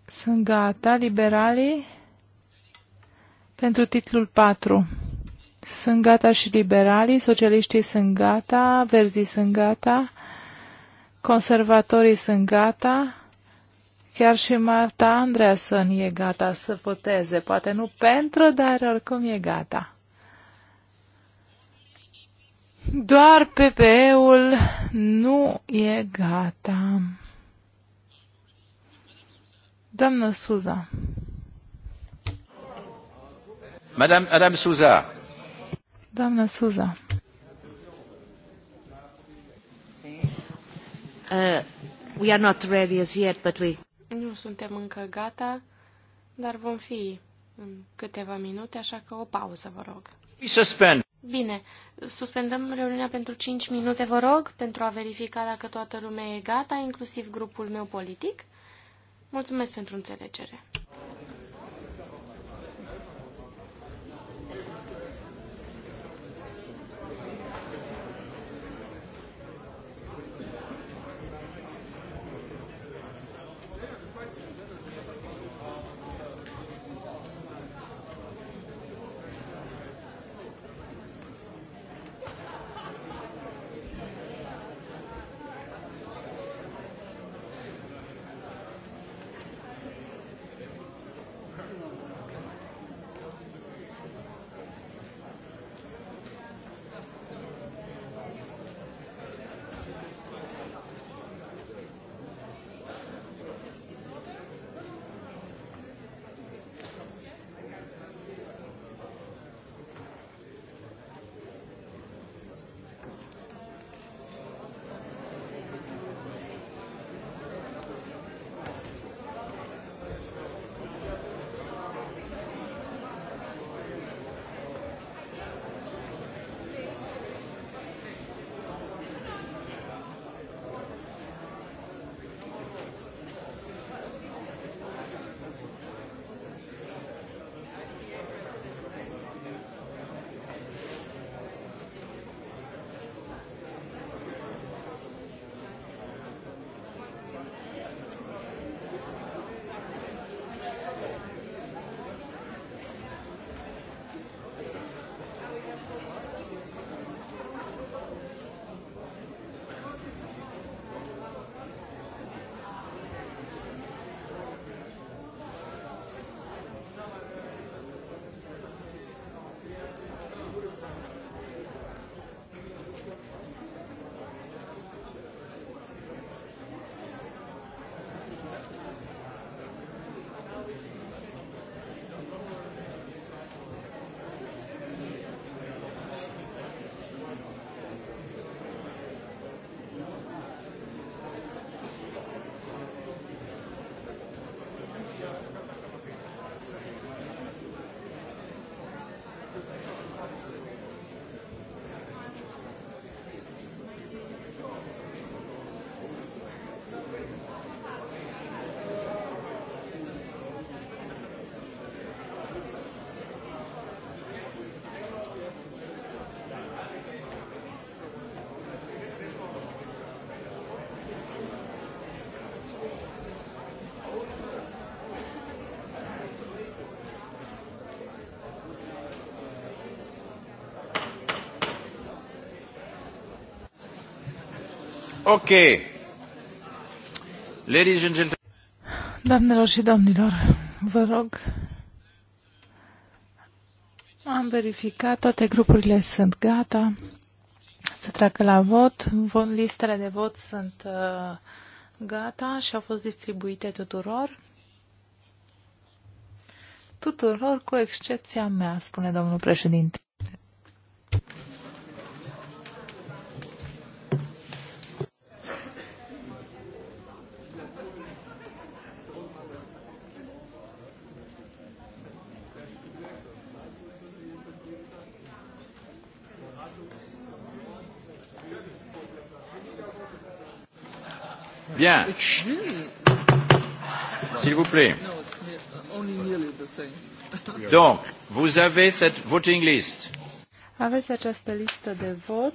sunt gata, liberalii pentru titlul 4. Sunt gata și liberalii, socialiștii sunt gata, verzii sunt gata, conservatorii sunt gata, Chiar și Marta Andreasen e gata să voteze. Poate nu pentru, dar oricum e gata. Doar PPE-ul nu e gata. Doamnă Suza. Madame, Madame Suza. Doamnă Suza. Uh, we are not ready as yet, but we nu suntem încă gata, dar vom fi în câteva minute, așa că o pauză, vă rog. Suspend. Bine, suspendăm reuniunea pentru 5 minute, vă rog, pentru a verifica dacă toată lumea e gata, inclusiv grupul meu politic. Mulțumesc pentru înțelegere. Ok. Ladies and gentlemen. Doamnelor și domnilor, vă rog. Am verificat, toate grupurile sunt gata să treacă la vot. Listele de vot sunt uh, gata și au fost distribuite tuturor. Tuturor, cu excepția mea, spune domnul președinte. Bien. S'il vous plaît. Donc, vous avez cette voting list. Aveți această listă de vot.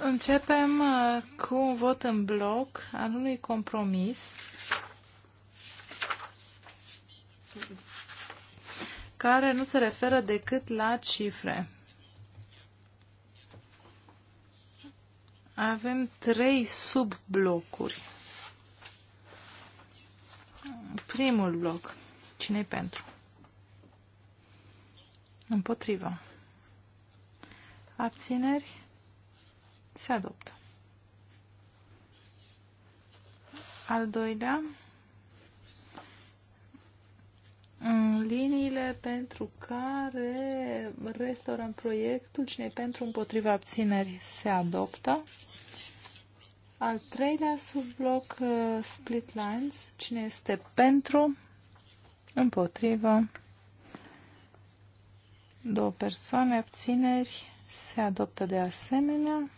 Începem uh, cu un vot în bloc al unui compromis care nu se referă decât la cifre. avem trei subblocuri. Primul bloc. cine pentru? Împotrivă. Abțineri. Se adoptă. Al doilea liniile pentru care restaurăm proiectul, cine pentru împotriva abțineri se adoptă. Al treilea bloc uh, split lines, cine este pentru, împotrivă, două persoane, abțineri, se adoptă de asemenea.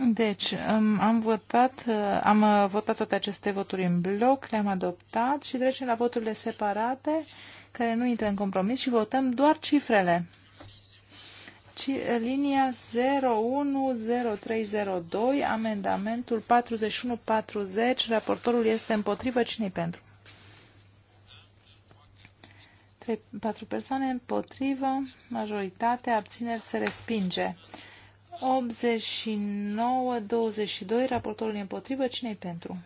Deci, um, am votat, uh, am uh, votat toate aceste voturi în bloc, le-am adoptat și trecem la voturile separate, care nu intră în compromis și votăm doar cifrele. Ci, linia 010302, amendamentul 4140, raportorul este împotrivă, cine pentru? 3, 4 persoane împotrivă, majoritatea, abțineri se respinge. 89, 22, raportorul e împotrivă, cine e pentru?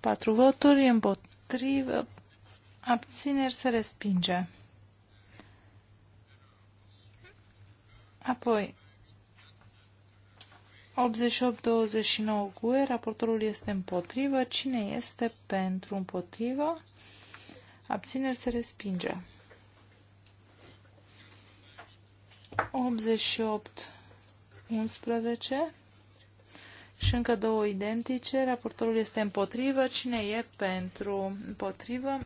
4 voturi împotrivă, abțineri se respinge. Apoi, 88-29 cu raportorul este împotrivă, cine este pentru împotrivă? Abțineri se respinge. 88, 11 și încă două identice. Raportorul este împotrivă. Cine e pentru? Împotrivă.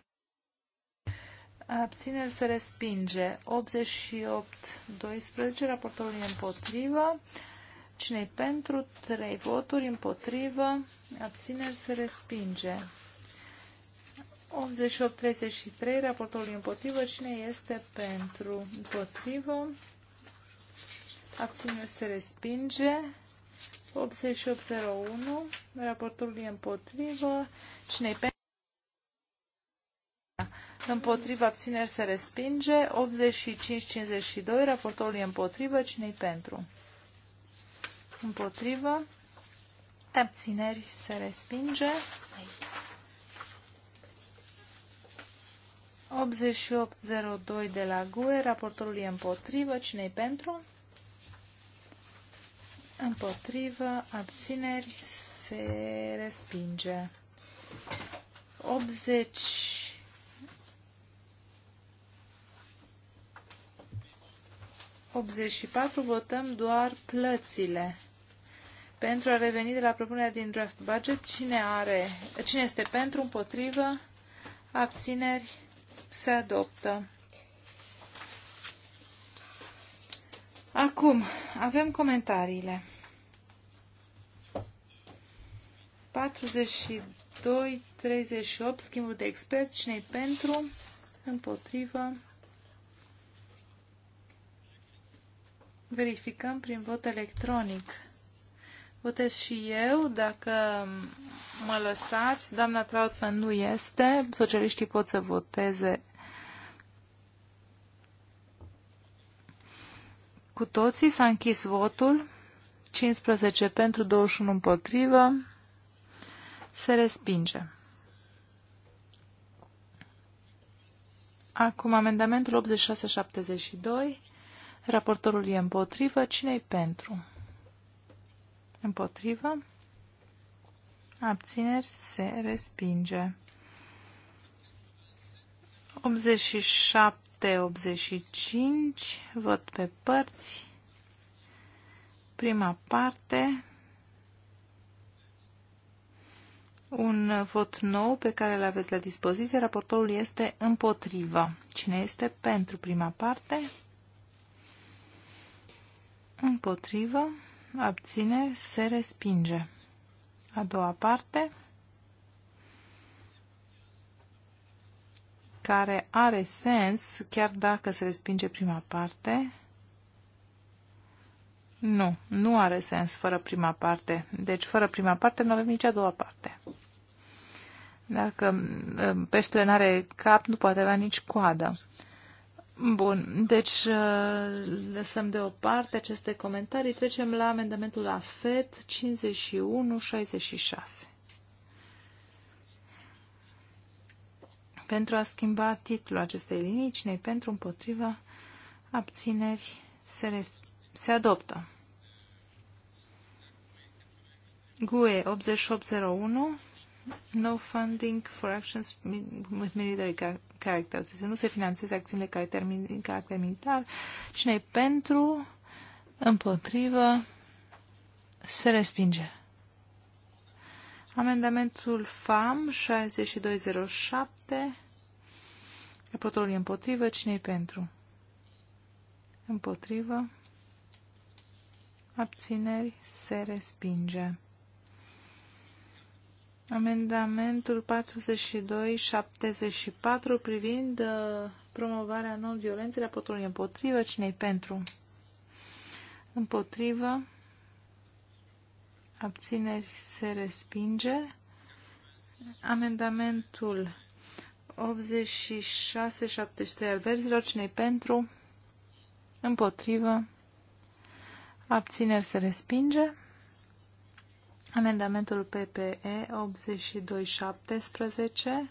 Abține se respinge. 88, 12. Raportorul e împotrivă. cine e pentru? 3 voturi. Împotrivă. Abține se respinge. 88, 33. Raportorul e împotrivă. Cine este pentru? Împotrivă abțineri se respinge. 8801, raportul e împotrivă. Cine-i pentru? împotriva abțineri se respinge. 85-52. raportul e împotrivă. Cine-i pentru? Împotrivă. Abțineri se respinge. 88-02 de la GUE, raportorul e împotrivă, cine pentru? împotrivă, abțineri, se respinge. 80 84 votăm doar plățile. Pentru a reveni de la propunerea din draft budget, cine are, cine este pentru, împotrivă, abțineri, se adoptă. Acum, avem comentariile. 42, 38, schimbul de experți, cine pentru, împotrivă. Verificăm prin vot electronic. Votez și eu, dacă mă lăsați, doamna Trautmann nu este, socialiștii pot să voteze cu toții, s-a închis votul, 15 pentru, 21 împotrivă. Se respinge. Acum amendamentul 8672, Raportorul e împotrivă. Cine-i pentru? Împotrivă. Abțineri se respinge. 87-85. văd pe părți. Prima parte. un vot nou pe care îl aveți la dispoziție. Raportorul este împotriva. Cine este pentru prima parte? Împotrivă. abține, Se respinge. A doua parte. Care are sens chiar dacă se respinge prima parte. Nu, nu are sens fără prima parte. Deci fără prima parte nu avem nici a doua parte. Dacă ă, peștele nu are cap, nu poate avea nici coadă. Bun, deci ă, lăsăm deoparte aceste comentarii. Trecem la amendamentul AFET 5166. Pentru a schimba titlul acestei linii, cine pentru, împotriva, abțineri, se, se adoptă. GUE 8801 no funding for actions with military character, să nu se finanțează acțiunile care termin caracter militar. Cine e pentru, împotrivă, se respinge. Amendamentul FAM 6207, raportorul e împotrivă, cine e pentru? Împotrivă, abțineri, se respinge. Amendamentul 4274 privind uh, promovarea non-violenței, raportul împotrivă, cine pentru? Împotrivă, abțineri se respinge. Amendamentul 8673 al verzilor, cine pentru? Împotrivă, abțineri se respinge. Amendamentul PPE 8217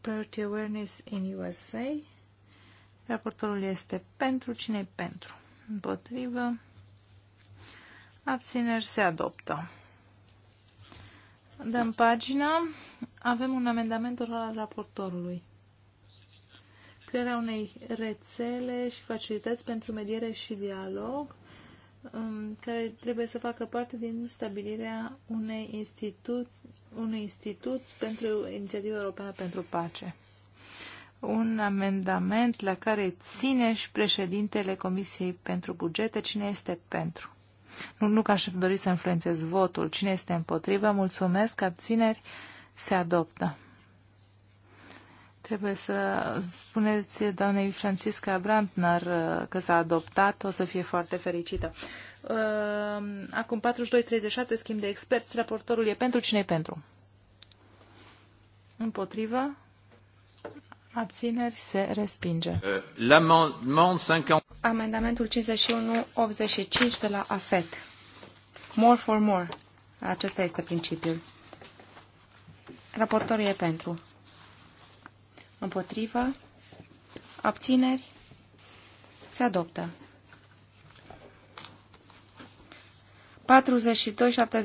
Priority Awareness in USA. Raportorul este pentru. cine pentru? Împotrivă. Abțineri se adoptă. Dăm pagina. Avem un amendament oral al raportorului. Crearea unei rețele și facilități pentru mediere și dialog Um, care trebuie să facă parte din stabilirea unei institut, unui institut pentru Inițiativa Europeană pentru Pace. Un amendament la care ține și președintele Comisiei pentru Bugete. Cine este pentru? Nu, nu că aș dori să influențez votul. Cine este împotrivă? Mulțumesc. Abțineri? Se adoptă. Trebuie să spuneți doamnei Francisca Brandner uh, că s-a adoptat, o să fie foarte fericită. Uh, acum 42-37, schimb de experți, raportorul e pentru, cine e pentru? Împotrivă? Abțineri se respinge. Uh, Amendamentul 51-85 de la AFET. More for more. Acesta este principiul. Raportorul e pentru. Împotrivă. Abțineri. Se adoptă.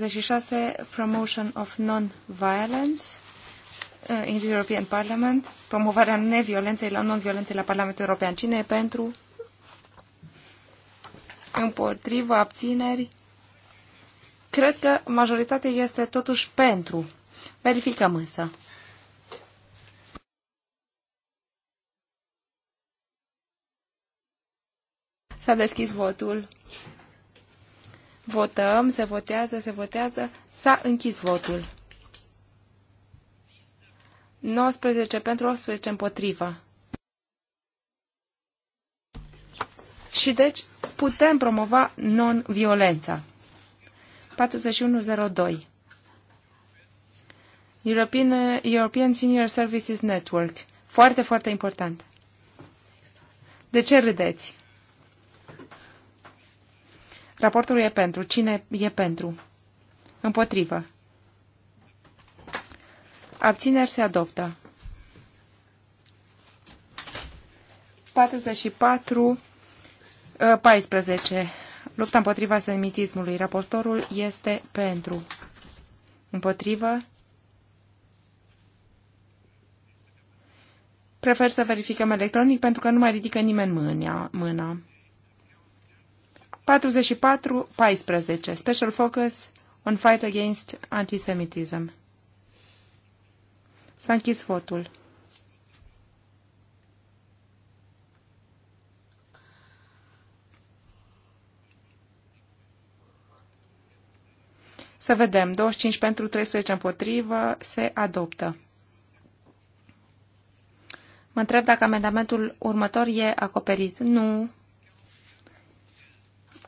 42.76 Promotion of Non-Violence uh, in the European Parliament, promovarea neviolenței la non-violenței la Parlamentul European. Cine e pentru? Împotrivă, abțineri? Cred că majoritatea este totuși pentru. Verificăm însă. S-a deschis votul. Votăm, se votează, se votează. S-a închis votul. 19 pentru 18 împotriva. Și deci putem promova non-violența. 4102 European, European Senior Services Network. Foarte, foarte important. De ce râdeți? Raportul e pentru. Cine e pentru? Împotrivă. Abțineri se adoptă. 44, 14. Uh, Lupta împotriva semitismului. Raportorul este pentru. Împotrivă. Prefer să verificăm electronic pentru că nu mai ridică nimeni mâna. 44.14. Special focus on fight against antisemitism. S-a închis votul. Să vedem. 25 pentru, 13 împotrivă. Se adoptă. Mă întreb dacă amendamentul următor e acoperit. Nu.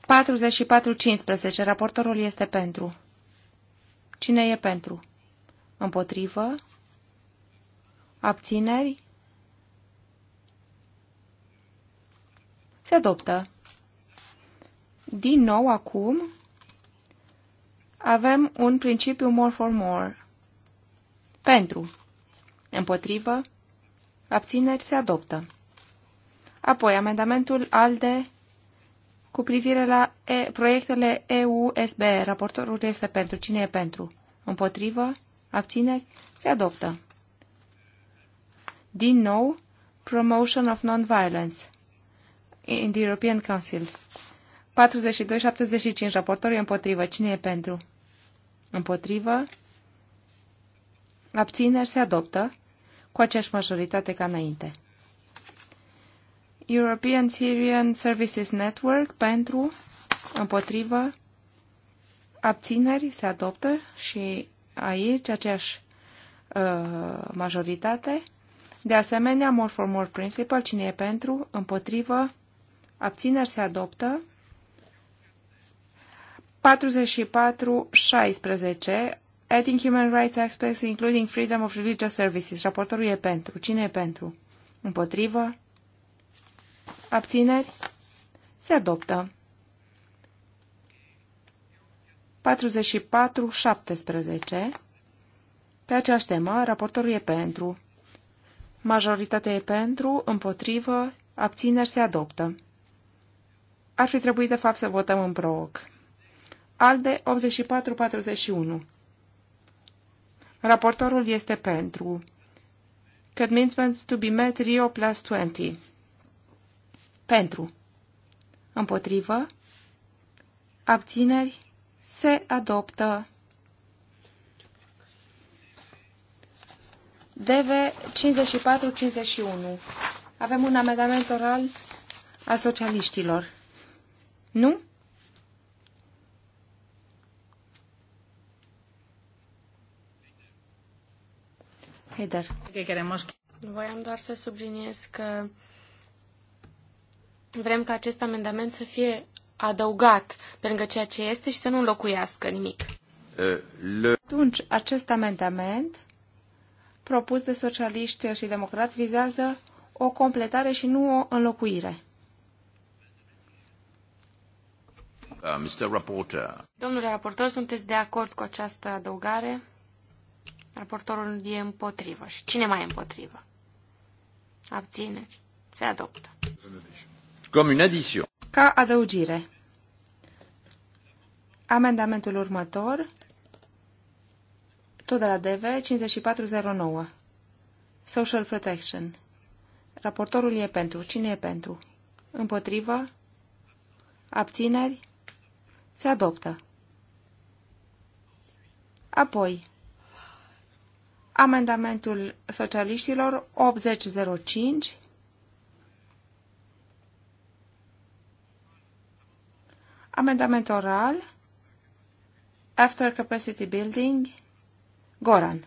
44.15. Raportorul este pentru. Cine e pentru? Împotrivă? Abțineri? Se adoptă. Din nou, acum, avem un principiu more for more. Pentru. Împotrivă. Abțineri se adoptă. Apoi, amendamentul al de cu privire la e, proiectele EU-SB. Raportorul este pentru. Cine e pentru? Împotrivă? Abțineri? Se adoptă. Din nou, Promotion of Non-Violence in the European Council. 42-75. Raportorul e împotrivă. Cine e pentru? Împotrivă? Abțineri? Se adoptă cu aceeași majoritate ca înainte. European Syrian Services Network pentru, împotrivă, abțineri se adoptă și aici aceeași uh, majoritate. De asemenea, More for More Principle, cine e pentru, împotrivă, abțineri se adoptă. 44-16, Adding Human Rights Aspects, Including Freedom of Religious Services. Raportorul e pentru. Cine e pentru? Împotrivă? Abțineri? Se adoptă. 44-17. Pe aceeași temă, raportorul e pentru. Majoritatea e pentru, împotrivă, abțineri se adoptă. Ar fi trebuit, de fapt, să votăm în proc. Albe 84-41. Raportorul este pentru. Commitments to be met Rio plus 20. Pentru. Împotrivă. Abțineri. Se adoptă. DV 54-51. Avem un amendament oral a socialiștilor. Nu? Heider. Voiam doar să subliniez că Vrem ca acest amendament să fie adăugat pe lângă ceea ce este și să nu înlocuiască nimic. Atunci, acest amendament propus de socialiști și democrați vizează o completare și nu o înlocuire. Uh, Mr. Reporter. Domnule raportor, sunteți de acord cu această adăugare? Raportorul e împotrivă. Și cine mai e împotrivă? Abțineri. Se adoptă. Comme une addition. Ca adăugire. Amendamentul următor, tot de la DV, 5409. Social Protection. Raportorul e pentru. Cine e pentru? Împotrivă? Abțineri? Se adoptă. Apoi, amendamentul socialiștilor 8005 Amendament oral. After capacity building. Goran.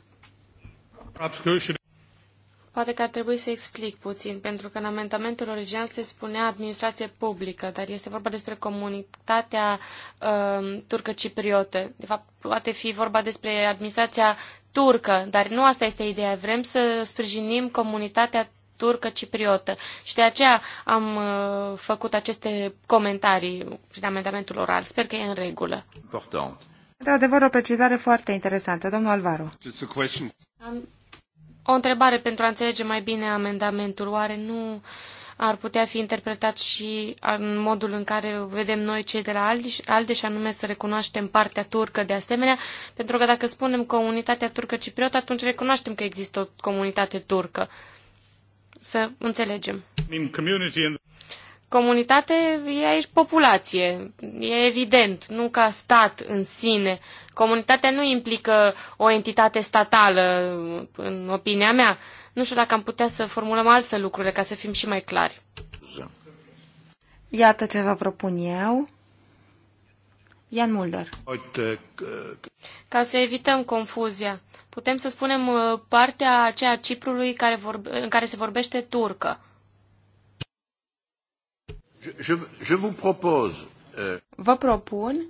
Poate că ar trebui să explic puțin, pentru că în amendamentul original se spunea administrație publică, dar este vorba despre comunitatea uh, um, turcă-cipriote. De fapt, poate fi vorba despre administrația turcă, dar nu asta este ideea. Vrem să sprijinim comunitatea turcă cipriotă. Și de aceea am uh, făcut aceste comentarii prin amendamentul oral. Sper că e în regulă. Important. Într-adevăr, o precizare foarte interesantă. Domnul Alvaro. Am o întrebare pentru a înțelege mai bine amendamentul. Oare nu ar putea fi interpretat și în modul în care vedem noi cei de la ALDE și anume să recunoaștem partea turcă de asemenea, pentru că dacă spunem comunitatea turcă cipriotă, atunci recunoaștem că există o comunitate turcă să înțelegem. Comunitate e aici populație, e evident, nu ca stat în sine. Comunitatea nu implică o entitate statală, în opinia mea. Nu știu dacă am putea să formulăm altfel lucrurile ca să fim și mai clari. Iată ce vă propun eu. Ian Mulder. Ca să evităm confuzia, putem să spunem uh, partea aceea Ciprului care vorbe, în care se vorbește turcă. Je, je vous propose, uh... Vă propun,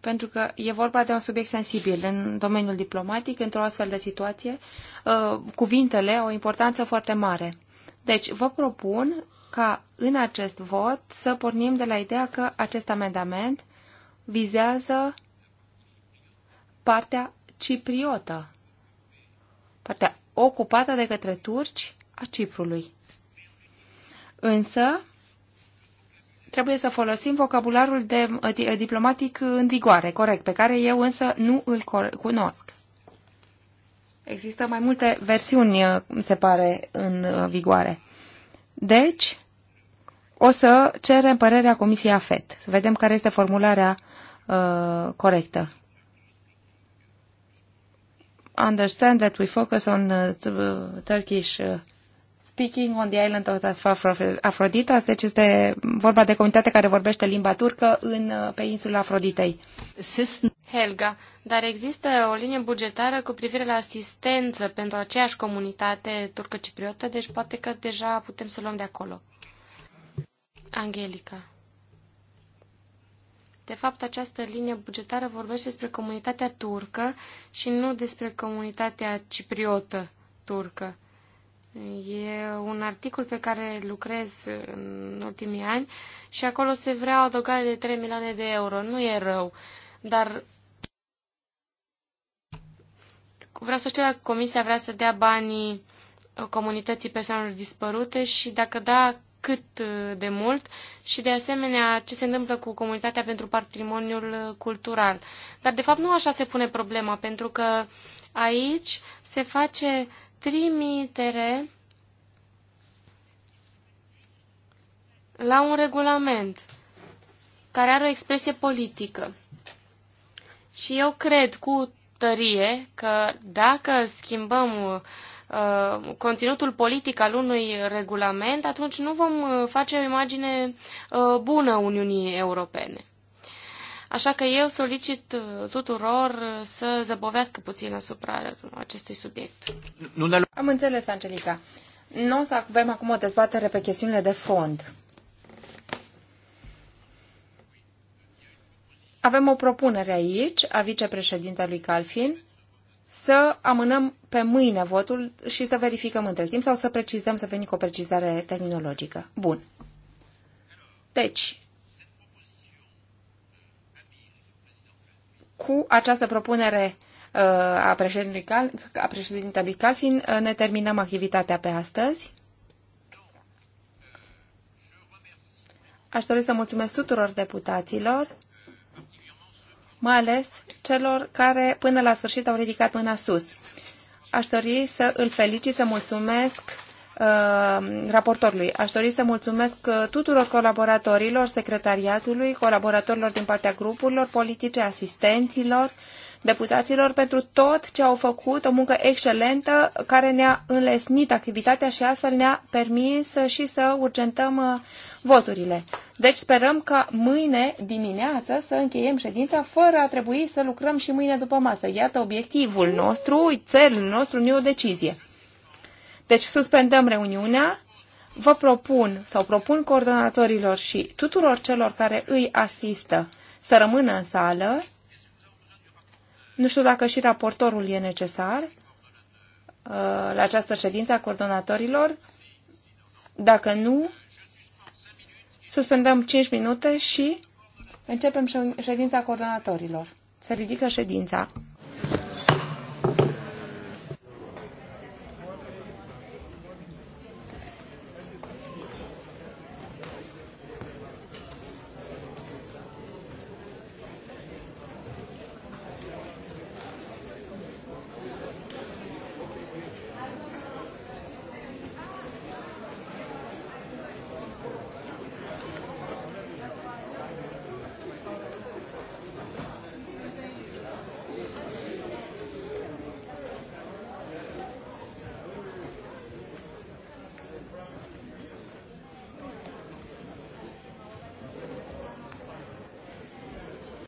pentru că e vorba de un subiect sensibil în domeniul diplomatic, într-o astfel de situație, uh, cuvintele au o importanță foarte mare. Deci, vă propun ca în acest vot să pornim de la ideea că acest amendament vizează partea cipriotă, partea ocupată de către turci a Ciprului. Însă, trebuie să folosim vocabularul de, de, diplomatic în vigoare, corect, pe care eu însă nu îl cunosc. Există mai multe versiuni, se pare, în uh, vigoare. Deci, o să cerem părerea Comisiei AFET, să vedem care este formularea uh, corectă. Understand that we focus on uh, uh Turkish uh, Speaking on the Island of Aphroditas, deci este vorba de comunitate care vorbește limba turcă în, pe insula Afroditei. Helga, dar există o linie bugetară cu privire la asistență pentru aceeași comunitate turcă-cipriotă, deci poate că deja putem să luăm de acolo. Angelica. De fapt, această linie bugetară vorbește despre comunitatea turcă și nu despre comunitatea cipriotă turcă. E un articol pe care lucrez în ultimii ani și acolo se vrea o adăugare de 3 milioane de euro. Nu e rău, dar vreau să știu dacă Comisia vrea să dea banii comunității persoanelor dispărute și dacă da, cât de mult și de asemenea ce se întâmplă cu comunitatea pentru patrimoniul cultural. Dar de fapt nu așa se pune problema, pentru că aici se face trimitere la un regulament care are o expresie politică. Și eu cred cu tărie că dacă schimbăm uh, conținutul politic al unui regulament, atunci nu vom uh, face o imagine uh, bună Uniunii Europene. Așa că eu solicit uh, tuturor uh, să zăbovească puțin asupra acestui subiect. Nu ne... Am înțeles, Angelica. Nu o să avem acum o dezbatere pe chestiunile de fond. Avem o propunere aici a vicepreședintelui Calfin să amânăm pe mâine votul și să verificăm între timp sau să precizăm, să venim cu o precizare terminologică. Bun. Deci, cu această propunere uh, a președintelui, Cal, a președintelui Calfin uh, ne terminăm activitatea pe astăzi. Aș dori să mulțumesc tuturor deputaților, mai ales celor care până la sfârșit au ridicat mâna sus. Aș dori să îl felicit, să mulțumesc Uh, raportorului. Aș dori să mulțumesc uh, tuturor colaboratorilor, secretariatului, colaboratorilor din partea grupurilor politice, asistenților, deputaților pentru tot ce au făcut, o muncă excelentă care ne-a înlesnit activitatea și astfel ne-a permis și să urgentăm uh, voturile. Deci sperăm ca mâine dimineață să încheiem ședința fără a trebui să lucrăm și mâine după masă. Iată obiectivul nostru, țelul nostru, nu o decizie. Deci suspendăm reuniunea. Vă propun sau propun coordonatorilor și tuturor celor care îi asistă să rămână în sală. Nu știu dacă și raportorul e necesar uh, la această ședință a coordonatorilor. Dacă nu, suspendăm 5 minute și începem ședința coordonatorilor. Se ridică ședința.